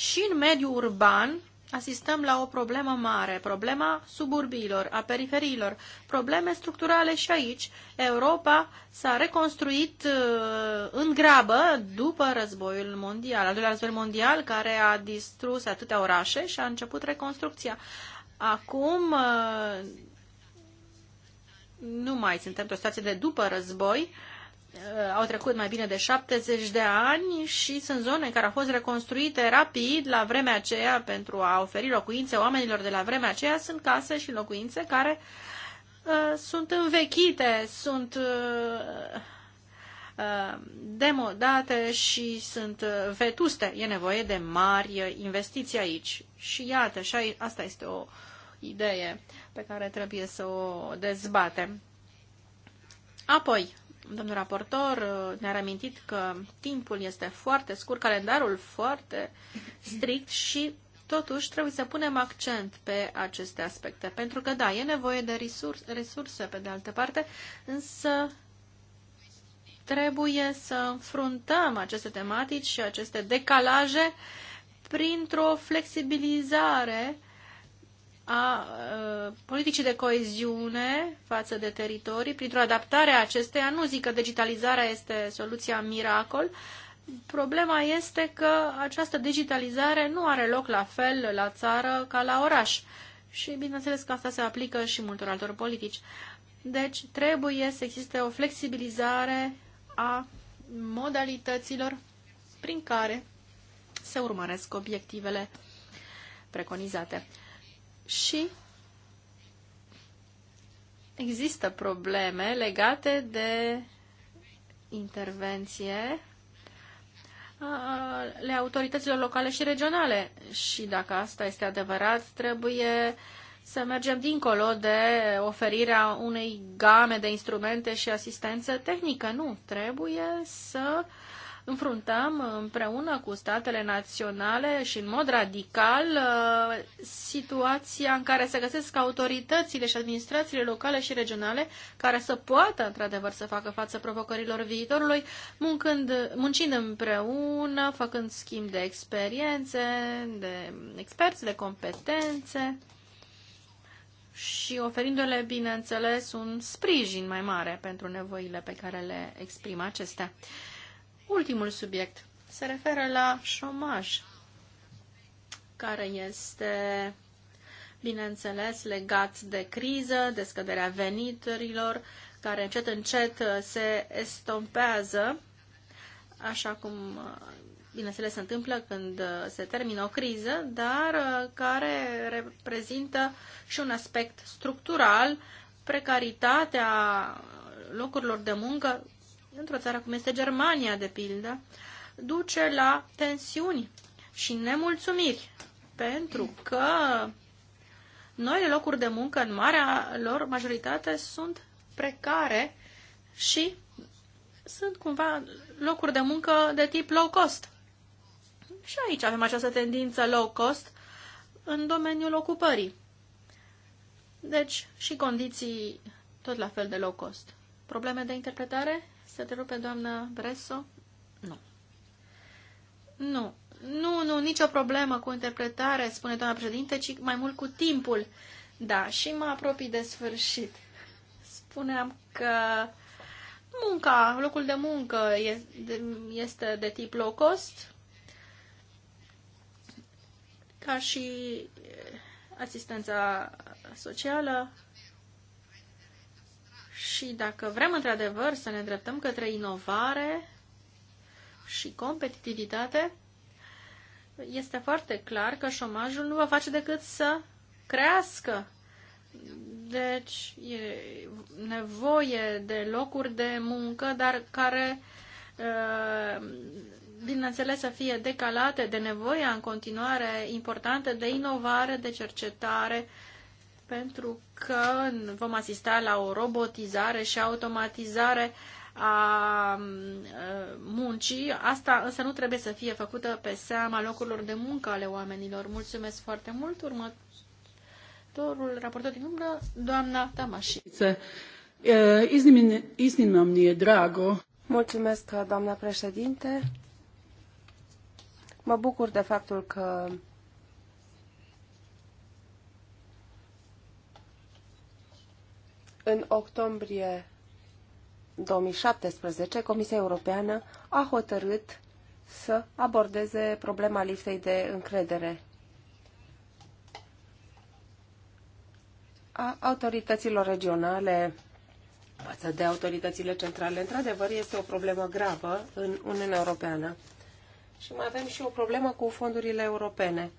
și în mediul urban asistăm la o problemă mare, problema suburbiilor, a periferiilor, probleme structurale și aici. Europa s-a reconstruit uh, în grabă după războiul mondial, al doilea război mondial, care a distrus atâtea orașe și a început reconstrucția. Acum uh, nu mai suntem într-o situație de după război, Uh, au trecut mai bine de 70 de ani și sunt zone care au fost reconstruite rapid la vremea aceea pentru a oferi locuințe oamenilor de la vremea aceea. Sunt case și locuințe care uh, sunt învechite, sunt uh, uh, demodate și sunt uh, vetuste. E nevoie de mari uh, investiții aici. Și iată, și asta este o idee pe care trebuie să o dezbatem. Apoi, Domnul raportor uh, ne-a reamintit că timpul este foarte scurt, calendarul foarte strict și totuși trebuie să punem accent pe aceste aspecte. Pentru că, da, e nevoie de resurse, resurse pe de altă parte, însă trebuie să înfruntăm aceste tematici și aceste decalaje printr-o flexibilizare a politicii de coeziune față de teritorii, printr-o adaptare a acesteia, nu zic că digitalizarea este soluția miracol, problema este că această digitalizare nu are loc la fel la țară ca la oraș. Și bineînțeles că asta se aplică și multor altor politici. Deci trebuie să existe o flexibilizare a modalităților prin care se urmăresc obiectivele preconizate și există probleme legate de intervenție ale autorităților locale și regionale. Și dacă asta este adevărat, trebuie să mergem dincolo de oferirea unei game de instrumente și asistență tehnică. Nu, trebuie să Înfruntăm împreună cu statele naționale și în mod radical uh, situația în care se găsesc autoritățile și administrațiile locale și regionale care să poată într-adevăr să facă față provocărilor viitorului, muncând, muncind împreună, făcând schimb de experiențe, de experți, de competențe și oferindu-le, bineînțeles, un sprijin mai mare pentru nevoile pe care le exprimă acestea. Ultimul subiect se referă la șomaj, care este, bineînțeles, legat de criză, de scăderea veniturilor, care încet încet se estompează, așa cum bineînțeles, se întâmplă când se termină o criză, dar care reprezintă și un aspect structural, precaritatea locurilor de muncă într-o țară cum este Germania, de pildă, duce la tensiuni și nemulțumiri, pentru că noile locuri de muncă, în marea lor majoritate, sunt precare și sunt cumva locuri de muncă de tip low cost. Și aici avem această tendință low cost în domeniul ocupării. Deci și condiții tot la fel de low cost. Probleme de interpretare? te rupe, doamna Bresso? Nu. Nu. Nu, nu, nicio problemă cu interpretare, spune doamna președinte, ci mai mult cu timpul. Da, și mă apropii de sfârșit. Spuneam că munca, locul de muncă este de tip low cost, ca și asistența socială, și dacă vrem într-adevăr să ne îndreptăm către inovare și competitivitate, este foarte clar că șomajul nu va face decât să crească. Deci e nevoie de locuri de muncă, dar care, ă, bineînțeles, să fie decalate de nevoia în continuare importantă de inovare, de cercetare, pentru că vom asista la o robotizare și automatizare a mm, ă, muncii. Asta însă nu trebuie să fie făcută pe seama locurilor de muncă ale oamenilor. Mulțumesc foarte mult. Următorul raportor din umbră, doamna Tamași. Ă, Iznimno mi e drago. Mulțumesc, doamna președinte. Mă bucur de faptul că În octombrie 2017, Comisia Europeană a hotărât să abordeze problema lipsei de încredere a autorităților regionale față de autoritățile centrale. Într-adevăr, este o problemă gravă în Uniunea Europeană. Și mai avem și o problemă cu fondurile europene.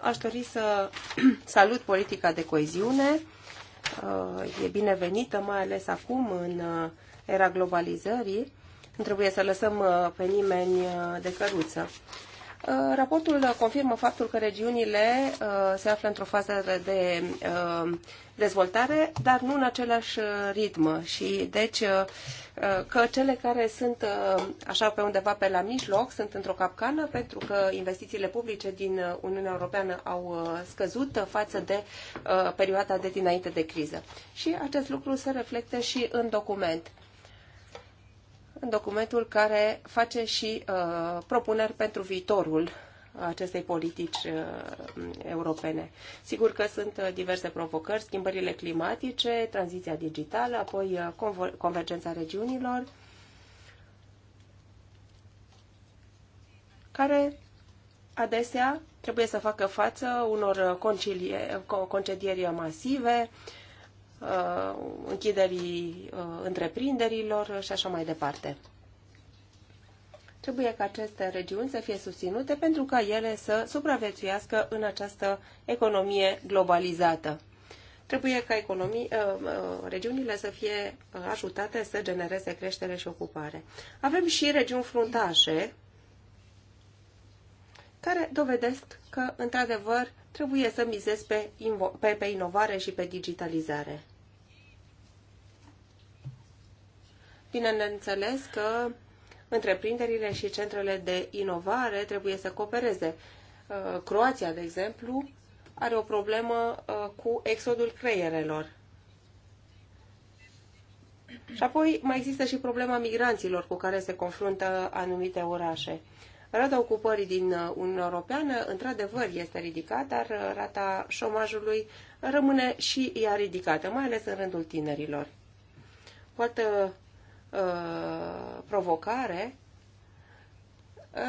Aș dori să salut politica de coeziune Uh, e binevenită, mai ales acum în uh, era globalizării. Nu trebuie să lăsăm uh, pe nimeni de căruță. Uh, raportul confirmă faptul că regiunile uh, se află într-o fază de uh, dezvoltare, dar nu în același ritm și deci că cele care sunt așa pe undeva pe la mijloc sunt într-o capcană pentru că investițiile publice din Uniunea Europeană au scăzut față de perioada de dinainte de criză. Și acest lucru se reflectă și în document în documentul care face și uh, propuneri pentru viitorul acestei politici uh, europene. Sigur că sunt uh, diverse provocări, schimbările climatice, tranziția digitală, apoi uh, convergența regiunilor, care adesea trebuie să facă față unor uh, concedieri masive, uh, Uh, închiderii uh, întreprinderilor și așa mai departe. Trebuie ca aceste regiuni să fie susținute pentru ca ele să supraviețuiască în această economie globalizată. Trebuie ca economii, uh, regiunile să fie ajutate să genereze creștere și ocupare. Avem și regiuni fruntașe, care dovedesc că, într-adevăr, trebuie să mizez pe, pe, pe inovare și pe digitalizare. Bineînțeles că întreprinderile și centrele de inovare trebuie să coopereze. Uh, Croația, de exemplu, are o problemă uh, cu exodul creierelor. Și apoi mai există și problema migranților cu care se confruntă anumite orașe. Rata ocupării din uh, Uniunea Europeană, într-adevăr, este ridicată, dar uh, rata șomajului rămâne și ea ridicată, mai ales în rândul tinerilor. O altă uh, provocare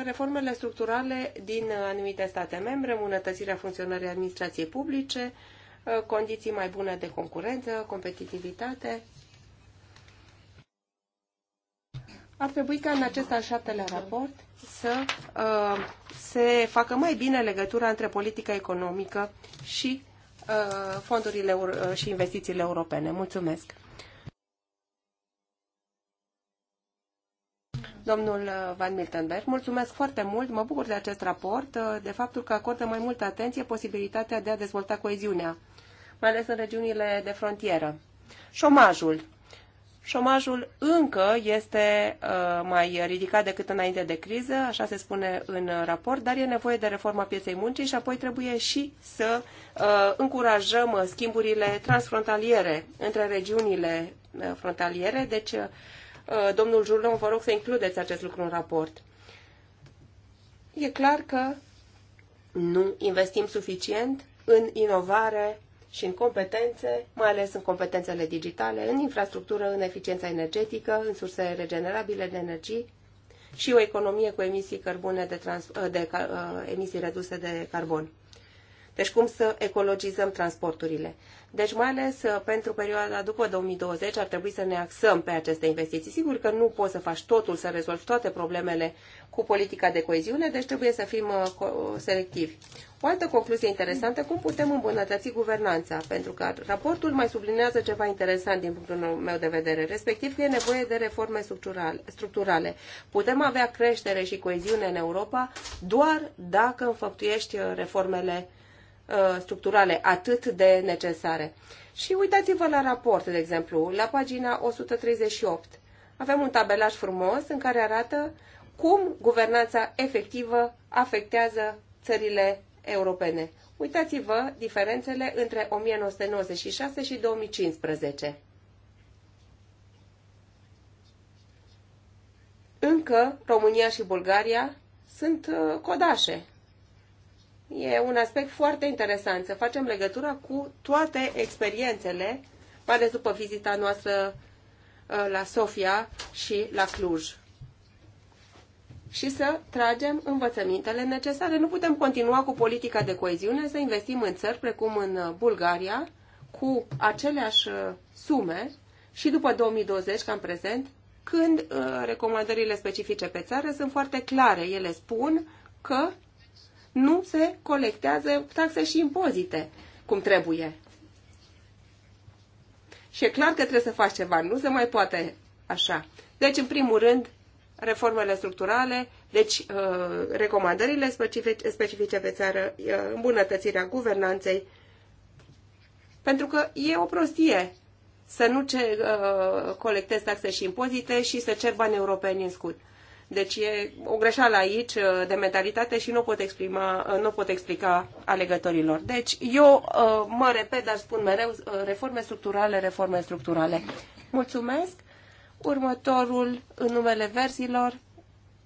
reformele structurale din anumite state membre, îmbunătățirea funcționării administrației publice, uh, condiții mai bune de concurență, competitivitate Ar trebui ca în acest al șaptelea raport să uh, se facă mai bine legătura între politica economică și uh, fondurile uh, și investițiile europene. Mulțumesc! Domnul uh, Van Miltenberg, mulțumesc foarte mult, mă bucur de acest raport, uh, de faptul că acordă mai multă atenție posibilitatea de a dezvolta coeziunea, mai ales în regiunile de frontieră. Șomajul șomajul încă este uh, mai ridicat decât înainte de criză, așa se spune în raport, dar e nevoie de reforma pieței muncii și apoi trebuie și să uh, încurajăm schimburile transfrontaliere între regiunile uh, frontaliere. Deci, domnul Jurlon, vă rog să includeți acest lucru în raport. E clar că nu investim suficient în inovare, și în competențe, mai ales în competențele digitale, în infrastructură, în eficiența energetică, în surse regenerabile de energie și o economie cu emisii, cărbune de, trans, de, de uh, emisii reduse de carbon. Deci cum să ecologizăm transporturile. Deci mai ales uh, pentru perioada după 2020 ar trebui să ne axăm pe aceste investiții. Sigur că nu poți să faci totul, să rezolvi toate problemele cu politica de coeziune, deci trebuie să fim uh, selectivi. O altă concluzie interesantă, cum putem îmbunătăți guvernanța? Pentru că raportul mai sublinează ceva interesant din punctul meu de vedere, respectiv că e nevoie de reforme structurale. Putem avea creștere și coeziune în Europa doar dacă înfăptuiești uh, reformele Uh, structurale atât de necesare. Și uitați-vă la raport, de exemplu, la pagina 138. Avem un tabelaj frumos în care arată cum guvernanța efectivă afectează țările europene. Uitați-vă diferențele între 1996 și 2015. Încă România și Bulgaria sunt uh, codașe E un aspect foarte interesant să facem legătura cu toate experiențele, mai ales după vizita noastră uh, la Sofia și la Cluj. Și să tragem învățămintele necesare. Nu putem continua cu politica de coeziune, să investim în țări precum în uh, Bulgaria cu aceleași uh, sume și după 2020, ca în prezent, când recomandările specifice pe țară sunt foarte clare. Ele spun că nu se colectează taxe și impozite cum trebuie. Și e clar că trebuie să faci ceva, nu se mai poate așa. Deci, în primul rând, reformele structurale, deci uh, recomandările specifice, specifice pe țară, uh, îmbunătățirea guvernanței, pentru că e o prostie să nu ce, uh, colectezi taxe și impozite și să cer bani europeni în scut. Deci e o greșeală aici uh, de mentalitate și nu pot, exprima, uh, nu pot explica alegătorilor. Deci eu uh, mă repet, dar spun mereu, reforme structurale, reforme structurale. Mulțumesc. Următorul în numele versilor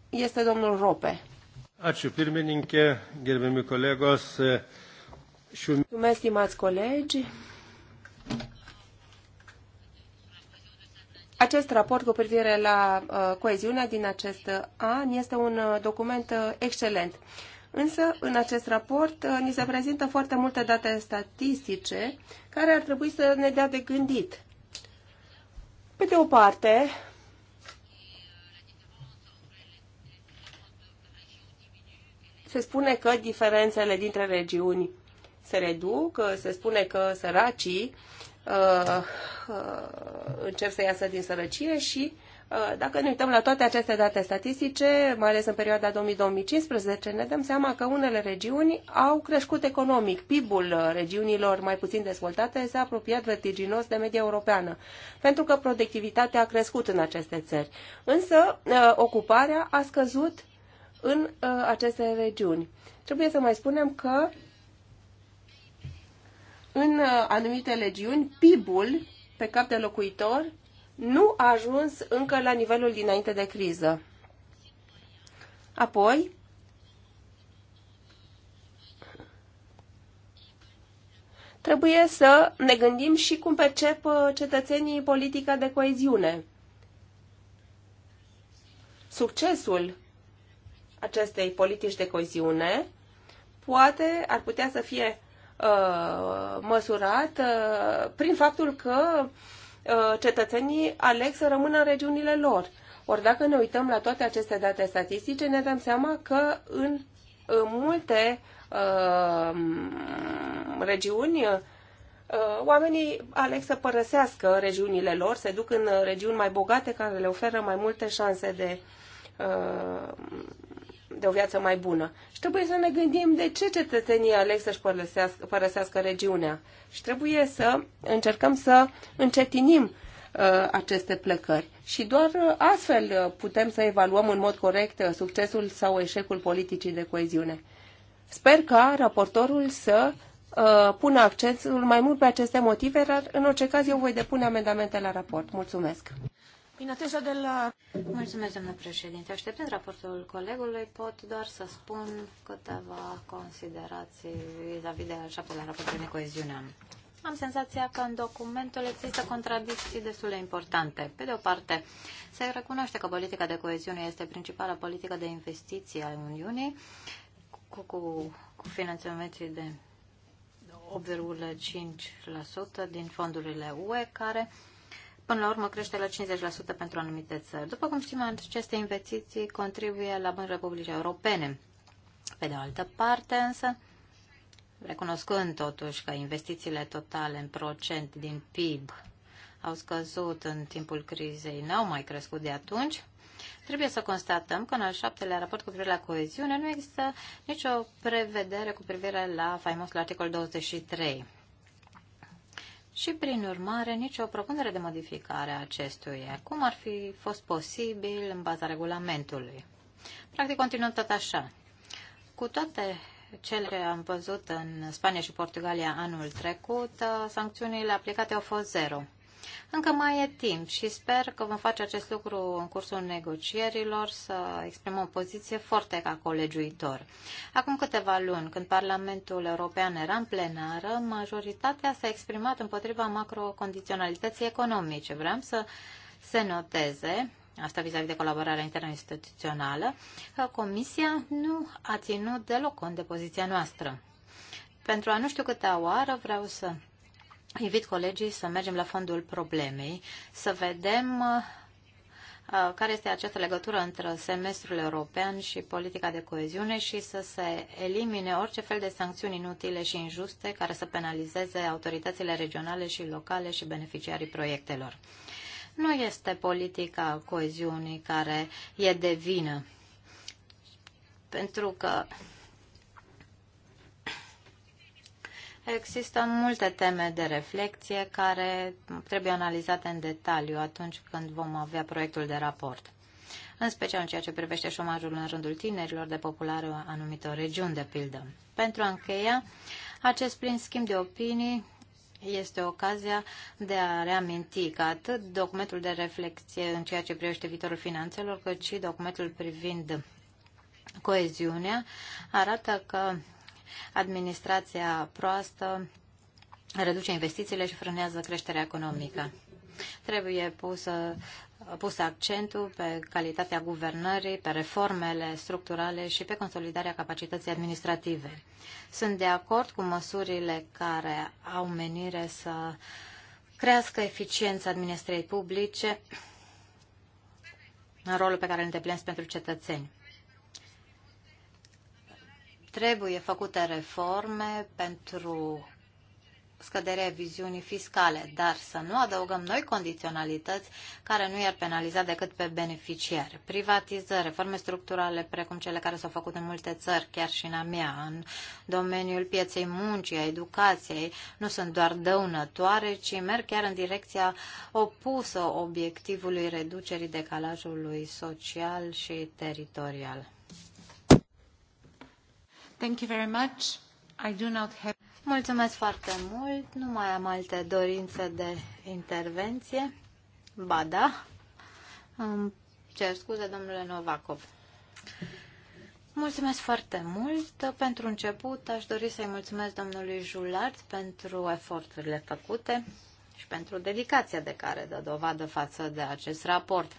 este domnul Rope. Ačiū pirmininkė, gerbiami kolegos. Mulțumesc, stimați colegi. Acest raport cu privire la uh, coeziunea din acest an este un uh, document uh, excelent. Însă, în acest raport, ni se prezintă foarte multe date statistice care ar trebui să ne dea de gândit. Pe de o parte, se spune că diferențele dintre regiuni se reduc, se spune că săracii Uh, uh, încep să iasă din sărăcie și uh, dacă ne uităm la toate aceste date statistice, mai ales în perioada 2015, ne dăm seama că unele regiuni au crescut economic. PIB-ul regiunilor mai puțin dezvoltate s-a apropiat vertiginos de media europeană, pentru că productivitatea a crescut în aceste țări. Însă, ocuparea a scăzut în aceste regiuni. Trebuie să mai spunem că în uh, anumite legiuni, PIB-ul pe cap de locuitor nu a ajuns încă la nivelul dinainte de criză. Apoi, trebuie să ne gândim și cum percep uh, cetățenii politica de coeziune. Succesul acestei politici de coeziune poate ar putea să fie Uh, măsurat uh, prin faptul că uh, cetățenii aleg să rămână în regiunile lor. Ori dacă ne uităm la toate aceste date statistice, ne dăm seama că în multe regiuni oamenii aleg să părăsească regiunile lor, se duc în regiuni mai bogate care le oferă mai multe șanse de de o viață mai bună. Și trebuie să ne gândim de ce cetățenii aleg să-și părăsească, părăsească regiunea. Și trebuie să încercăm să încetinim uh, aceste plecări. Și doar uh, astfel uh, putem să evaluăm în mod corect uh, succesul sau eșecul politicii de coeziune. Sper ca raportorul să uh, pună accentul mai mult pe aceste motive, dar în orice caz eu voi depune amendamente la raport. Mulțumesc! În de la... Mulțumesc, domnule președinte. Așteptând raportul colegului, pot doar să spun câteva considerații vis-a-vis -vis de al șaptelea raport de coeziune. Am senzația că în documentul există contradicții destul de importante. Pe de o parte, se recunoaște că politica de coeziune este principala politică de investiții a Uniunii, cu, cu, cu finanțămetrii de 8,5% din fondurile UE, care Până la urmă crește la 50% pentru anumite țări. După cum știm, aceste investiții contribuie la bani Republicii Europene. Pe de altă parte, însă, recunoscând totuși că investițiile totale în procent din PIB au scăzut în timpul crizei, n-au mai crescut de atunci, trebuie să constatăm că în al șaptelea raport cu privire la coeziune nu există nicio prevedere cu privire la faimosul articol 23 și, prin urmare, nicio propunere de modificare a acestuia. Cum ar fi fost posibil în baza regulamentului? Practic, continuăm tot așa. Cu toate cele ce am văzut în Spania și Portugalia anul trecut, uh, sancțiunile aplicate au fost zero. Încă mai e timp și sper că vom face acest lucru în cursul negocierilor, să exprimăm o poziție foarte ca colegiuitor. Acum câteva luni, când Parlamentul European era în plenară, majoritatea s-a exprimat împotriva macrocondiționalității economice. Vreau să se noteze asta vis-a-vis -vis de colaborarea interinstituțională, Comisia nu a ținut deloc cont de poziția noastră. Pentru a nu știu câte oară vreau să invit colegii să mergem la fondul problemei, să vedem uh, uh, care este această legătură între semestrul european și politica de coeziune și să se elimine orice fel de sancțiuni inutile și injuste care să penalizeze autoritățile regionale și locale și beneficiarii proiectelor. Nu este politica coeziunii care e de vină, pentru că Există multe teme de reflexie care trebuie analizate în detaliu atunci când vom avea proiectul de raport, în special în ceea ce privește șomajul în rândul tinerilor de populare a anumitor regiuni, de pildă. Pentru a încheia, acest plin schimb de opinii este ocazia de a reaminti că atât documentul de reflexie în ceea ce privește viitorul finanțelor, cât și documentul privind coeziunea arată că Administrația proastă reduce investițiile și frânează creșterea economică. Trebuie pusă, pus accentul pe calitatea guvernării, pe reformele structurale și pe consolidarea capacității administrative. Sunt de acord cu măsurile care au menire să crească eficiența administrației publice în rolul pe care îl îndeplinesc pentru cetățeni. Trebuie făcute reforme pentru scăderea viziunii fiscale, dar să nu adăugăm noi condiționalități care nu i-ar penaliza decât pe beneficiari. Privatizări, reforme structurale precum cele care s-au făcut în multe țări, chiar și în a mea, în domeniul pieței muncii, a educației, nu sunt doar dăunătoare, ci merg chiar în direcția opusă obiectivului reducerii decalajului social și teritorial. Thank you very much. I do not have... Mulțumesc foarte mult. Nu mai am alte dorințe de intervenție. Ba da. Îmi cer scuze, domnule Novakov. Mulțumesc foarte mult. Pentru început, aș dori să-i mulțumesc domnului Julard pentru eforturile făcute și pentru dedicația de care dă dovadă față de acest raport.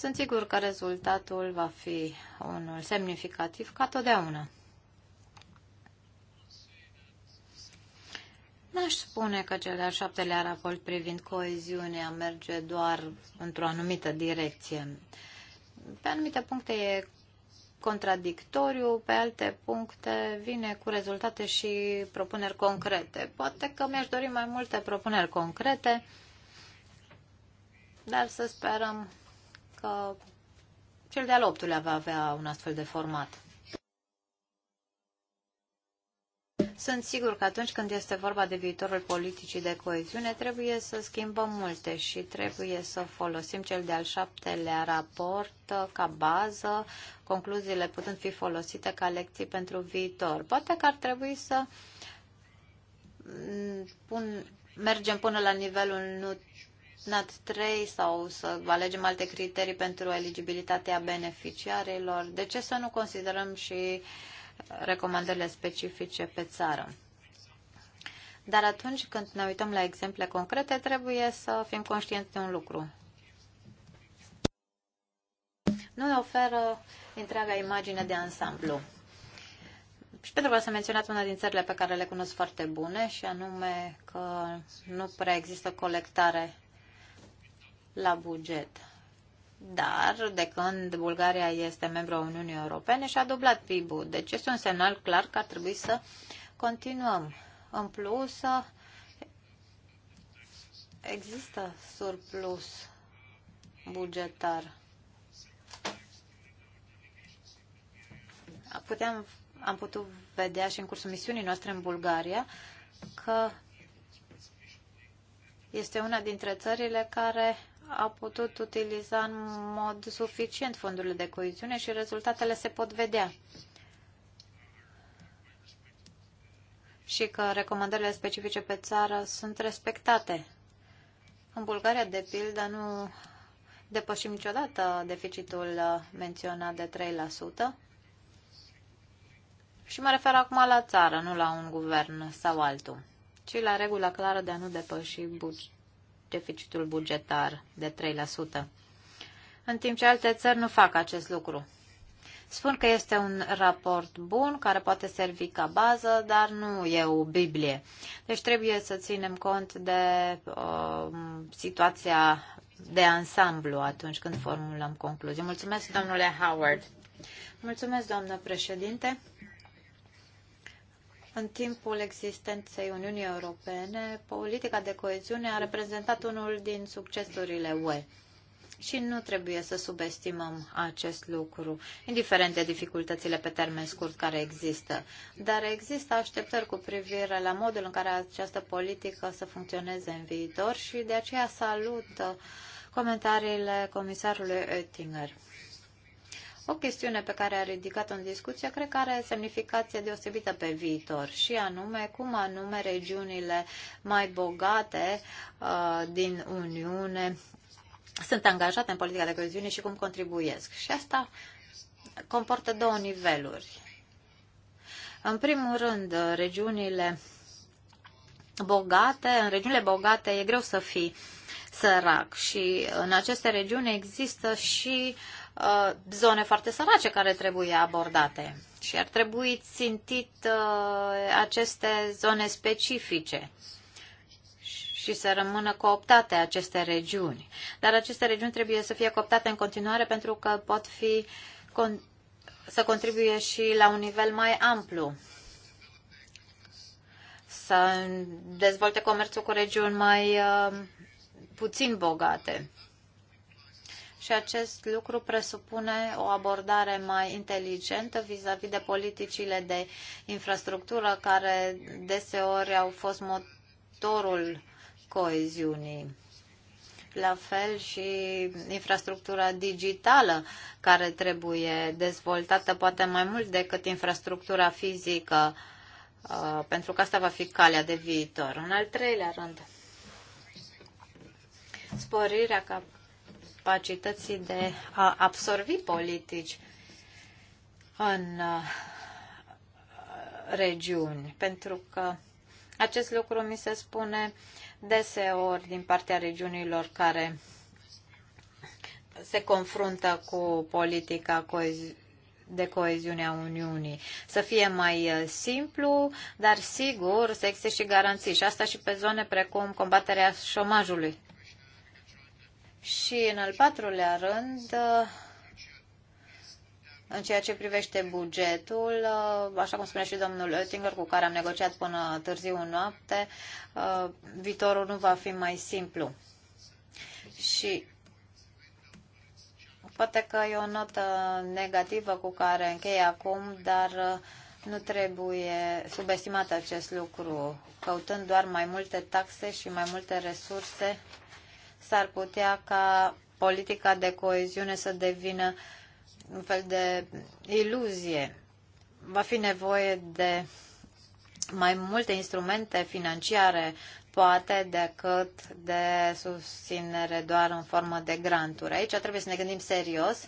Sunt sigur că rezultatul va fi unul semnificativ ca totdeauna. N-aș spune că cel de-al șaptelea raport privind coeziunea merge doar într-o anumită direcție. Pe anumite puncte e contradictoriu, pe alte puncte vine cu rezultate și propuneri concrete. Poate că mi-aș dori mai multe propuneri concrete, dar să sperăm că cel de-al optulea va avea un astfel de format. Sunt sigur că atunci când este vorba de viitorul politicii de coeziune, trebuie să schimbăm multe și trebuie să folosim cel de-al șaptelea raport ca bază, concluziile putând fi folosite ca lecții pentru viitor. Poate că ar trebui să pun, mergem până la nivelul NAT 3 sau să alegem alte criterii pentru eligibilitatea beneficiarilor. De ce să nu considerăm și uh, recomandările specifice pe țară? Dar atunci când ne uităm la exemple concrete, trebuie să fim conștienți de un lucru. Nu ne oferă întreaga imagine de ansamblu. Și pentru că s-a menționat una din țările pe care le cunosc foarte bune, și anume că nu prea există colectare la buget. Dar, de când Bulgaria este membru a Uniunii Europene, și-a dublat PIB-ul. Deci este un semnal clar că ar trebui să continuăm. În plus, există surplus bugetar. Puteam, am putut vedea și în cursul misiunii noastre în Bulgaria că este una dintre țările care a putut utiliza în mod suficient fondurile de coeziune și rezultatele se pot vedea. Și că recomandările specifice pe țară sunt respectate. În Bulgaria, de pildă, nu depășim niciodată deficitul menționat de 3%. Și mă refer acum la țară, nu la un guvern sau altul, ci la regula clară de a nu depăși bugetul deficitul bugetar de 3%, în timp ce alte țări nu fac acest lucru. Spun că este un raport bun care poate servi ca bază, dar nu e o Biblie. Deci trebuie să ținem cont de uh, situația de ansamblu atunci când formulăm concluzii. Mulțumesc, domnule Howard. Mulțumesc, doamnă președinte. În timpul existenței Uniunii Europene, politica de coeziune a reprezentat unul din succesurile UE. Și nu trebuie să subestimăm acest lucru, indiferent de dificultățile pe termen scurt care există. Dar există așteptări cu privire la modul în care această politică să funcționeze în viitor și de aceea salut comentariile comisarului Oettinger. O chestiune pe care a ridicat-o în discuție, cred că are semnificație deosebită pe viitor, și anume cum anume regiunile mai bogate uh, din Uniune sunt angajate în politica de coeziune și cum contribuiesc. Și asta comportă două niveluri. În primul rând, regiunile bogate, în regiunile bogate e greu să fii sărac și în aceste regiuni există și uh, uh, zone foarte sărace care trebuie abordate și ar trebui țintit uh, aceste zone specifice și să rămână cooptate aceste regiuni. Dar aceste regiuni trebuie să fie cooptate în continuare pentru că pot fi con- să contribuie și la un nivel mai amplu să dezvolte comerțul cu regiuni mai uh, puțin bogate și acest lucru presupune o abordare mai inteligentă vis-a-vis -vis de politicile de infrastructură care deseori au fost motorul coeziunii. La fel și infrastructura digitală care trebuie dezvoltată poate mai mult decât infrastructura fizică, uh, pentru că asta va fi calea de viitor. În al treilea rând, sporirea capacității capacității de a absorbi politici în uh, regiuni, pentru că acest lucru mi se spune deseori din partea regiunilor care se confruntă cu politica de coeziune a Uniunii. Să fie mai uh, simplu, dar sigur să existe și garanții. Și asta și pe zone precum combaterea șomajului. Și în al patrulea rând, uh, în ceea ce privește bugetul, uh, așa cum spunea și domnul Oettinger, cu care am negociat până târziu în noapte, uh, viitorul nu va fi mai simplu. Și poate că e o notă negativă cu care închei acum, dar nu trebuie subestimat acest lucru, căutând doar mai multe taxe și mai multe resurse s-ar putea ca politica de coeziune să devină un fel de iluzie. Va fi nevoie de mai multe instrumente financiare, poate, decât de susținere doar în formă de granturi. Aici trebuie să ne gândim serios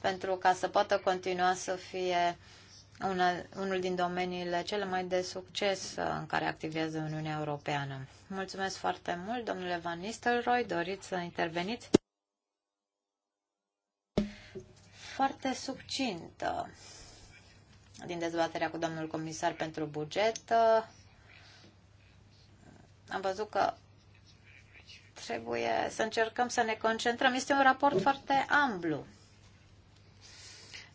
pentru ca să poată continua să fie uh, una, unul din domeniile cele mai de succes uh, în care activează Uniunea Europeană. Mulțumesc foarte mult, domnule Van Nistelrooy. Doriți să interveniți? Foarte succintă uh, din dezbaterea cu domnul comisar pentru buget. Uh, am văzut că trebuie să încercăm să ne concentrăm. Este un raport foarte amplu.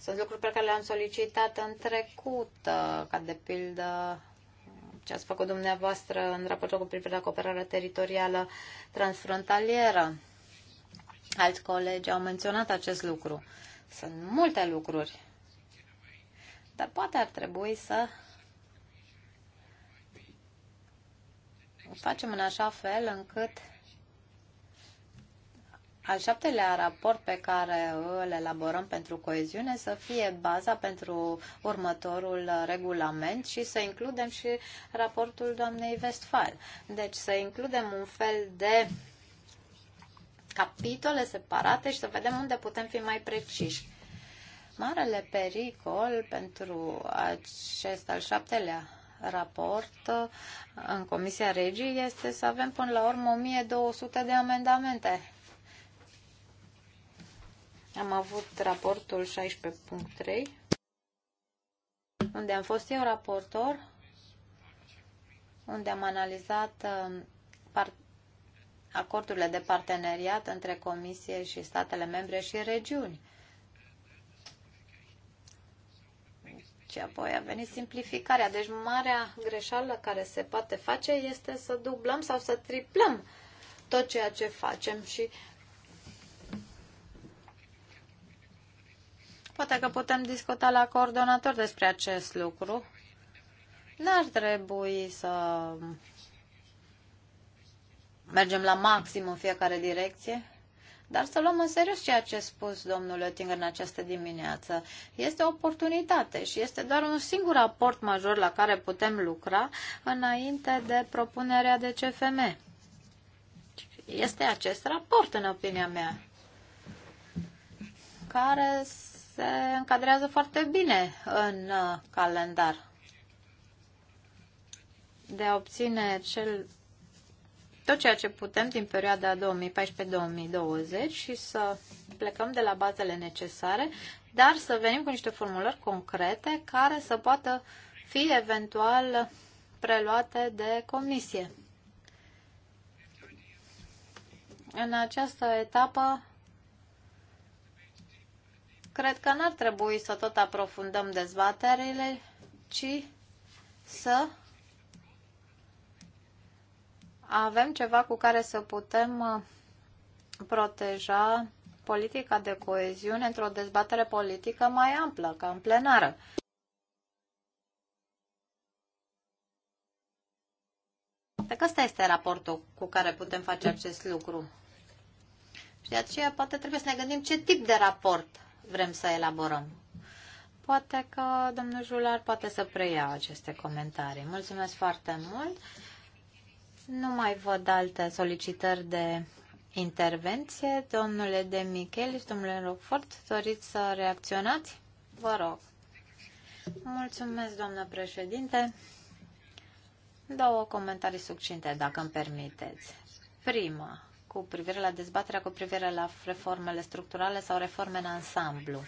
Sunt lucruri pe care le-am solicitat în trecut, uh, ca de pildă ce ați făcut dumneavoastră în raportul cu privire la cooperarea teritorială transfrontalieră. Alți colegi au menționat acest lucru. Sunt multe lucruri. Dar poate ar trebui să facem în așa fel încât al șaptelea raport pe care îl elaborăm pentru coeziune să fie baza pentru următorul regulament și să includem și raportul doamnei Westphal. Deci să includem un fel de capitole separate și să vedem unde putem fi mai preciși. Marele pericol pentru acest al șaptelea raport uh, în Comisia Regii este să avem până la urmă 1200 de amendamente am avut raportul 16.3, unde am fost eu raportor, unde am analizat uh, acordurile de parteneriat între Comisie și statele membre și regiuni. Și apoi a venit simplificarea. Deci marea greșeală care se poate face este să dublăm sau să triplăm tot ceea ce facem și Poate că putem discuta la coordonator despre acest lucru. N-ar trebui să mergem la maxim în fiecare direcție, dar să luăm în serios ceea ce a spus domnul Oettinger în această dimineață. Este o oportunitate și este doar un singur aport major la care putem lucra înainte de propunerea de CFM. Este acest raport, în opinia mea, care se încadrează foarte bine în uh, calendar. De a obține cel, tot ceea ce putem din perioada 2014-2020 și să plecăm de la bazele necesare, dar să venim cu niște formulări concrete care să poată fi eventual preluate de comisie. În această etapă cred că n-ar trebui să tot aprofundăm dezbaterile, ci să avem ceva cu care să putem uh, proteja politica de coeziune într-o dezbatere politică mai amplă, ca în plenară. Pe că ăsta este raportul cu care putem face acest lucru. Și de aceea poate trebuie să ne gândim ce tip de raport vrem să elaborăm. Poate că domnul Jular poate să preia aceste comentarii. Mulțumesc foarte mult. Nu mai văd alte solicitări de intervenție. Domnule de Michel și domnule Rockford, doriți să reacționați? Vă rog. Mulțumesc, doamnă președinte. Două comentarii succinte, dacă îmi permiteți. Prima, cu privire la dezbaterea cu privire la reformele structurale sau reforme în ansamblu.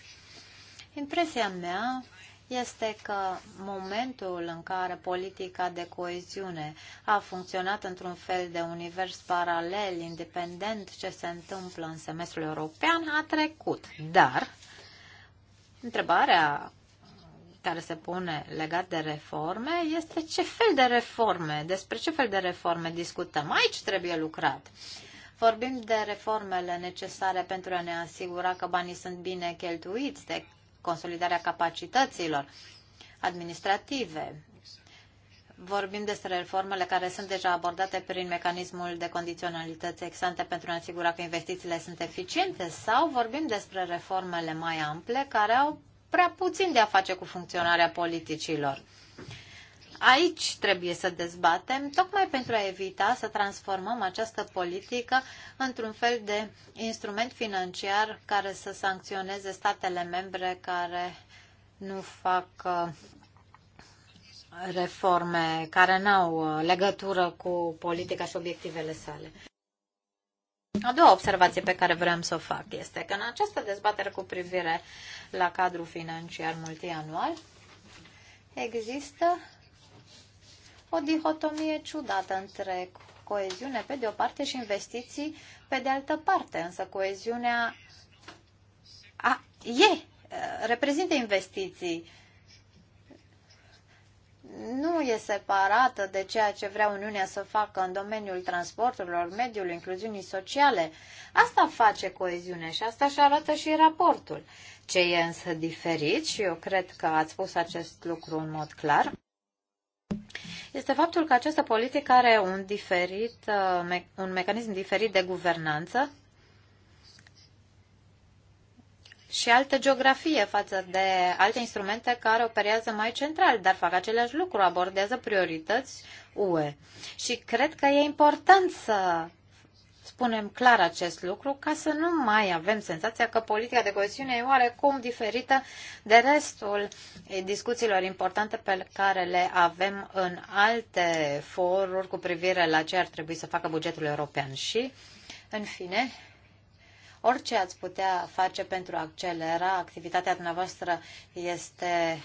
Impresia mea este că momentul în care politica de coeziune a funcționat într-un fel de univers paralel, independent ce se întâmplă în semestrul european, a trecut. Dar întrebarea care se pune legat de reforme este ce fel de reforme, despre ce fel de reforme discutăm. Aici trebuie lucrat. Vorbim de reformele necesare pentru a ne asigura că banii sunt bine cheltuiți, de consolidarea capacităților administrative. Vorbim despre reformele care sunt deja abordate prin mecanismul de condiționalități exante pentru a asigura că investițiile sunt eficiente sau vorbim despre reformele mai ample care au prea puțin de a face cu funcționarea politicilor. Aici trebuie să dezbatem, tocmai pentru a evita să transformăm această politică într-un fel de instrument financiar care să sancționeze statele membre care nu fac uh, reforme care nu au uh, legătură cu politica și obiectivele sale. A doua observație pe care vreau să o fac este că în această dezbatere cu privire la cadrul financiar multianual există o dihotomie ciudată între coeziune pe de o parte și investiții pe de altă parte, însă coeziunea a, e, reprezintă investiții. Nu e separată de ceea ce vrea Uniunea să facă în domeniul transporturilor, mediului, incluziunii sociale. Asta face coeziunea și asta și arată și raportul. Ce e însă diferit, și eu cred că ați spus acest lucru în mod clar, este faptul că această politică are un, diferit, uh, un mecanism diferit de guvernanță și altă geografie față de alte instrumente care operează mai central, dar fac același lucru, abordează priorități UE. Și cred că e important să spunem clar acest lucru ca să nu mai avem senzația că politica de coeziune e oarecum diferită de restul discuțiilor importante pe care le avem în alte foruri cu privire la ce ar trebui să facă bugetul european. Și, în fine, orice ați putea face pentru a accelera activitatea dumneavoastră este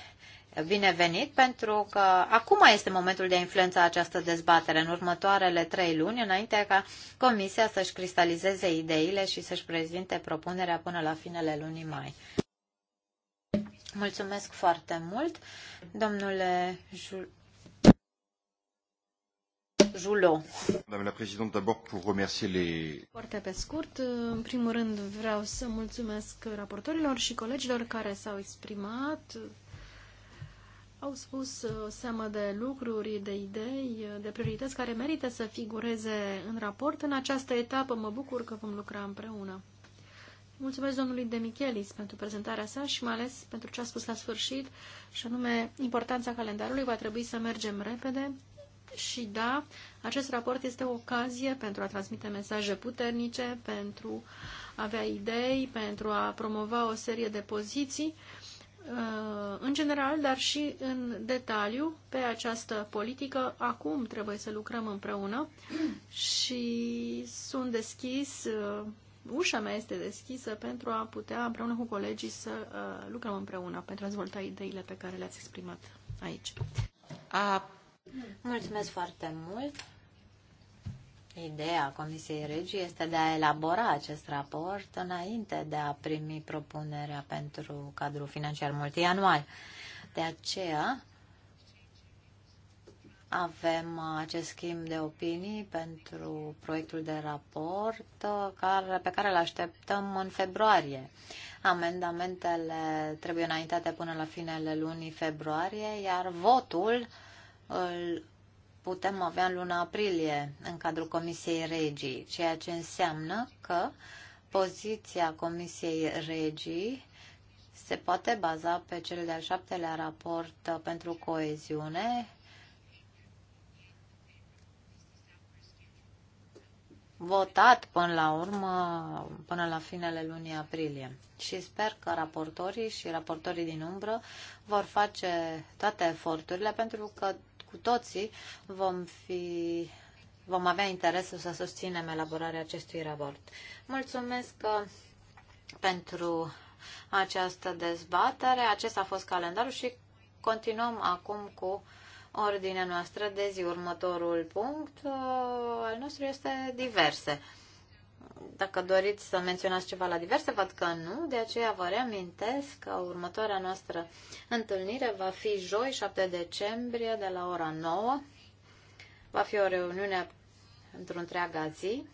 binevenit pentru că acum este momentul de a influența această dezbatere în următoarele trei luni, înainte ca Comisia să-și cristalizeze ideile și să-și prezinte propunerea până la finele lunii mai. Mulțumesc foarte mult, domnule Jul... Julo. Doamna președinte, d'abord pour remercier les... Foarte pe scurt, în primul rând vreau să mulțumesc raportorilor și colegilor care s-au exprimat au spus o uh, seamă de lucruri, de idei, uh, de priorități care merită să figureze în raport. În această etapă mă bucur că vom lucra împreună. Mulțumesc domnului De Michelis pentru prezentarea sa și mai ales pentru ce a spus la sfârșit, și anume importanța calendarului. Va trebui să mergem repede și da, acest raport este o ocazie pentru a transmite mesaje puternice, pentru a avea idei, pentru a promova o serie de poziții Uh, în general, dar și în detaliu pe această politică. Acum trebuie să lucrăm împreună și sunt deschis, uh, ușa mea este deschisă pentru a putea împreună cu colegii să uh, lucrăm împreună pentru a dezvolta ideile pe care le-ați exprimat aici. A... Mulțumesc foarte mult! Ideea Comisiei Regii este de a elabora acest raport înainte de a primi propunerea pentru cadrul financiar multianual. De aceea avem acest schimb de opinii pentru proiectul de raport uh, care, pe care îl așteptăm în februarie. Amendamentele trebuie înaintate până la finele lunii februarie, iar votul îl putem avea în luna aprilie în cadrul Comisiei Regii, ceea ce înseamnă că poziția Comisiei Regii se poate baza pe cel de-al șaptelea raport pentru coeziune. votat până la urmă, până la finele lunii aprilie. Și sper că raportorii și raportorii din umbră vor face toate eforturile pentru că cu toții vom fi vom avea interesul să susținem elaborarea acestui raport. Mulțumesc uh, pentru această dezbatere. Acesta a fost calendarul și continuăm acum cu ordinea noastră de zi. Următorul punct uh, al nostru este diverse dacă doriți să menționați ceva la diverse, văd că nu, de aceea vă reamintesc că următoarea noastră întâlnire va fi joi, 7 decembrie, de la ora 9. Va fi o reuniune într-o întreaga zi.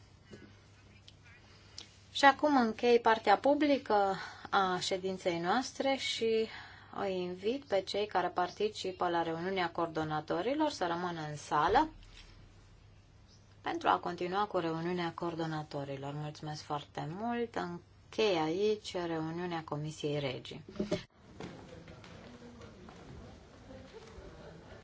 Și acum închei partea publică a ședinței noastre și o invit pe cei care participă la reuniunea coordonatorilor să rămână în sală pentru a continua cu reuniunea coordonatorilor. Mulțumesc foarte mult! Închei aici reuniunea Comisiei Regii.